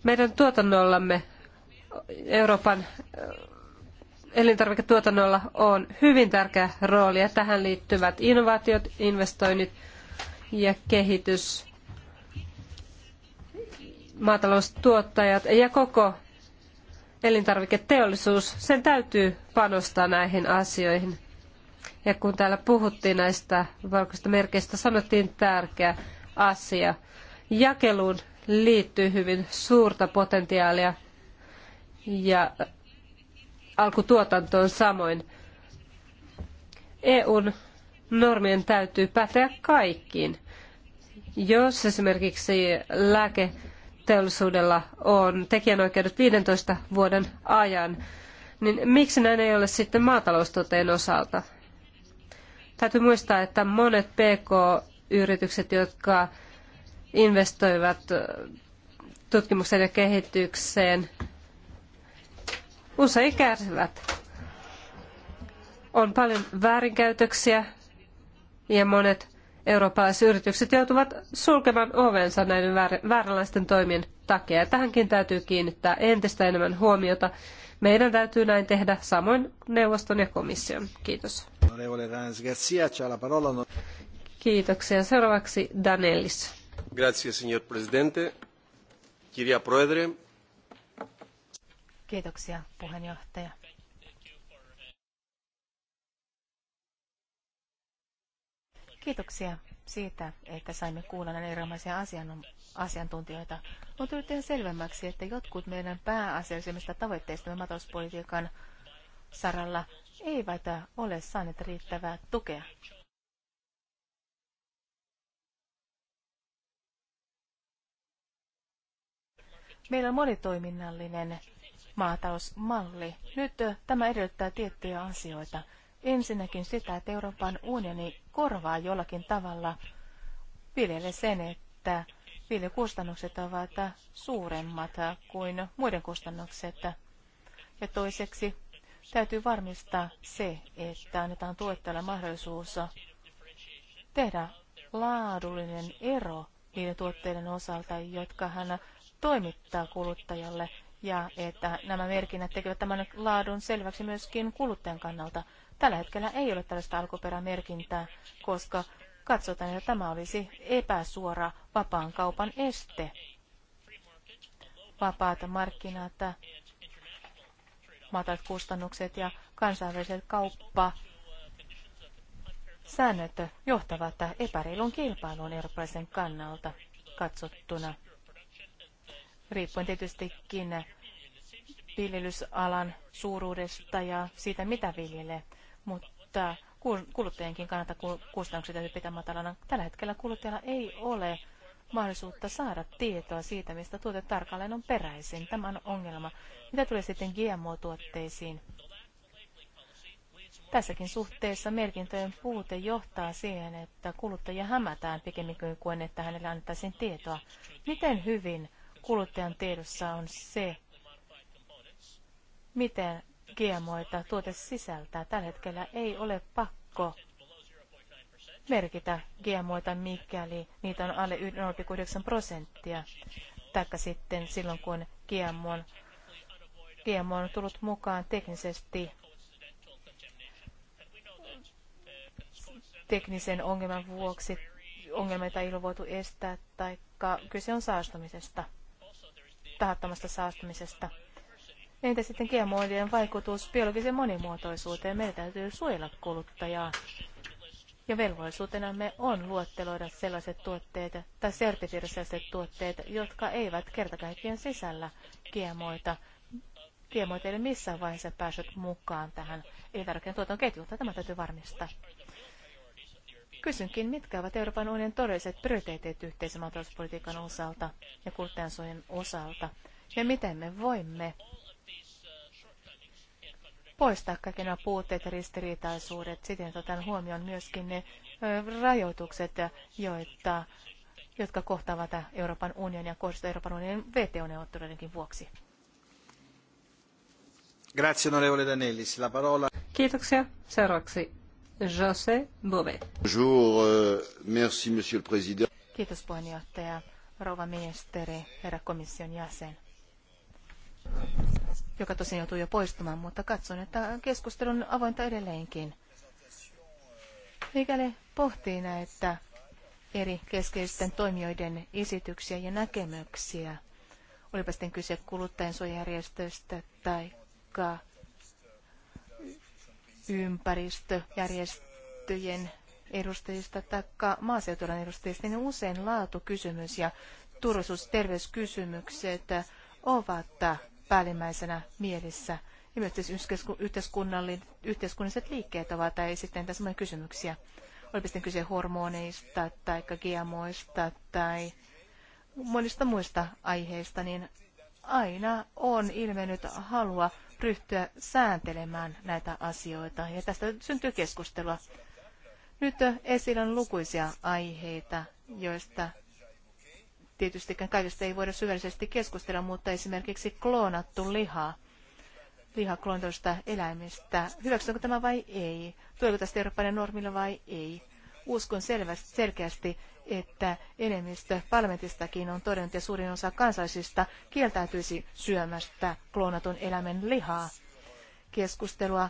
B: Meidän tuotannollamme, Euroopan eh, elintarviketuotannolla on hyvin tärkeä rooli ja tähän liittyvät innovaatiot, investoinnit ja kehitys. Maataloustuottajat ja koko elintarviketeollisuus, sen täytyy panostaa näihin asioihin. Ja kun täällä puhuttiin näistä valkoista merkeistä, sanottiin tärkeä asia. Jakeluun liittyy hyvin suurta potentiaalia ja alkutuotantoon samoin. EUn normien täytyy päteä kaikkiin. Jos esimerkiksi lääketeollisuudella on tekijänoikeudet 15 vuoden ajan, niin miksi näin ei ole sitten maataloustuotteen osalta? Täytyy muistaa, että monet PK-yritykset, jotka investoivat tutkimukseen ja kehitykseen, usein kärsivät. On paljon väärinkäytöksiä ja monet eurooppalaiset yritykset joutuvat sulkemaan ovensa näiden vääränlaisten toimien takia. Ja tähänkin täytyy kiinnittää entistä enemmän huomiota meidän täytyy näin tehdä samoin neuvoston ja komission. Kiitos. Kiitoksia. Seuraavaksi Danellis.
C: Grazie, signor Presidente. Kirja Proedre.
A: Kiitoksia, puheenjohtaja. Kiitoksia siitä, että saimme kuulla näitä erilaisia asian, asiantuntijoita. On tullut ihan selvemmäksi, että jotkut meidän pääasiallisimmista tavoitteista maatalouspolitiikan saralla eivät ole saaneet riittävää tukea. Meillä on monitoiminnallinen maatalousmalli. Nyt tämä edellyttää tiettyjä asioita. Ensinnäkin sitä, että Euroopan unioni korvaa jollakin tavalla viljelle sen, että viljakustannukset ovat suuremmat kuin muiden kustannukset. Ja toiseksi täytyy varmistaa se, että annetaan tuottajalle mahdollisuus tehdä laadullinen ero niiden tuotteiden osalta, jotka hän toimittaa kuluttajalle ja että nämä merkinnät tekevät tämän laadun selväksi myöskin kuluttajan kannalta. Tällä hetkellä ei ole tällaista alkuperämerkintää, koska katsotaan, että tämä olisi epäsuora vapaan kaupan este. Vapaata markkinat, matalat kustannukset ja kansainväliset kauppa säännöt johtavat epäreilun kilpailuun eurooppalaisen kannalta katsottuna. Riippuen tietystikin viljelysalan suuruudesta ja siitä, mitä viljelee mutta kuluttajienkin kannalta kustannukset täytyy pitää matalana. Tällä hetkellä kuluttajalla ei ole mahdollisuutta saada tietoa siitä, mistä tuote tarkalleen on peräisin. Tämä on ongelma. Mitä tulee sitten GMO-tuotteisiin? Tässäkin suhteessa merkintöjen puute johtaa siihen, että kuluttaja hämätään pikemminkin kuin että hänelle annettaisiin tietoa. Miten hyvin kuluttajan tiedossa on se, miten GMOita tuote sisältää. Tällä hetkellä ei ole pakko merkitä GMOita, mikäli niitä on alle 0,9 prosenttia, taikka sitten silloin, kun GMO on, GMO on tullut mukaan teknisesti teknisen ongelman vuoksi ongelmia ei ole voitu estää, tai kyse on saastumisesta, tahattomasta saastumisesta. Entä sitten GMOiden vaikutus biologiseen monimuotoisuuteen? Meidän täytyy suojella kuluttajaa. Ja velvollisuutenamme on luotteloida sellaiset tuotteet tai sertifioida sellaiset tuotteet, jotka eivät kertakaikkiaan sisällä GMOita. GMOita ei missään vaiheessa päässyt mukaan tähän elintarvikkeen tuoton ketjuun. Tämä täytyy varmistaa. Kysynkin, mitkä ovat Euroopan unionin todelliset prioriteetit yhteisen maatalouspolitiikan osalta ja kuluttajansuojan osalta, ja miten me voimme poistaa kaikki nämä puutteet ja ristiriitaisuudet siten, että otan huomioon myöskin ne rajoitukset, joita, jotka kohtaavat Euroopan unionia ja kohdistuvat Euroopan unionin VTO-neuvotteluidenkin vuoksi.
D: Grazie, onorevole Danellis. La parola...
B: Kiitoksia. Seuraavaksi José Bové.
D: Bonjour, euh, merci, monsieur le président.
B: Kiitos puheenjohtaja,
A: rouva ministeri, herra komission jäsen joka tosin joutui jo poistumaan, mutta katson, että keskustelun avointa edelleenkin. Mikäli pohtii näitä eri keskeisten toimijoiden esityksiä ja näkemyksiä, olipa sitten kyse kuluttajansuojajärjestöstä tai ympäristöjärjestöjen edustajista tai maaseutulan edustajista, niin usein laatukysymys ja turvallisuus- ja terveyskysymykset ovat päällimmäisenä mielessä. Ja myös yhteiskunnalliset liikkeet ovat tai sitten tässä kysymyksiä. Olipa sitten kyse hormoneista tai GMOista tai monista muista aiheista, niin aina on ilmennyt halua ryhtyä sääntelemään näitä asioita. Ja tästä syntyy keskustelua. Nyt esillä on lukuisia aiheita, joista Tietystikään kaikesta ei voida syvällisesti keskustella, mutta esimerkiksi kloonattu liha, lihaklontoista eläimistä, hyväksytäänkö tämä vai ei? Tuleeko tästä eurooppalainen normilla vai ei? Uskon selvästi, selkeästi, että enemmistö parlamentistakin on todennut ja suurin osa kansalaisista kieltäytyisi syömästä kloonatun eläimen lihaa. Keskustelua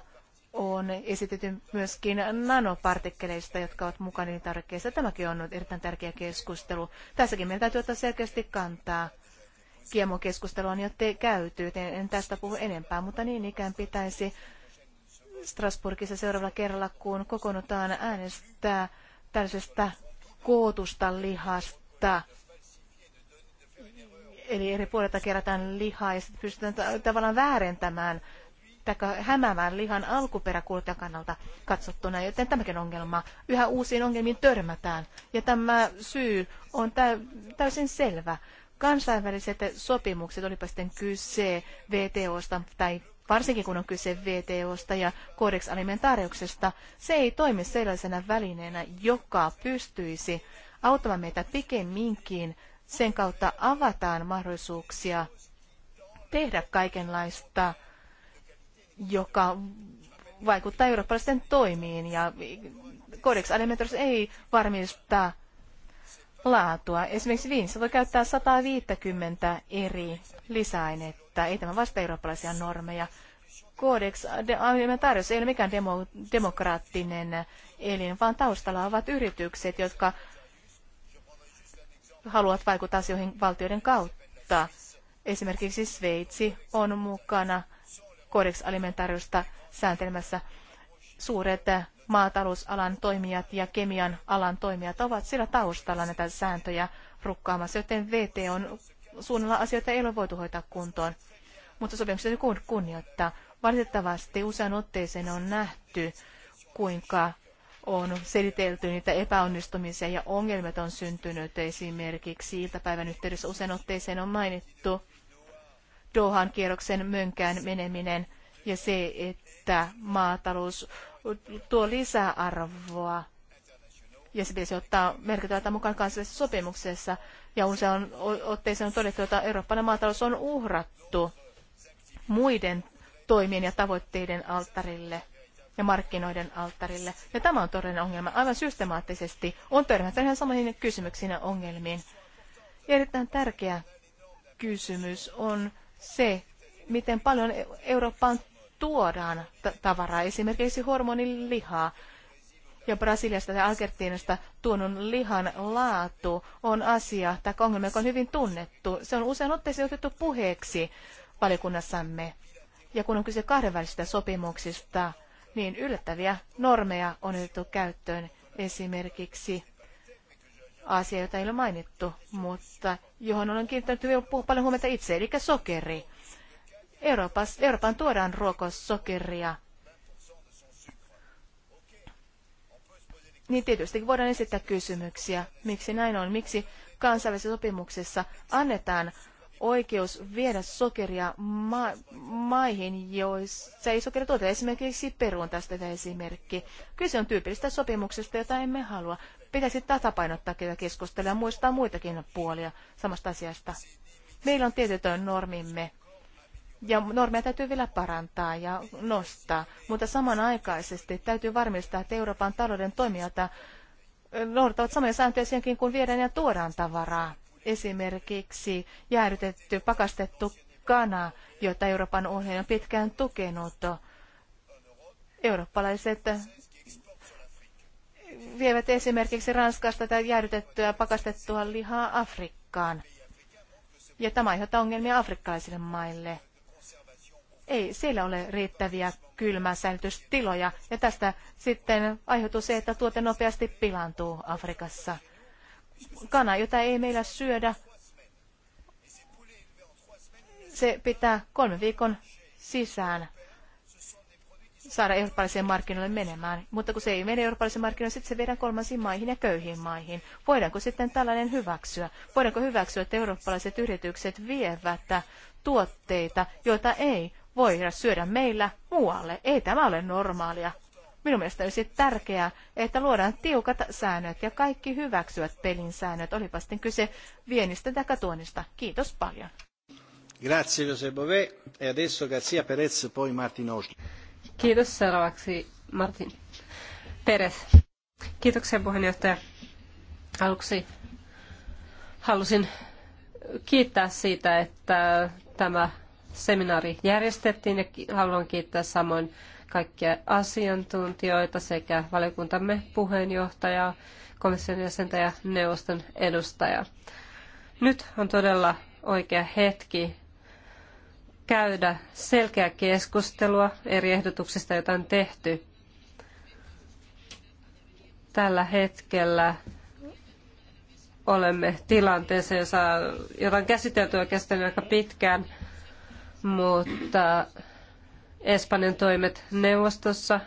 A: on esitetty myöskin nanopartikkeleista, jotka ovat mukana elintarvikkeissa. Tämäkin on erittäin tärkeä keskustelu. Tässäkin meidän täytyy ottaa selkeästi kantaa. Kiemokeskustelu on jo te käyty, joten en tästä puhu enempää, mutta niin ikään pitäisi Strasbourgissa seuraavalla kerralla, kun kokoonnutaan äänestää tällaisesta kootusta lihasta. Eli eri puolilta kerätään lihaa ja sitten pystytään tavallaan väärentämään tai hämäävän lihan kuluttajan kannalta katsottuna, joten tämäkin ongelma yhä uusiin ongelmiin törmätään. Ja tämä syy on täysin selvä. Kansainväliset sopimukset, olipa sitten kyse VTOsta tai varsinkin kun on kyse VTOsta ja Codex Alimentariuksesta, se ei toimi sellaisena välineenä, joka pystyisi auttamaan meitä pikemminkin. Sen kautta avataan mahdollisuuksia tehdä kaikenlaista joka vaikuttaa eurooppalaisten toimiin ja Codex Alimentarius ei varmista laatua. Esimerkiksi viinissä voi käyttää 150 eri lisäainetta. Ei tämä vasta eurooppalaisia normeja. Codex Alimentarius ei ole mikään demo, demokraattinen elin, vaan taustalla ovat yritykset, jotka haluavat vaikuttaa asioihin valtioiden kautta. Esimerkiksi Sveitsi on mukana Codex Alimentariusta sääntelemässä suuret maatalousalan toimijat ja kemian alan toimijat ovat sillä taustalla näitä sääntöjä rukkaamassa, joten VT on suunnalla asioita ei ole voitu hoitaa kuntoon. Mutta sopimuksia täytyy kunnioittaa. Valitettavasti usean otteeseen on nähty, kuinka on selitelty niitä epäonnistumisia ja ongelmat on syntynyt esimerkiksi iltapäivän yhteydessä usein otteeseen on mainittu Dohan kierroksen mönkään meneminen ja se, että maatalous tuo lisäarvoa ja se pitäisi ottaa merkityötä mukaan kansallisessa sopimuksessa. Ja usein on otteeseen on todettu, että eurooppalainen maatalous on uhrattu muiden toimien ja tavoitteiden alttarille ja markkinoiden alttarille. Ja tämä on todellinen ongelma. Aivan systemaattisesti on törmätty ihan samoihin kysymyksiin ja ongelmiin. Ja erittäin tärkeä kysymys on se, miten paljon Eurooppaan tuodaan tavaraa, esimerkiksi hormonilihaa. Ja Brasiliasta ja Argentiinasta tuonun lihan laatu on asia tai ongelma, joka on hyvin tunnettu. Se on usein otteeseen otettu puheeksi valikunnassamme. Ja kun on kyse kahdenvälisistä sopimuksista, niin yllättäviä normeja on otettu käyttöön. Esimerkiksi asia, jota ei ole mainittu, mutta johon olen kiinnittänyt hyvin paljon huomiota itse, eli sokeri. Euroopan tuodaan ruokosokeria. Niin tietysti voidaan esittää kysymyksiä, miksi näin on, miksi kansainvälisessä sopimuksessa annetaan oikeus viedä sokeria ma- maihin, joissa ei sokeri tuoteta. Esimerkiksi Peru on tästä esimerkki. Kyse on tyypillistä sopimuksesta, jota emme halua. Pitäisi tasapainottaa tätä keskustelua ja muistaa muitakin puolia samasta asiasta. Meillä on tietyt normimme, ja normeja täytyy vielä parantaa ja nostaa, mutta samanaikaisesti täytyy varmistaa, että Euroopan talouden toimijat noudattavat samoja sääntöjä siihenkin, kun viedään ja tuodaan tavaraa. Esimerkiksi jäädytetty, pakastettu kana, jota Euroopan unioni on pitkään tukenut. Eurooppalaiset vievät esimerkiksi Ranskasta tai jäädytettyä pakastettua lihaa Afrikkaan. Ja tämä aiheuttaa ongelmia afrikkalaisille maille. Ei siellä ole riittäviä kylmäsäilytystiloja, ja tästä sitten aiheutuu se, että tuote nopeasti pilantuu Afrikassa. Kana, jota ei meillä syödä, se pitää kolmen viikon sisään saada eurooppalaisille markkinoille menemään. Mutta kun se ei mene eurooppalaisille markkinoille, sitten se viedään kolmansiin maihin ja köyhiin maihin. Voidaanko sitten tällainen hyväksyä? Voidaanko hyväksyä, että eurooppalaiset yritykset vievät tuotteita, joita ei voida syödä meillä muualle? Ei tämä ole normaalia. Minun mielestäni olisi tärkeää, että luodaan tiukat säännöt ja kaikki hyväksyvät pelin säännöt, olipa sitten kyse vienistä tai
B: tuonnista. Kiitos paljon.
C: Grazie José Bové e adesso Garzia Perez
D: poi Martin Osli.
B: Kiitos. Seuraavaksi Martin Peres. Kiitoksia puheenjohtaja. Aluksi halusin kiittää siitä, että tämä seminaari järjestettiin ja haluan kiittää samoin kaikkia asiantuntijoita sekä valiokuntamme puheenjohtajaa, komission jäsentä ja neuvoston edustajaa. Nyt on todella oikea hetki käydä selkeää keskustelua eri ehdotuksista, joita on tehty. Tällä hetkellä olemme tilanteessa, jossa, jota on käsitelty oikeastaan aika pitkään, mutta Espanjan toimet neuvostossa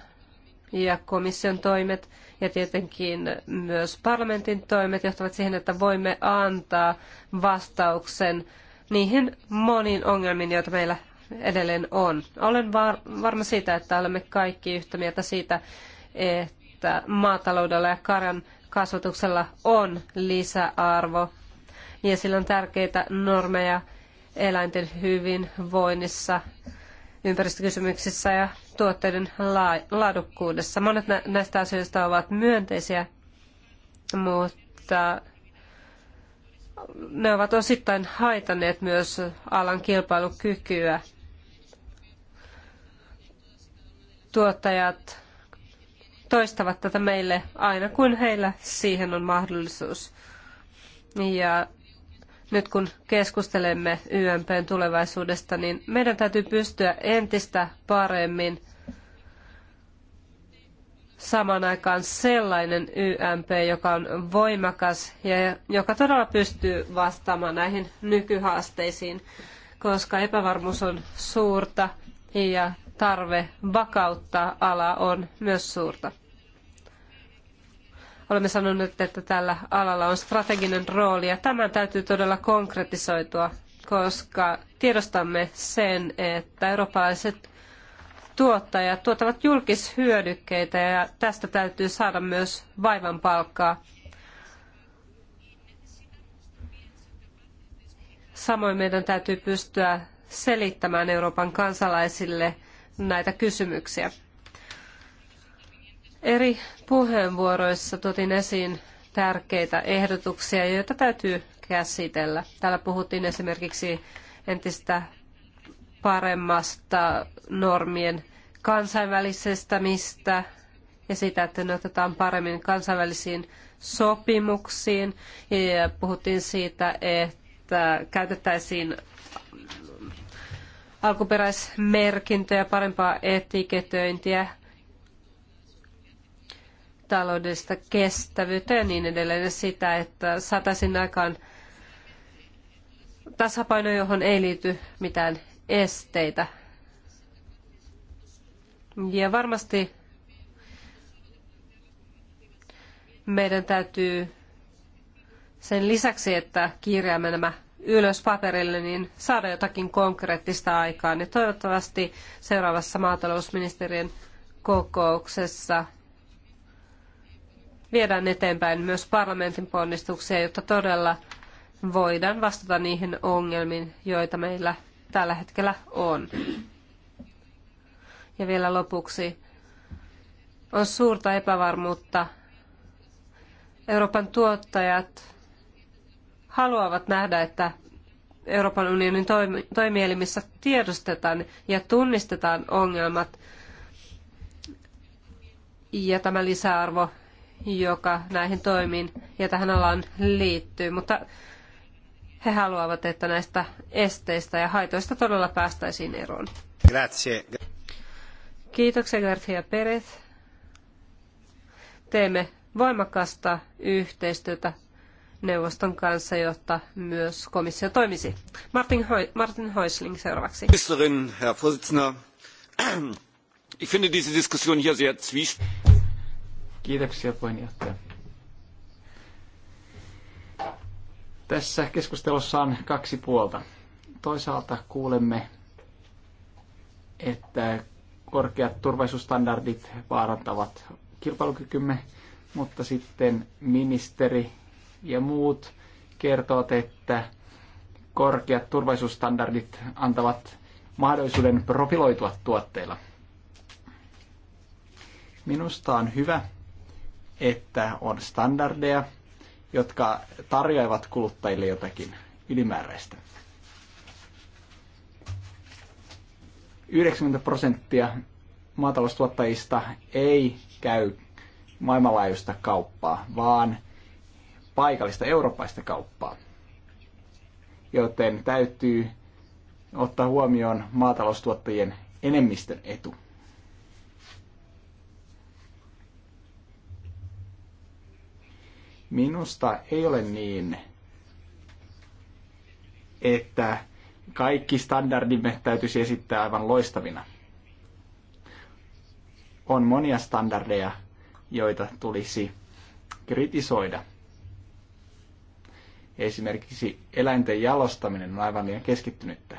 B: ja komission toimet ja tietenkin myös parlamentin toimet johtavat siihen, että voimme antaa vastauksen niihin moniin ongelmiin, joita meillä edelleen on. Olen var- varma siitä, että olemme kaikki yhtä mieltä siitä, että maataloudella ja karjan kasvatuksella on lisäarvo ja sillä on tärkeitä normeja eläinten hyvinvoinnissa, ympäristökysymyksissä ja tuotteiden laadukkuudessa. Monet näistä asioista ovat myönteisiä, mutta ne ovat osittain haitanneet myös alan kilpailukykyä. Tuottajat toistavat tätä meille aina kun heillä siihen on mahdollisuus. Ja nyt kun keskustelemme YMPn tulevaisuudesta, niin meidän täytyy pystyä entistä paremmin – samaan aikaan sellainen YMP, joka on voimakas ja joka todella pystyy vastaamaan näihin nykyhaasteisiin, koska epävarmuus on suurta ja tarve vakauttaa ala on myös suurta. Olemme sanoneet, että tällä alalla on strateginen rooli ja tämän täytyy todella konkretisoitua, koska tiedostamme sen, että eurooppalaiset tuottajat tuottavat julkishyödykkeitä ja tästä täytyy saada myös vaivan palkkaa. Samoin meidän täytyy pystyä selittämään Euroopan kansalaisille näitä kysymyksiä. Eri puheenvuoroissa totin esiin tärkeitä ehdotuksia, joita täytyy käsitellä. Täällä puhuttiin esimerkiksi entistä paremmasta normien kansainvälisestämistä ja sitä, että ne otetaan paremmin kansainvälisiin sopimuksiin. Ja puhuttiin siitä, että käytettäisiin alkuperäismerkintöjä, parempaa etiketöintiä, taloudellista kestävyyttä ja niin edelleen ja sitä, että saataisiin aikaan tasapaino, johon ei liity mitään esteitä. Ja varmasti meidän täytyy sen lisäksi, että kirjaamme nämä ylös paperille, niin saada jotakin konkreettista aikaan. Ja toivottavasti seuraavassa maatalousministerien kokouksessa viedään eteenpäin myös parlamentin ponnistuksia, jotta todella voidaan vastata niihin ongelmiin, joita meillä tällä hetkellä on. Ja vielä lopuksi on suurta epävarmuutta. Euroopan tuottajat haluavat nähdä, että Euroopan unionin toimielimissä tiedostetaan ja tunnistetaan ongelmat ja tämä lisäarvo, joka näihin toimiin ja tähän alaan liittyy. Mutta he haluavat, että näistä esteistä ja haitoista todella päästäisiin eroon. Grazie. Kiitoksia Garcia Perez. Teemme voimakasta yhteistyötä neuvoston kanssa, jotta myös komissio toimisi. Martin, Hoi, Martin Häusling seuraavaksi.
D: ich finde diese Diskussion hier sehr zwiespältig.
C: Kiitoksia puheenjohtaja. Tässä keskustelussa on kaksi puolta. Toisaalta kuulemme, että korkeat turvallisuusstandardit vaarantavat kilpailukykymme, mutta sitten ministeri ja muut kertovat, että korkeat turvallisuusstandardit antavat mahdollisuuden profiloitua tuotteilla. Minusta on hyvä, että on standardeja, jotka tarjoavat kuluttajille jotakin ylimääräistä. 90 prosenttia maataloustuottajista ei käy maailmanlaajuista kauppaa, vaan paikallista eurooppaista kauppaa. Joten täytyy ottaa huomioon maataloustuottajien enemmistön etu. Minusta ei ole niin, että kaikki standardimme täytyisi esittää aivan loistavina. On monia standardeja, joita tulisi kritisoida. Esimerkiksi eläinten jalostaminen on aivan liian keskittynyttä.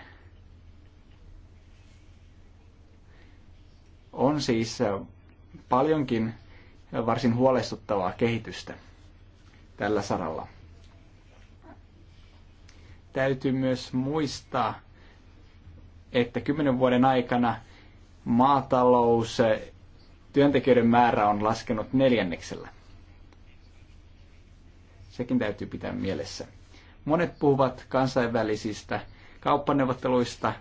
C: On siis paljonkin varsin huolestuttavaa kehitystä tällä saralla. Täytyy myös muistaa, että kymmenen vuoden aikana maatalous työntekijöiden määrä on laskenut neljänneksellä. Sekin täytyy pitää mielessä. Monet puhuvat kansainvälisistä kauppaneuvotteluista,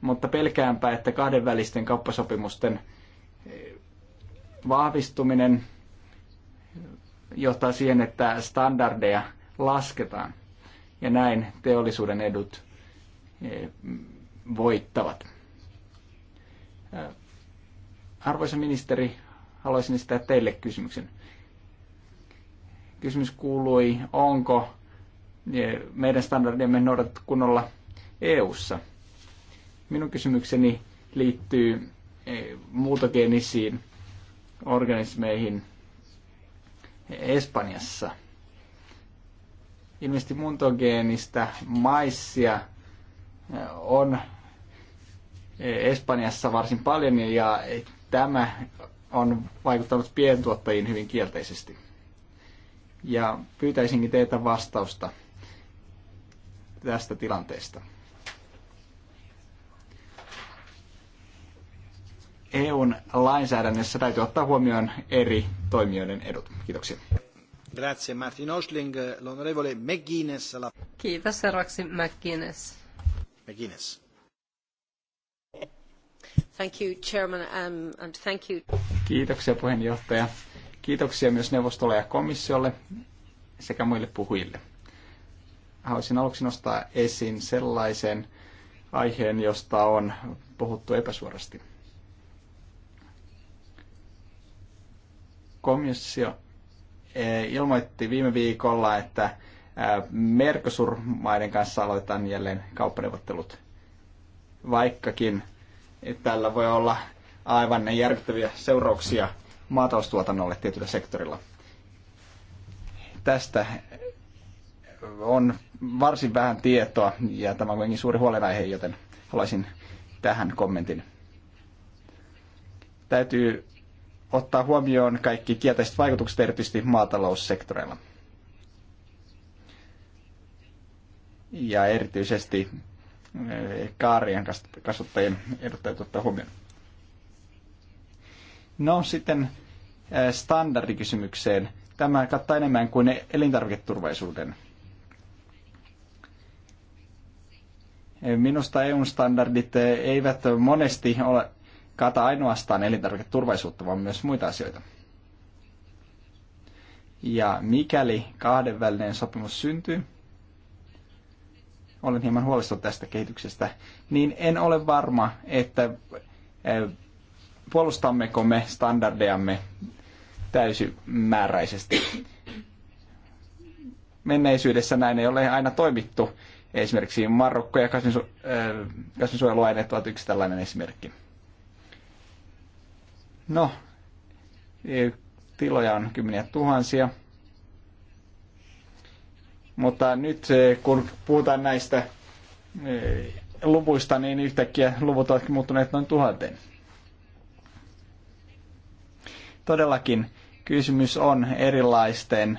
C: mutta pelkäänpä, että kahdenvälisten kauppasopimusten eh, vahvistuminen johtaa siihen, että standardeja lasketaan ja näin teollisuuden edut e, voittavat. Arvoisa ministeri, haluaisin esittää teille kysymyksen. Kysymys kuului, onko e, meidän standardiemme noudatettu kunnolla EU:ssa. Minun kysymykseni liittyy e, muutogeenisiin organismeihin – Espanjassa. Ilmeisesti muuntogeenistä maissia eh, on eh, Espanjassa varsin paljon ja tämä on vaikuttanut pientuottajiin hyvin kielteisesti. Ja pyytäisinkin teitä vastausta tästä tilanteesta. EUn lainsäädännössä täytyy ottaa huomioon eri toimijoiden edut. Kiitoksia. Grazie Martin Osling, l'onorevole McGuinness. La... Kiitos seuraavaksi
B: McGuinness. McGuinness. Thank you, Chairman, um, and thank you.
C: Kiitoksia puheenjohtaja. Kiitoksia myös neuvostolle ja komissiolle sekä muille puhujille. Haluaisin aluksi nostaa esiin sellaisen aiheen, josta on puhuttu epäsuorasti. Komissio eh, ilmoitti viime viikolla, että eh, Mercosur-maiden kanssa aloitetaan jälleen kauppaneuvottelut, vaikkakin tällä voi olla aivan järkyttäviä seurauksia maataloustuotannolle tietyllä sektorilla. Tästä on varsin vähän tietoa ja tämä on kuitenkin suuri huolenaihe, joten haluaisin tähän kommentin. Täytyy ottaa huomioon kaikki kielteiset vaikutukset erityisesti maataloussektoreilla. Ja erityisesti eh, kaarien kasvattajien edustajat ottaa huomioon. No sitten eh, standardikysymykseen. Tämä kattaa enemmän kuin elintarviketurvallisuuden. Eh, minusta eu standardit eivät monesti ole kata ainoastaan elintarviketurvallisuutta, vaan myös muita asioita. Ja mikäli kahdenvälinen sopimus syntyy, olen hieman huolestunut tästä kehityksestä, niin en ole varma, että puolustammeko me standardejamme täysimääräisesti. Menneisyydessä näin ei ole aina toimittu. Esimerkiksi Marokko ja kasvinsu- kasvinsuojeluaineet ovat yksi tällainen esimerkki. No, e, tiloja on kymmeniä tuhansia. Mutta nyt e, kun puhutaan näistä e, luvuista, niin yhtäkkiä luvut ovat muuttuneet noin tuhanteen. Todellakin kysymys on erilaisten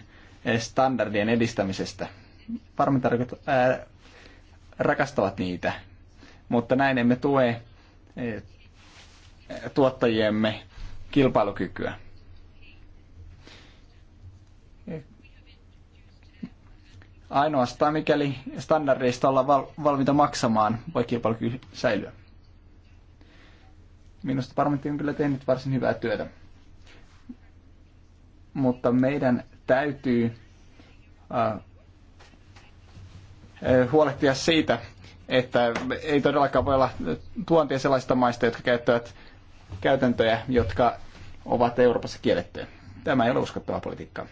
C: standardien edistämisestä. Parlamentaarikot rakastavat niitä, mutta näin emme tue tuottajiemme kilpailukykyä. Ainoastaan mikäli standardeista ollaan valmiita maksamaan, voi kilpailukyky säilyä. Minusta parlamentti on kyllä tehnyt varsin hyvää työtä. Mutta meidän täytyy huolehtia siitä, että ei todellakaan voi olla tuontia sellaista maista, jotka käyttävät käytäntöjä, jotka ovat Euroopassa kiellettyjä. Tämä ei ole uskottavaa politiikkaa.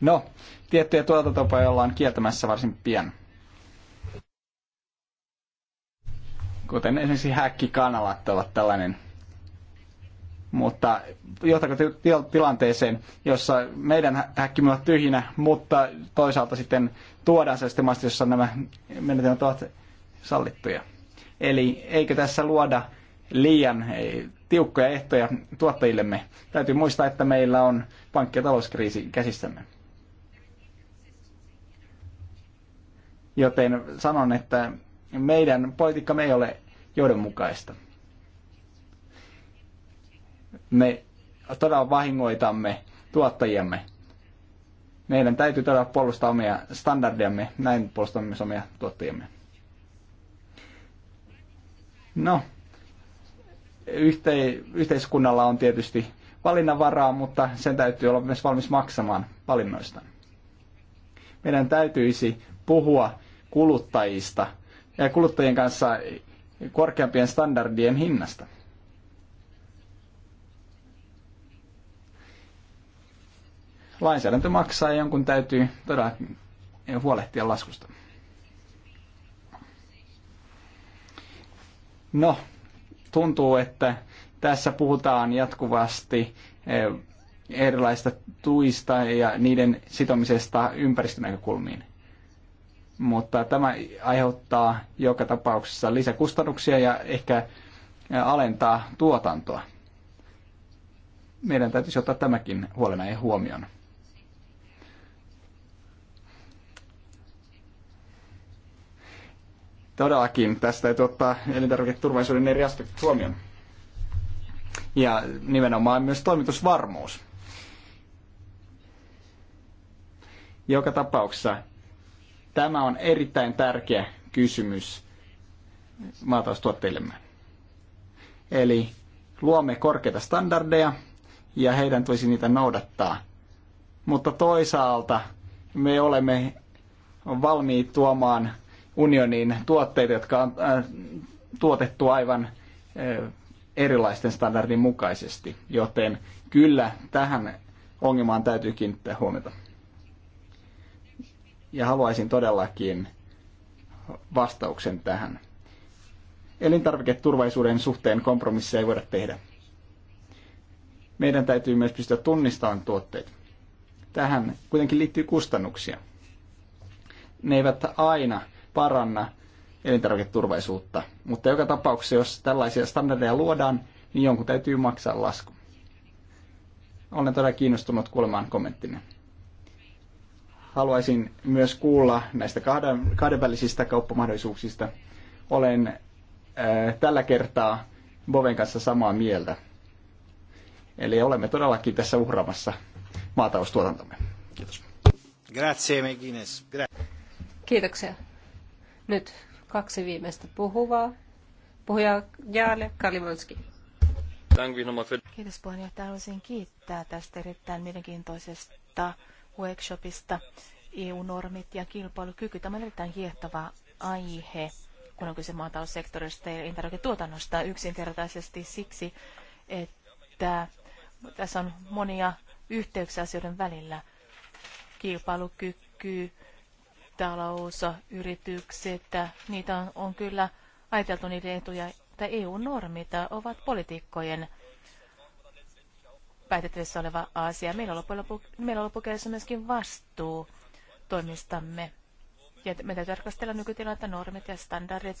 C: No, tiettyjä tuotantotapoja ollaan kieltämässä varsin pian. Kuten esimerkiksi häkkikanalat ovat tällainen mutta johtako tilanteeseen, jossa meidän häkkimme on tyhjinä, mutta toisaalta sitten tuodaan sellaista maista, jossa nämä menetelmät ovat sallittuja. Eli eikö tässä luoda liian tiukkoja ehtoja tuottajillemme? Täytyy muistaa, että meillä on pankki- ja talouskriisi käsissämme. Joten sanon, että meidän politiikkamme ei ole johdonmukaista me todella vahingoitamme tuottajiamme. Meidän täytyy todella puolustaa omia standardiamme, näin puolustamme myös omia tuottajiamme. No, yhteiskunnalla on tietysti valinnanvaraa, mutta sen täytyy olla myös valmis maksamaan valinnoista. Meidän täytyisi puhua kuluttajista ja kuluttajien kanssa korkeampien standardien hinnasta. Lainsäädäntö maksaa ja jonkun täytyy todella huolehtia laskusta. No, tuntuu, että tässä puhutaan jatkuvasti eh, erilaisista tuista ja niiden sitomisesta ympäristönäkökulmiin. Mutta tämä aiheuttaa joka tapauksessa lisäkustannuksia ja ehkä eh, alentaa tuotantoa. Meidän täytyisi ottaa tämäkin ja huomioon. Todellakin, tästä täytyy ottaa elintarviketurvallisuuden eri aspektit huomioon. Ja nimenomaan myös toimitusvarmuus. Joka tapauksessa tämä on erittäin tärkeä kysymys maataloustuotteillemme. Eli luomme korkeita standardeja ja heidän tulisi niitä noudattaa. Mutta toisaalta me olemme valmiit tuomaan unioniin tuotteita, jotka on äh, tuotettu aivan äh, erilaisten standardin mukaisesti, joten kyllä tähän ongelmaan täytyy kiinnittää huomiota. Ja haluaisin todellakin vastauksen tähän. Elintarviketurvallisuuden suhteen kompromisseja ei voida tehdä. Meidän täytyy myös pystyä tunnistamaan tuotteet. Tähän kuitenkin liittyy kustannuksia. Ne eivät aina paranna elintarviketurvallisuutta. Mutta joka tapauksessa, jos tällaisia standardeja luodaan, niin jonkun täytyy maksaa lasku. Olen todella kiinnostunut kuulemaan kommenttinne. Haluaisin myös kuulla näistä kahden, kahdenvälisistä kauppamahdollisuuksista. Olen äh, tällä kertaa Boven kanssa samaa mieltä. Eli olemme todellakin tässä uhraamassa maataloustuotantomme. Kiitos.
A: Grazie, Megines. Gra-
B: Kiitoksia. Nyt kaksi viimeistä puhuvaa. Puhuja Jaale Kalimonski.
A: Kiitos puheenjohtaja. Haluaisin kiittää tästä erittäin mielenkiintoisesta workshopista EU-normit ja kilpailukyky. Tämä on erittäin kiehtova aihe, kun on kyse maataloussektorista ja elintarviketuotannosta yksinkertaisesti siksi, että tässä on monia yhteyksiä asioiden välillä. Kilpailukyky, yritykset, niitä on, on kyllä ajateltu niiden etuja, että EU-normit ovat poliitikkojen päätettävissä oleva asia. Meillä on loppujen myöskin vastuu toimistamme. Ja me täytyy tarkastella nykytilannetta, normit ja standardit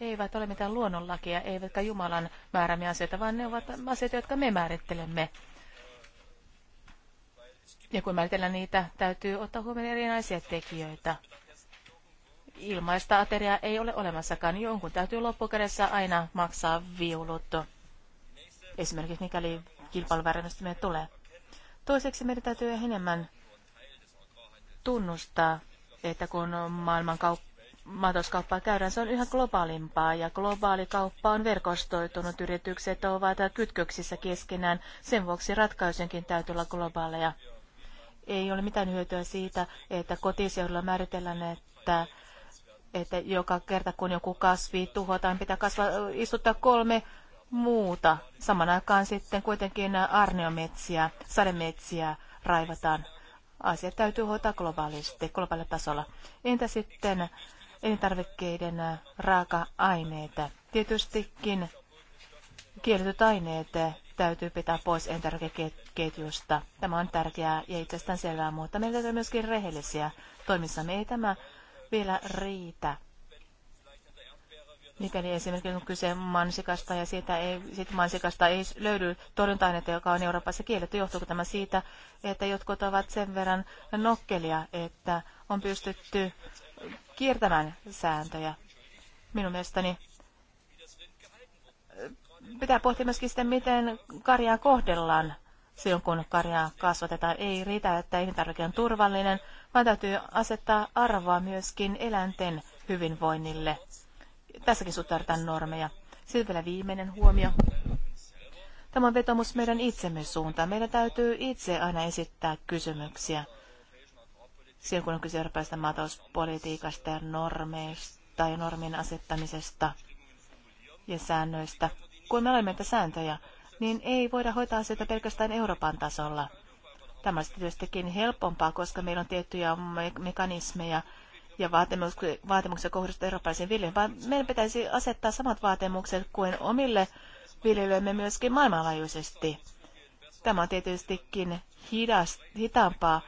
A: eivät ole mitään luonnonlakia, eivätkä Jumalan määrämiä asioita, vaan ne ovat asioita, jotka me määrittelemme. Ja kun määritellään niitä, täytyy ottaa huomioon erinäisiä tekijöitä. Ilmaista ateriaa ei ole olemassakaan. Jonkun täytyy loppukädessä aina maksaa viulut. Esimerkiksi mikäli kilpailuväärännöstä tulee. Toiseksi meidän täytyy enemmän tunnustaa, että kun maailman kaup- maatalouskauppaa käydään, se on yhä globaalimpaa ja globaali kauppa on verkostoitunut. Yritykset ovat kytköksissä keskenään. Sen vuoksi ratkaisujenkin täytyy olla globaaleja. Ei ole mitään hyötyä siitä, että kotiseudulla määritellään, että, että joka kerta kun joku kasvi tuhotaan, pitää kasva, istuttaa kolme muuta. Saman aikaan sitten kuitenkin arniometsiä, sademetsiä raivataan. Asiat täytyy hoitaa globaalisti, globaalilla tasolla. Entä sitten elintarvikkeiden raaka-aineet? Tietystikin kielletyt aineet täytyy pitää pois entarvikeketjusta. Tämä on tärkeää ja itsestään selvää, mutta meillä täytyy myöskin rehellisiä toimissamme. Ei tämä vielä riitä. Mikäli esimerkiksi on kyse mansikasta ja siitä ei, siitä mansikasta ei löydy torjunta-ainetta, joka on Euroopassa kielletty, johtuuko tämä siitä, että jotkut ovat sen verran nokkelia, että on pystytty kiertämään sääntöjä. Minun mielestäni pitää pohtia myöskin sitä, miten karjaa kohdellaan silloin, kun karjaa kasvatetaan. Ei riitä, että elintarvike on turvallinen, vaan täytyy asettaa arvoa myöskin eläinten hyvinvoinnille. Tässäkin suhtaudutaan normeja. Sitten vielä viimeinen huomio. Tämä on vetomus meidän itsemme suuntaan. Meidän täytyy itse aina esittää kysymyksiä silloin, kun on kyse eurooppalaisesta maatalouspolitiikasta ja normeista ja normien asettamisesta ja säännöistä kun me olemme sääntöjä, niin ei voida hoitaa sitä pelkästään Euroopan tasolla. Tämä on tietystikin helpompaa, koska meillä on tiettyjä me- mekanismeja ja vaatimuksia, vaatimuksia kohdistuu eurooppalaisiin viljelijöihin, vaan meidän pitäisi asettaa samat vaatimukset kuin omille viljelijöille myöskin maailmanlaajuisesti. Tämä on tietystikin hidas, hitaampaa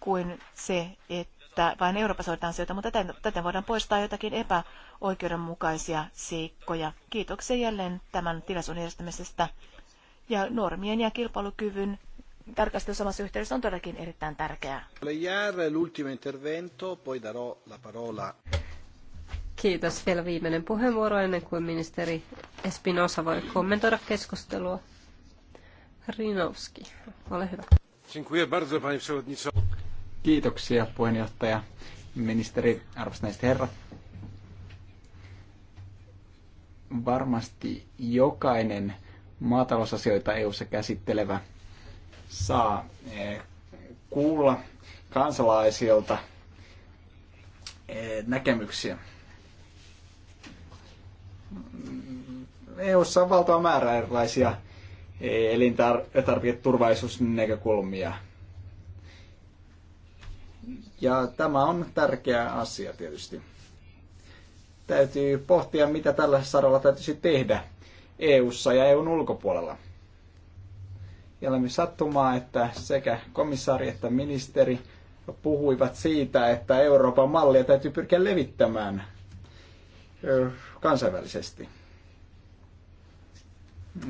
A: kuin se, että että vain Euroopassa hoidetaan asioita, mutta täten voidaan poistaa jotakin epäoikeudenmukaisia seikkoja. Kiitoksia jälleen tämän tilaisuuden järjestämisestä. Ja normien ja kilpailukyvyn tarkastelu samassa yhteydessä on todellakin erittäin tärkeää.
B: Kiitos. Vielä viimeinen puheenvuoro ennen kuin ministeri Espinosa voi kommentoida keskustelua. Rinovski, ole hyvä.
D: Dziękuję bardzo, panie przewodniczący.
C: Kiitoksia puheenjohtaja, ministeri, arvostuneiset herrat. Varmasti jokainen maatalousasioita EU-ssa käsittelevä saa eh, kuulla kansalaisilta eh, näkemyksiä. EU:ssa on valtava määrä erilaisia elintarviketurvallisuusnäkökulmia. Eh, elintar- ja tämä on tärkeä asia tietysti. Täytyy pohtia, mitä tällä saralla täytyisi tehdä EU-ssa ja EUn ulkopuolella. Ja olemme sattumaa, että sekä komissaari että ministeri puhuivat siitä, että Euroopan mallia täytyy pyrkiä levittämään kansainvälisesti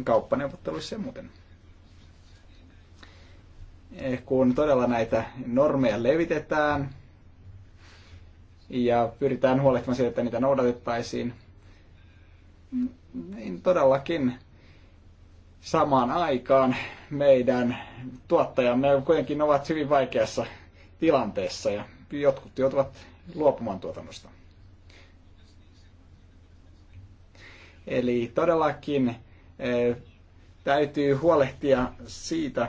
C: kauppaneuvotteluissa ja muuten. Eh, kun todella näitä normeja levitetään ja pyritään huolehtimaan siitä, että niitä noudatettaisiin, niin todellakin samaan aikaan meidän tuottajamme kuitenkin ovat hyvin vaikeassa tilanteessa ja jotkut joutuvat luopumaan tuotannosta. Eli todellakin eh, täytyy huolehtia siitä,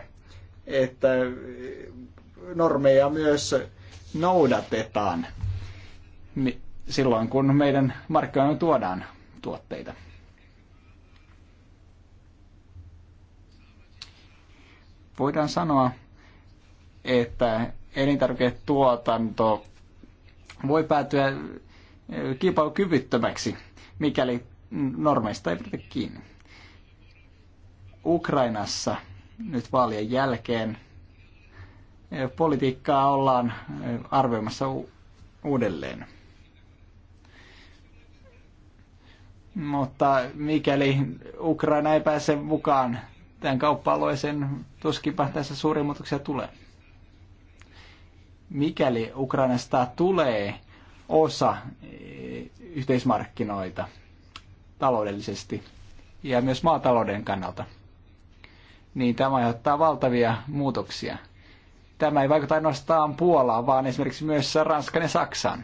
C: että normeja myös noudatetaan silloin, kun meidän markkinoille tuodaan tuotteita. Voidaan sanoa, että elintarviketuotanto voi päätyä kilpailukyvyttömäksi, mikäli normeista ei pidetä kiinni. Ukrainassa – nyt vaalien jälkeen politiikkaa ollaan arvioimassa uudelleen. Mutta mikäli Ukraina ei pääse mukaan tämän kauppa-alueeseen, tuskinpa tässä suuria muutoksia tulee. Mikäli Ukrainasta tulee osa yhteismarkkinoita taloudellisesti ja myös maatalouden kannalta – niin tämä aiheuttaa valtavia muutoksia. Tämä ei vaikuta ainoastaan Puolaan, vaan esimerkiksi myös Ranskan ja Saksaan.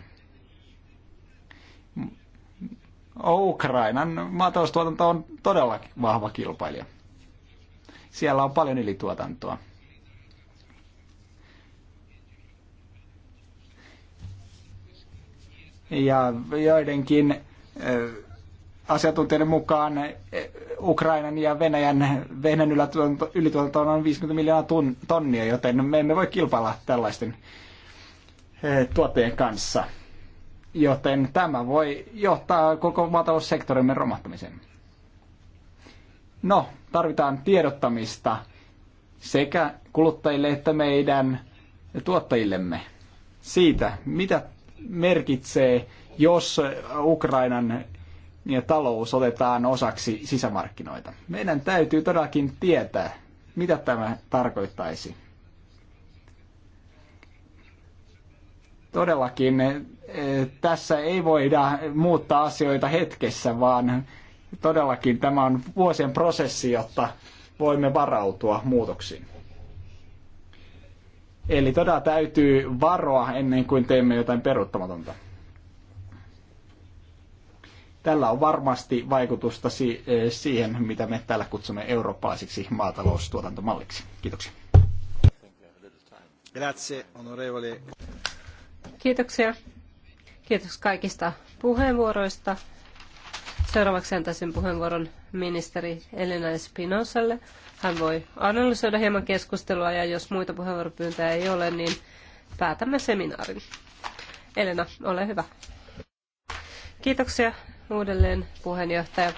C: Ukrainan maataloustuotanto on todella vahva kilpailija. Siellä on paljon ylituotantoa. Ja joidenkin asiantuntijoiden mukaan Ukrainan ja Venäjän vehnän ylituotanto on noin 50 miljoonaa tonnia, joten me emme voi kilpailla tällaisten eh, tuotteen kanssa. Joten tämä voi johtaa koko maataloussektorimme romahtamiseen. No, tarvitaan tiedottamista sekä kuluttajille että meidän tuottajillemme siitä, mitä merkitsee, jos Ukrainan ja talous otetaan osaksi sisämarkkinoita. Meidän täytyy todellakin tietää, mitä tämä tarkoittaisi. Todellakin eh, tässä ei voida muuttaa asioita hetkessä, vaan todellakin tämä on vuosien prosessi, jotta voimme varautua muutoksiin. Eli todella täytyy varoa ennen kuin teemme jotain peruuttamatonta. Tällä on varmasti vaikutusta eh, siihen, mitä me täällä kutsumme eurooppalaisiksi maataloustuotantomalliksi. Kiitoksia. Grazie,
B: Kiitoksia. Kiitos kaikista puheenvuoroista. Seuraavaksi antaisin puheenvuoron ministeri Elena Espinosalle. Hän voi analysoida hieman keskustelua ja jos muita puheenvuoropyyntöjä ei ole, niin päätämme seminaarin. Elena, ole hyvä. Kiitoksia uudelleen puheenjohtaja.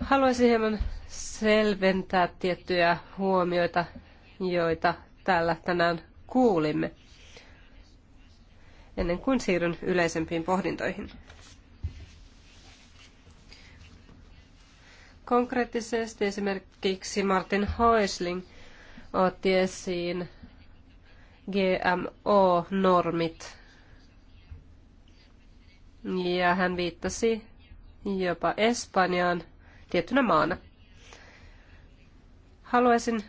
B: Haluaisin hieman selventää tiettyjä huomioita, joita täällä tänään kuulimme, ennen kuin siirryn yleisempiin pohdintoihin. Konkreettisesti esimerkiksi Martin Häusling otti esiin GMO-normit ja hän viittasi jopa Espanjaan tiettynä maana. Haluaisin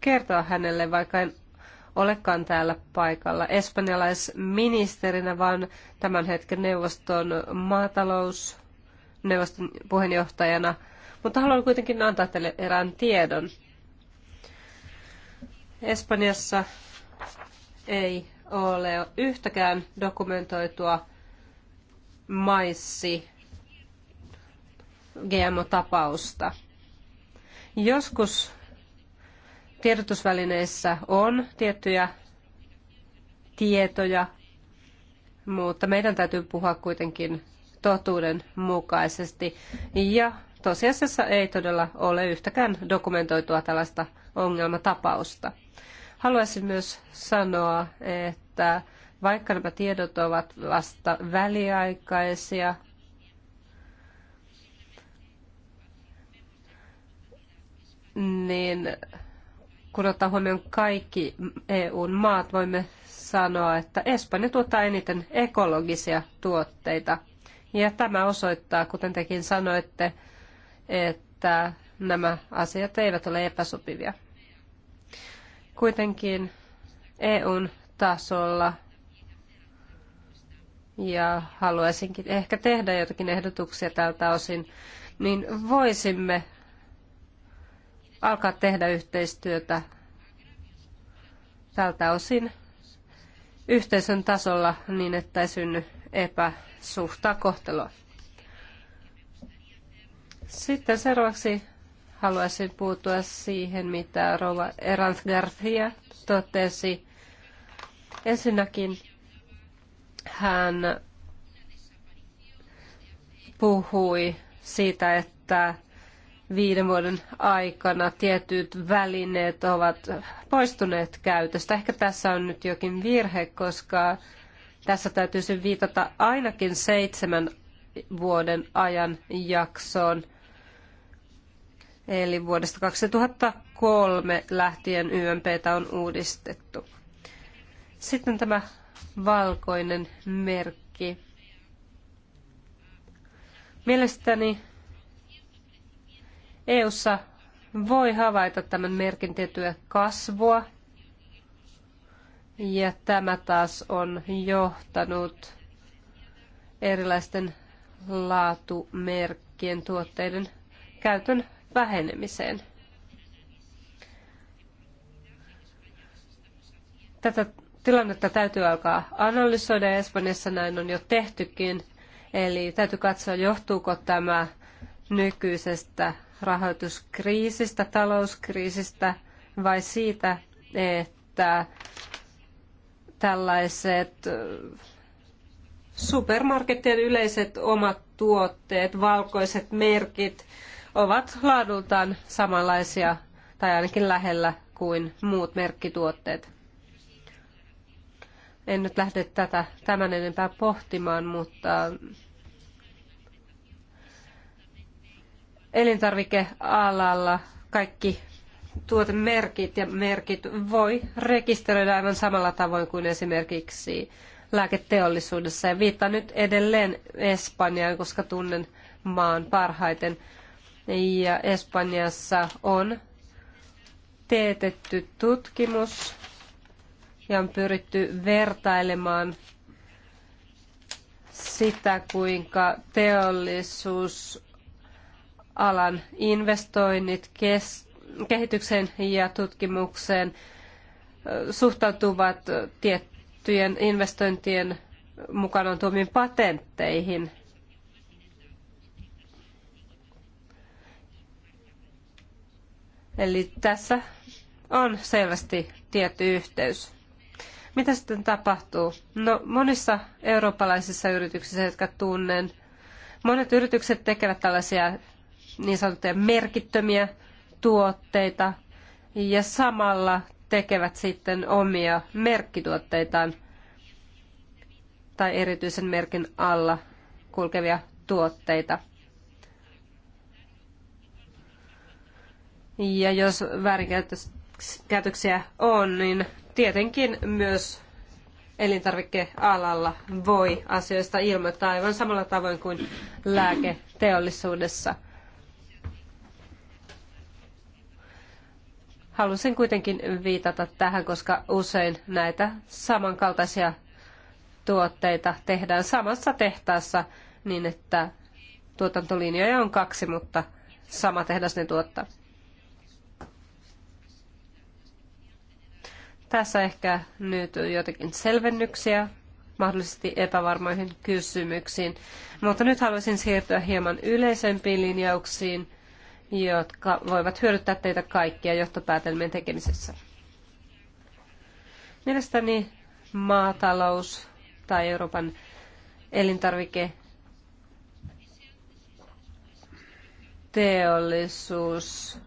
B: kertoa hänelle, vaikka en olekaan täällä paikalla espanjalaisministerinä, vaan tämän hetken neuvoston maatalousneuvoston puheenjohtajana. Mutta haluan kuitenkin antaa teille erään tiedon. Espanjassa ei ole yhtäkään dokumentoitua maissi GMO-tapausta. Joskus tiedotusvälineissä on tiettyjä tietoja, mutta meidän täytyy puhua kuitenkin totuuden mukaisesti. Ja tosiasiassa ei todella ole yhtäkään dokumentoitua tällaista ongelmatapausta. Haluaisin myös sanoa, että vaikka nämä tiedot ovat vasta väliaikaisia, niin kun ottaa huomioon kaikki EUn maat, voimme sanoa, että Espanja tuottaa eniten ekologisia tuotteita. Ja tämä osoittaa, kuten tekin sanoitte, että nämä asiat eivät ole epäsopivia. Kuitenkin EUn tasolla ja haluaisinkin ehkä tehdä jotakin ehdotuksia tältä osin, niin voisimme alkaa tehdä yhteistyötä tältä osin yhteisön tasolla niin, että ei synny epäsuhtaa kohtelua. Sitten seuraavaksi haluaisin puuttua siihen, mitä Rova Erant Garcia totesi. Ensinnäkin hän puhui siitä, että viiden vuoden aikana tietyt välineet ovat poistuneet käytöstä. Ehkä tässä on nyt jokin virhe, koska tässä täytyisi viitata ainakin seitsemän vuoden ajan jaksoon, eli vuodesta 2003 lähtien YMPtä on uudistettu. Sitten tämä valkoinen merkki. Mielestäni EU:ssa voi havaita tämän merkin tiettyä kasvua, ja tämä taas on johtanut erilaisten laatumerkkien tuotteiden käytön vähenemiseen. Tätä tilannetta täytyy alkaa analysoida. Espanjassa näin on jo tehtykin. Eli täytyy katsoa, johtuuko tämä nykyisestä rahoituskriisistä, talouskriisistä vai siitä, että tällaiset supermarkettien yleiset omat tuotteet, valkoiset merkit ovat laadultaan samanlaisia tai ainakin lähellä kuin muut merkkituotteet. En nyt lähde tätä tämän enempää pohtimaan, mutta elintarvikealalla kaikki tuotemerkit ja merkit voi rekisteröidä aivan samalla tavoin kuin esimerkiksi lääketeollisuudessa. Ja viittaan nyt edelleen Espanjaan, koska tunnen maan parhaiten. Ja Espanjassa on teetetty tutkimus ja on pyritty vertailemaan sitä, kuinka teollisuusalan investoinnit kes- kehitykseen ja tutkimukseen suhtautuvat tiettyjen investointien mukanaan tuomiin patentteihin. Eli tässä on selvästi tietty yhteys. Mitä sitten tapahtuu? No monissa eurooppalaisissa yrityksissä, jotka tunnen, monet yritykset tekevät tällaisia niin sanottuja merkittömiä tuotteita ja samalla tekevät sitten omia merkkituotteitaan tai erityisen merkin alla kulkevia tuotteita. Ja jos väärinkäytöksiä on, niin Tietenkin myös elintarvikealalla voi asioista ilmoittaa aivan samalla tavoin kuin lääketeollisuudessa. Halusin kuitenkin viitata tähän, koska usein näitä samankaltaisia tuotteita tehdään samassa tehtaassa niin, että tuotantolinjoja on kaksi, mutta sama tehdas ne tuottaa. Tässä ehkä nyt jotakin selvennyksiä mahdollisesti epävarmoihin kysymyksiin. Mutta nyt haluaisin siirtyä hieman yleisempiin linjauksiin, jotka voivat hyödyttää teitä kaikkia johtopäätelmien tekemisessä. Mielestäni maatalous tai Euroopan elintarvike teollisuus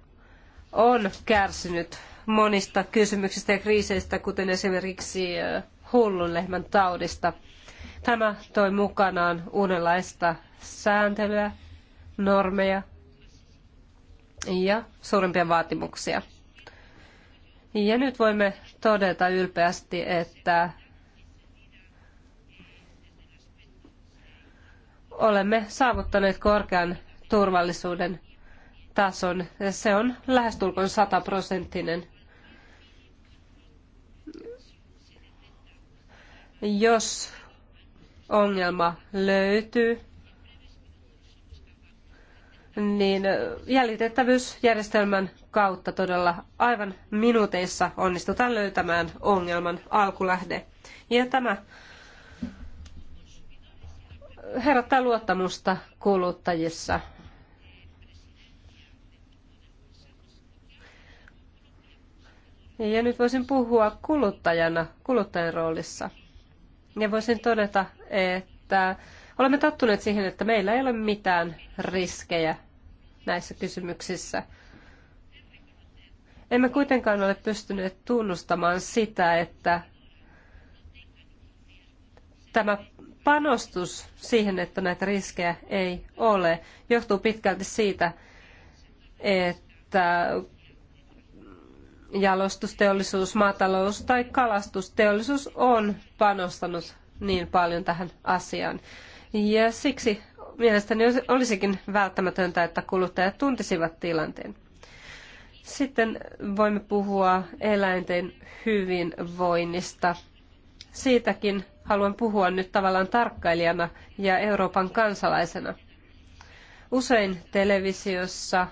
B: on kärsinyt monista kysymyksistä ja kriiseistä, kuten esimerkiksi hullun lehmän taudista. Tämä toi mukanaan uudenlaista sääntelyä, normeja ja suurempia vaatimuksia. Ja nyt voimme todeta ylpeästi, että olemme saavuttaneet korkean turvallisuuden tason. Se on lähestulkoon sataprosenttinen. Jos ongelma löytyy, niin jäljitettävyysjärjestelmän kautta todella aivan minuuteissa onnistutaan löytämään ongelman alkulähde. Ja tämä herättää luottamusta kuluttajissa. Ja nyt voisin puhua kuluttajana, kuluttajan roolissa. Ja voisin todeta, että olemme tottuneet siihen, että meillä ei ole mitään riskejä näissä kysymyksissä. Emme kuitenkaan ole pystyneet tunnustamaan sitä, että tämä panostus siihen, että näitä riskejä ei ole, johtuu pitkälti siitä, että jalostusteollisuus, maatalous tai kalastusteollisuus on panostanut niin paljon tähän asiaan. Ja siksi mielestäni olisikin välttämätöntä, että kuluttajat tuntisivat tilanteen. Sitten voimme puhua eläinten hyvinvoinnista. Siitäkin haluan puhua nyt tavallaan tarkkailijana ja Euroopan kansalaisena. Usein televisiossa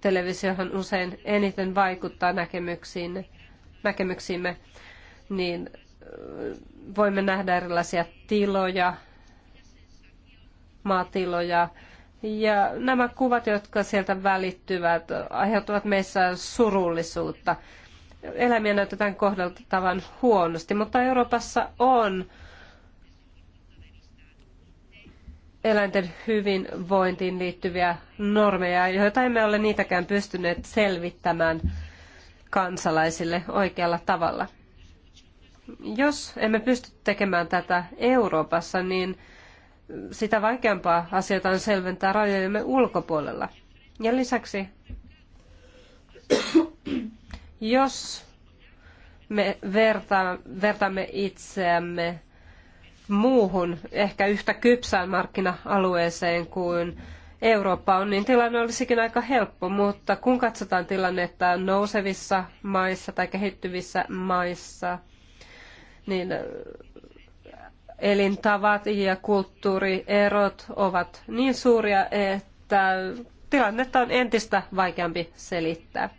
B: televisiohan usein eniten vaikuttaa näkemyksiin, näkemyksiimme, niin voimme nähdä erilaisia tiloja, maatiloja. Ja nämä kuvat, jotka sieltä välittyvät, aiheuttavat meissä surullisuutta. Eläimiä näytetään kohdeltavan huonosti, mutta Euroopassa on eläinten hyvinvointiin liittyviä normeja, joita emme ole niitäkään pystyneet selvittämään kansalaisille oikealla tavalla. Jos emme pysty tekemään tätä Euroopassa, niin sitä vaikeampaa asioita on selventää rajojemme ulkopuolella. Ja lisäksi, jos me vertaamme itseämme muuhun, ehkä yhtä kypsään markkina-alueeseen kuin Eurooppa on, niin tilanne olisikin aika helppo, mutta kun katsotaan tilannetta nousevissa maissa tai kehittyvissä maissa, niin äh, elintavat ja kulttuurierot ovat niin suuria, että tilannetta on entistä vaikeampi selittää.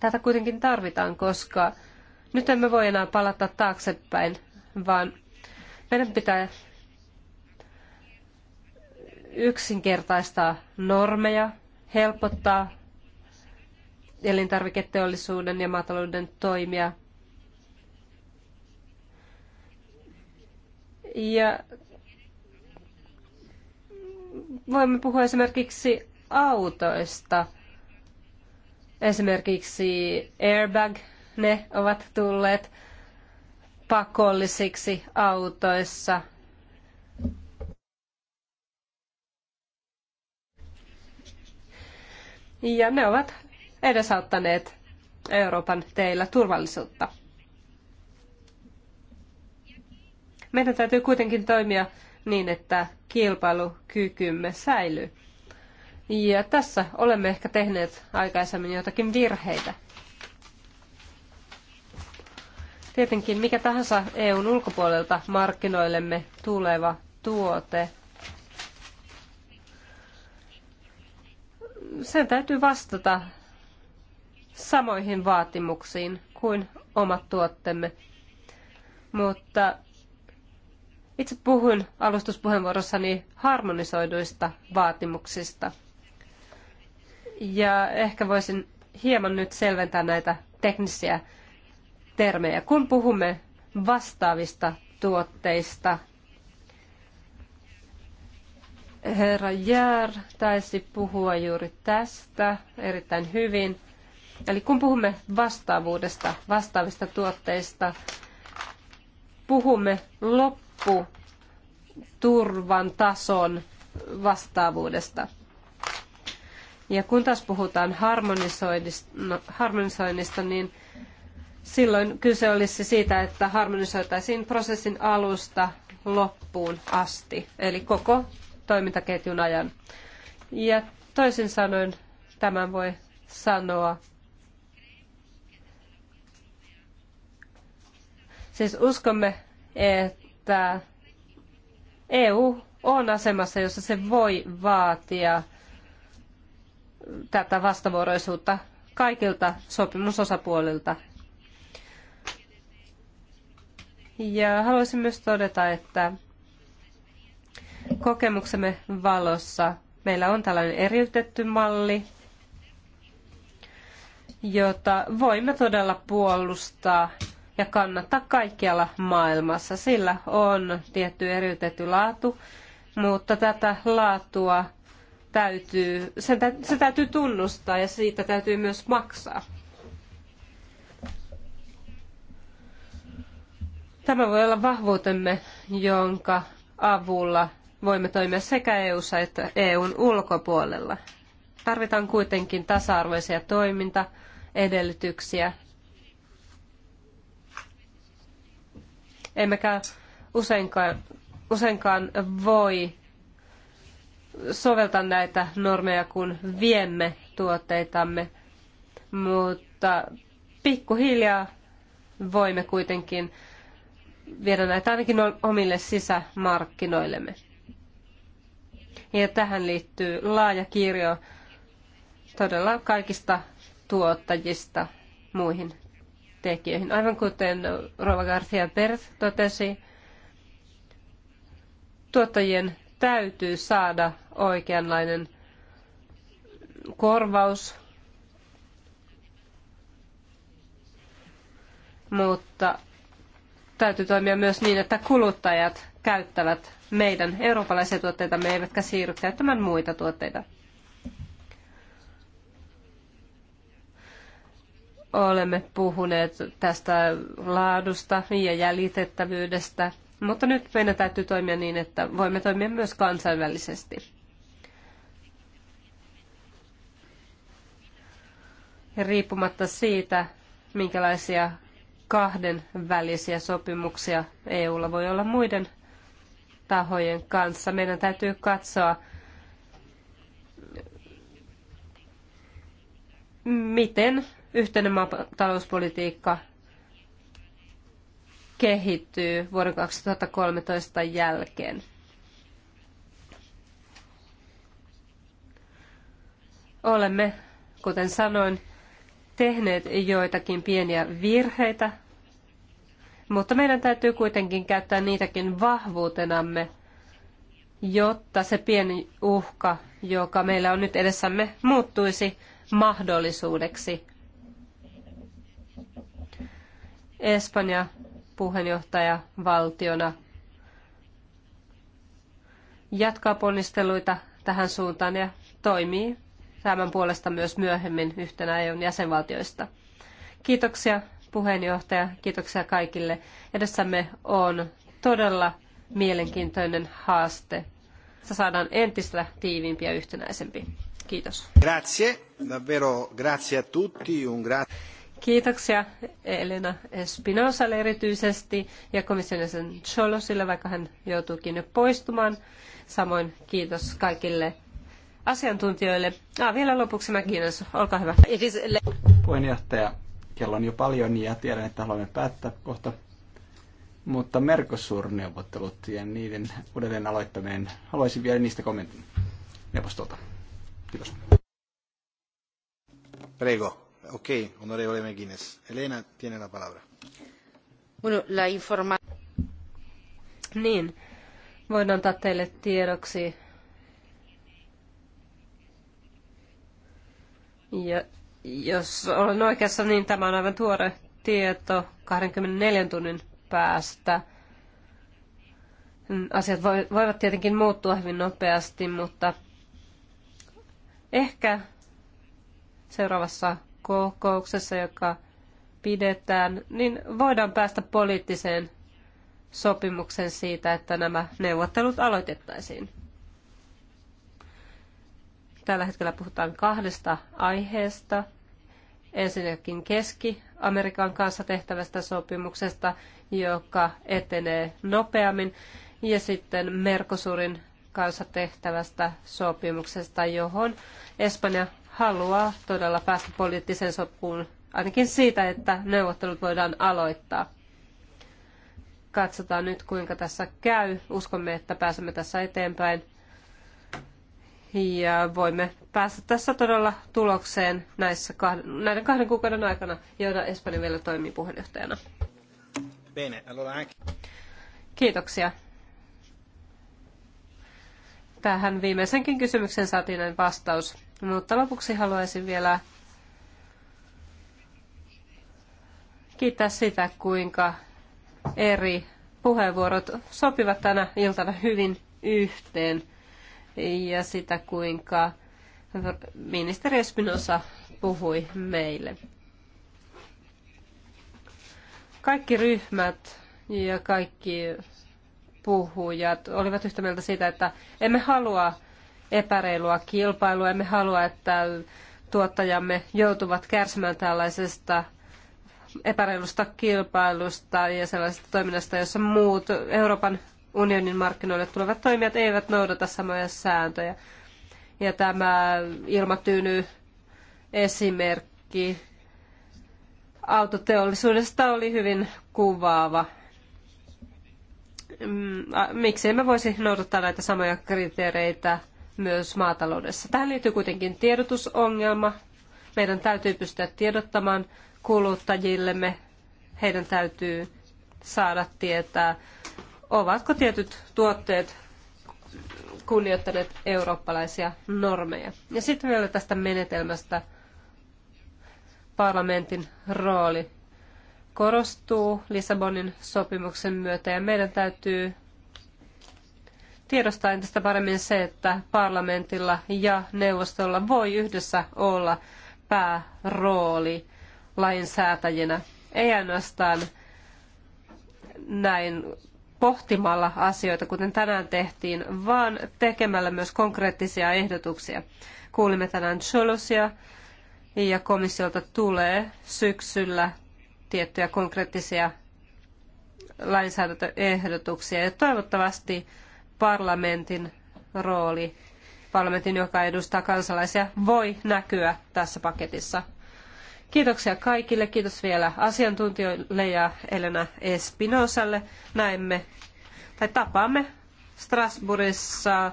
B: Tätä kuitenkin tarvitaan, koska nyt emme voi enää palata taaksepäin, vaan meidän pitää yksinkertaistaa normeja, helpottaa elintarviketeollisuuden ja maatalouden toimia. Ja voimme puhua esimerkiksi autoista. Esimerkiksi airbag ne ovat tulleet pakollisiksi autoissa. Ja ne ovat edesauttaneet Euroopan teillä turvallisuutta. Meidän täytyy kuitenkin toimia niin, että kilpailukykymme säilyy. Ja tässä olemme ehkä tehneet aikaisemmin jotakin virheitä. Tietenkin mikä tahansa EUn ulkopuolelta markkinoillemme tuleva tuote, sen täytyy vastata samoihin vaatimuksiin kuin omat tuotteemme. Mutta itse puhuin alustuspuheenvuorossani harmonisoiduista vaatimuksista. Ja ehkä voisin hieman nyt selventää näitä teknisiä termejä. Kun puhumme vastaavista tuotteista, herra Jär taisi puhua juuri tästä erittäin hyvin. Eli kun puhumme vastaavuudesta, vastaavista tuotteista, puhumme lopputurvan tason vastaavuudesta. Ja kun taas puhutaan harmonisoinnista, niin Silloin kyse olisi siitä, että harmonisoitaisiin prosessin alusta loppuun asti, eli koko toimintaketjun ajan. Ja toisin sanoen tämän voi sanoa. Siis uskomme, että EU on asemassa, jossa se voi vaatia tätä vastavuoroisuutta kaikilta sopimusosapuolilta ja haluaisin myös todeta, että kokemuksemme valossa meillä on tällainen eriytetty malli, jota voimme todella puolustaa ja kannattaa kaikkialla maailmassa. Sillä on tietty eriytetty laatu, mutta tätä laatua täytyy, sen, tä, se täytyy tunnustaa ja siitä täytyy myös maksaa. Tämä voi olla vahvuutemme, jonka avulla voimme toimia sekä EU:ssa että EUn ulkopuolella. Tarvitaan kuitenkin tasa-arvoisia toimintaedellytyksiä. Emmekä useinkaan, useinkaan voi soveltaa näitä normeja, kun viemme tuotteitamme, mutta pikkuhiljaa voimme kuitenkin viedä näitä ainakin omille sisämarkkinoillemme. Ja tähän liittyy laaja kirjo todella kaikista tuottajista muihin tekijöihin. Aivan kuten Rova Garcia Perth totesi, tuottajien täytyy saada oikeanlainen korvaus, mutta täytyy toimia myös niin, että kuluttajat käyttävät meidän eurooppalaisia tuotteita, me eivätkä siirry käyttämään muita tuotteita. Olemme puhuneet tästä laadusta ja jäljitettävyydestä, mutta nyt meidän täytyy toimia niin, että voimme toimia myös kansainvälisesti. Ja riippumatta siitä, minkälaisia kahden välisiä sopimuksia EUlla voi olla muiden tahojen kanssa. Meidän täytyy katsoa, miten yhteinen maatalouspolitiikka kehittyy vuoden 2013 jälkeen. Olemme, kuten sanoin, tehneet joitakin pieniä virheitä, mutta meidän täytyy kuitenkin käyttää niitäkin vahvuutenamme, jotta se pieni uhka, joka meillä on nyt edessämme, muuttuisi mahdollisuudeksi. Espanja puheenjohtaja valtiona jatkaa ponnisteluita tähän suuntaan ja toimii tämän puolesta myös myöhemmin yhtenä EUn jäsenvaltioista. Kiitoksia puheenjohtaja, kiitoksia kaikille. Edessämme on todella mielenkiintoinen haaste. Se saadaan entistä tiiviimpi ja yhtenäisempi. Kiitos.
C: Grazie, davvero grazie a tutti. Un gra-
B: Kiitoksia Elena Espinosalle erityisesti ja komission jäsen Cholosille, vaikka hän joutuukin nyt poistumaan. Samoin kiitos kaikille asiantuntijoille. Ah, vielä lopuksi McGuinness, olkaa hyvä.
C: Puheenjohtaja, kello on jo paljon niin ja tiedän, että haluamme päättää kohta. Mutta Mercosur-neuvottelut ja niiden uudelleen aloittaminen, haluaisin vielä niistä kommentin neuvostolta. Kiitos. Prego. ok, onorevole McGuinness. Elena tiene la palabra.
B: Bueno, la informa... Niin, voin antaa teille tiedoksi, Ja jos olen oikeassa, niin tämä on aivan tuore tieto 24 tunnin päästä. Asiat voivat tietenkin muuttua hyvin nopeasti, mutta ehkä seuraavassa kokouksessa, joka pidetään, niin voidaan päästä poliittiseen sopimukseen siitä, että nämä neuvottelut aloitettaisiin. Tällä hetkellä puhutaan kahdesta aiheesta. Ensinnäkin Keski-Amerikan kanssa tehtävästä sopimuksesta, joka etenee nopeammin, ja sitten Mercosurin kanssa tehtävästä sopimuksesta, johon Espanja haluaa todella päästä poliittiseen sopuun ainakin siitä, että neuvottelut voidaan aloittaa. Katsotaan nyt, kuinka tässä käy. Uskomme, että pääsemme tässä eteenpäin ja voimme päästä tässä todella tulokseen näissä kahden, näiden kahden kuukauden aikana, joina Espanja vielä toimii puheenjohtajana.
C: Bene, allora anche...
B: Kiitoksia. Tähän viimeisenkin kysymykseen saatiin näin vastaus, mutta lopuksi haluaisin vielä kiittää sitä, kuinka eri puheenvuorot sopivat tänä iltana hyvin yhteen – ja sitä, kuinka ministeri Espinosa puhui meille. Kaikki ryhmät ja kaikki puhujat olivat yhtä mieltä siitä, että emme halua epäreilua kilpailua, emme halua, että tuottajamme joutuvat kärsimään tällaisesta epäreilusta kilpailusta ja sellaisesta toiminnasta, jossa muut Euroopan unionin markkinoille tulevat toimijat eivät noudata samoja sääntöjä. Ja tämä ilmatyyny esimerkki autoteollisuudesta oli hyvin kuvaava. Mm, Miksi emme voisi noudattaa näitä samoja kriteereitä myös maataloudessa? Tähän liittyy kuitenkin tiedotusongelma. Meidän täytyy pystyä tiedottamaan kuluttajillemme. Heidän täytyy saada tietää ovatko tietyt tuotteet kunnioittaneet eurooppalaisia normeja. Ja sitten vielä tästä menetelmästä parlamentin rooli korostuu Lissabonin sopimuksen myötä ja meidän täytyy tiedostaa entistä paremmin se, että parlamentilla ja neuvostolla voi yhdessä olla päärooli lainsäätäjinä. Ei ainoastaan näin pohtimalla asioita, kuten tänään tehtiin, vaan tekemällä myös konkreettisia ehdotuksia. Kuulimme tänään Cholosia ja komissiolta tulee syksyllä tiettyjä konkreettisia lainsäädäntöehdotuksia ja toivottavasti parlamentin rooli, parlamentin, joka edustaa kansalaisia, voi näkyä tässä paketissa. Kiitoksia kaikille. Kiitos vielä asiantuntijoille ja Elena Espinosalle. Näemme tai tapaamme Strasbourgissa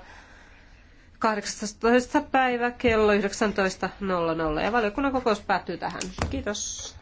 B: 18. päivä kello 19.00 ja valiokunnan kokous päättyy tähän. Kiitos.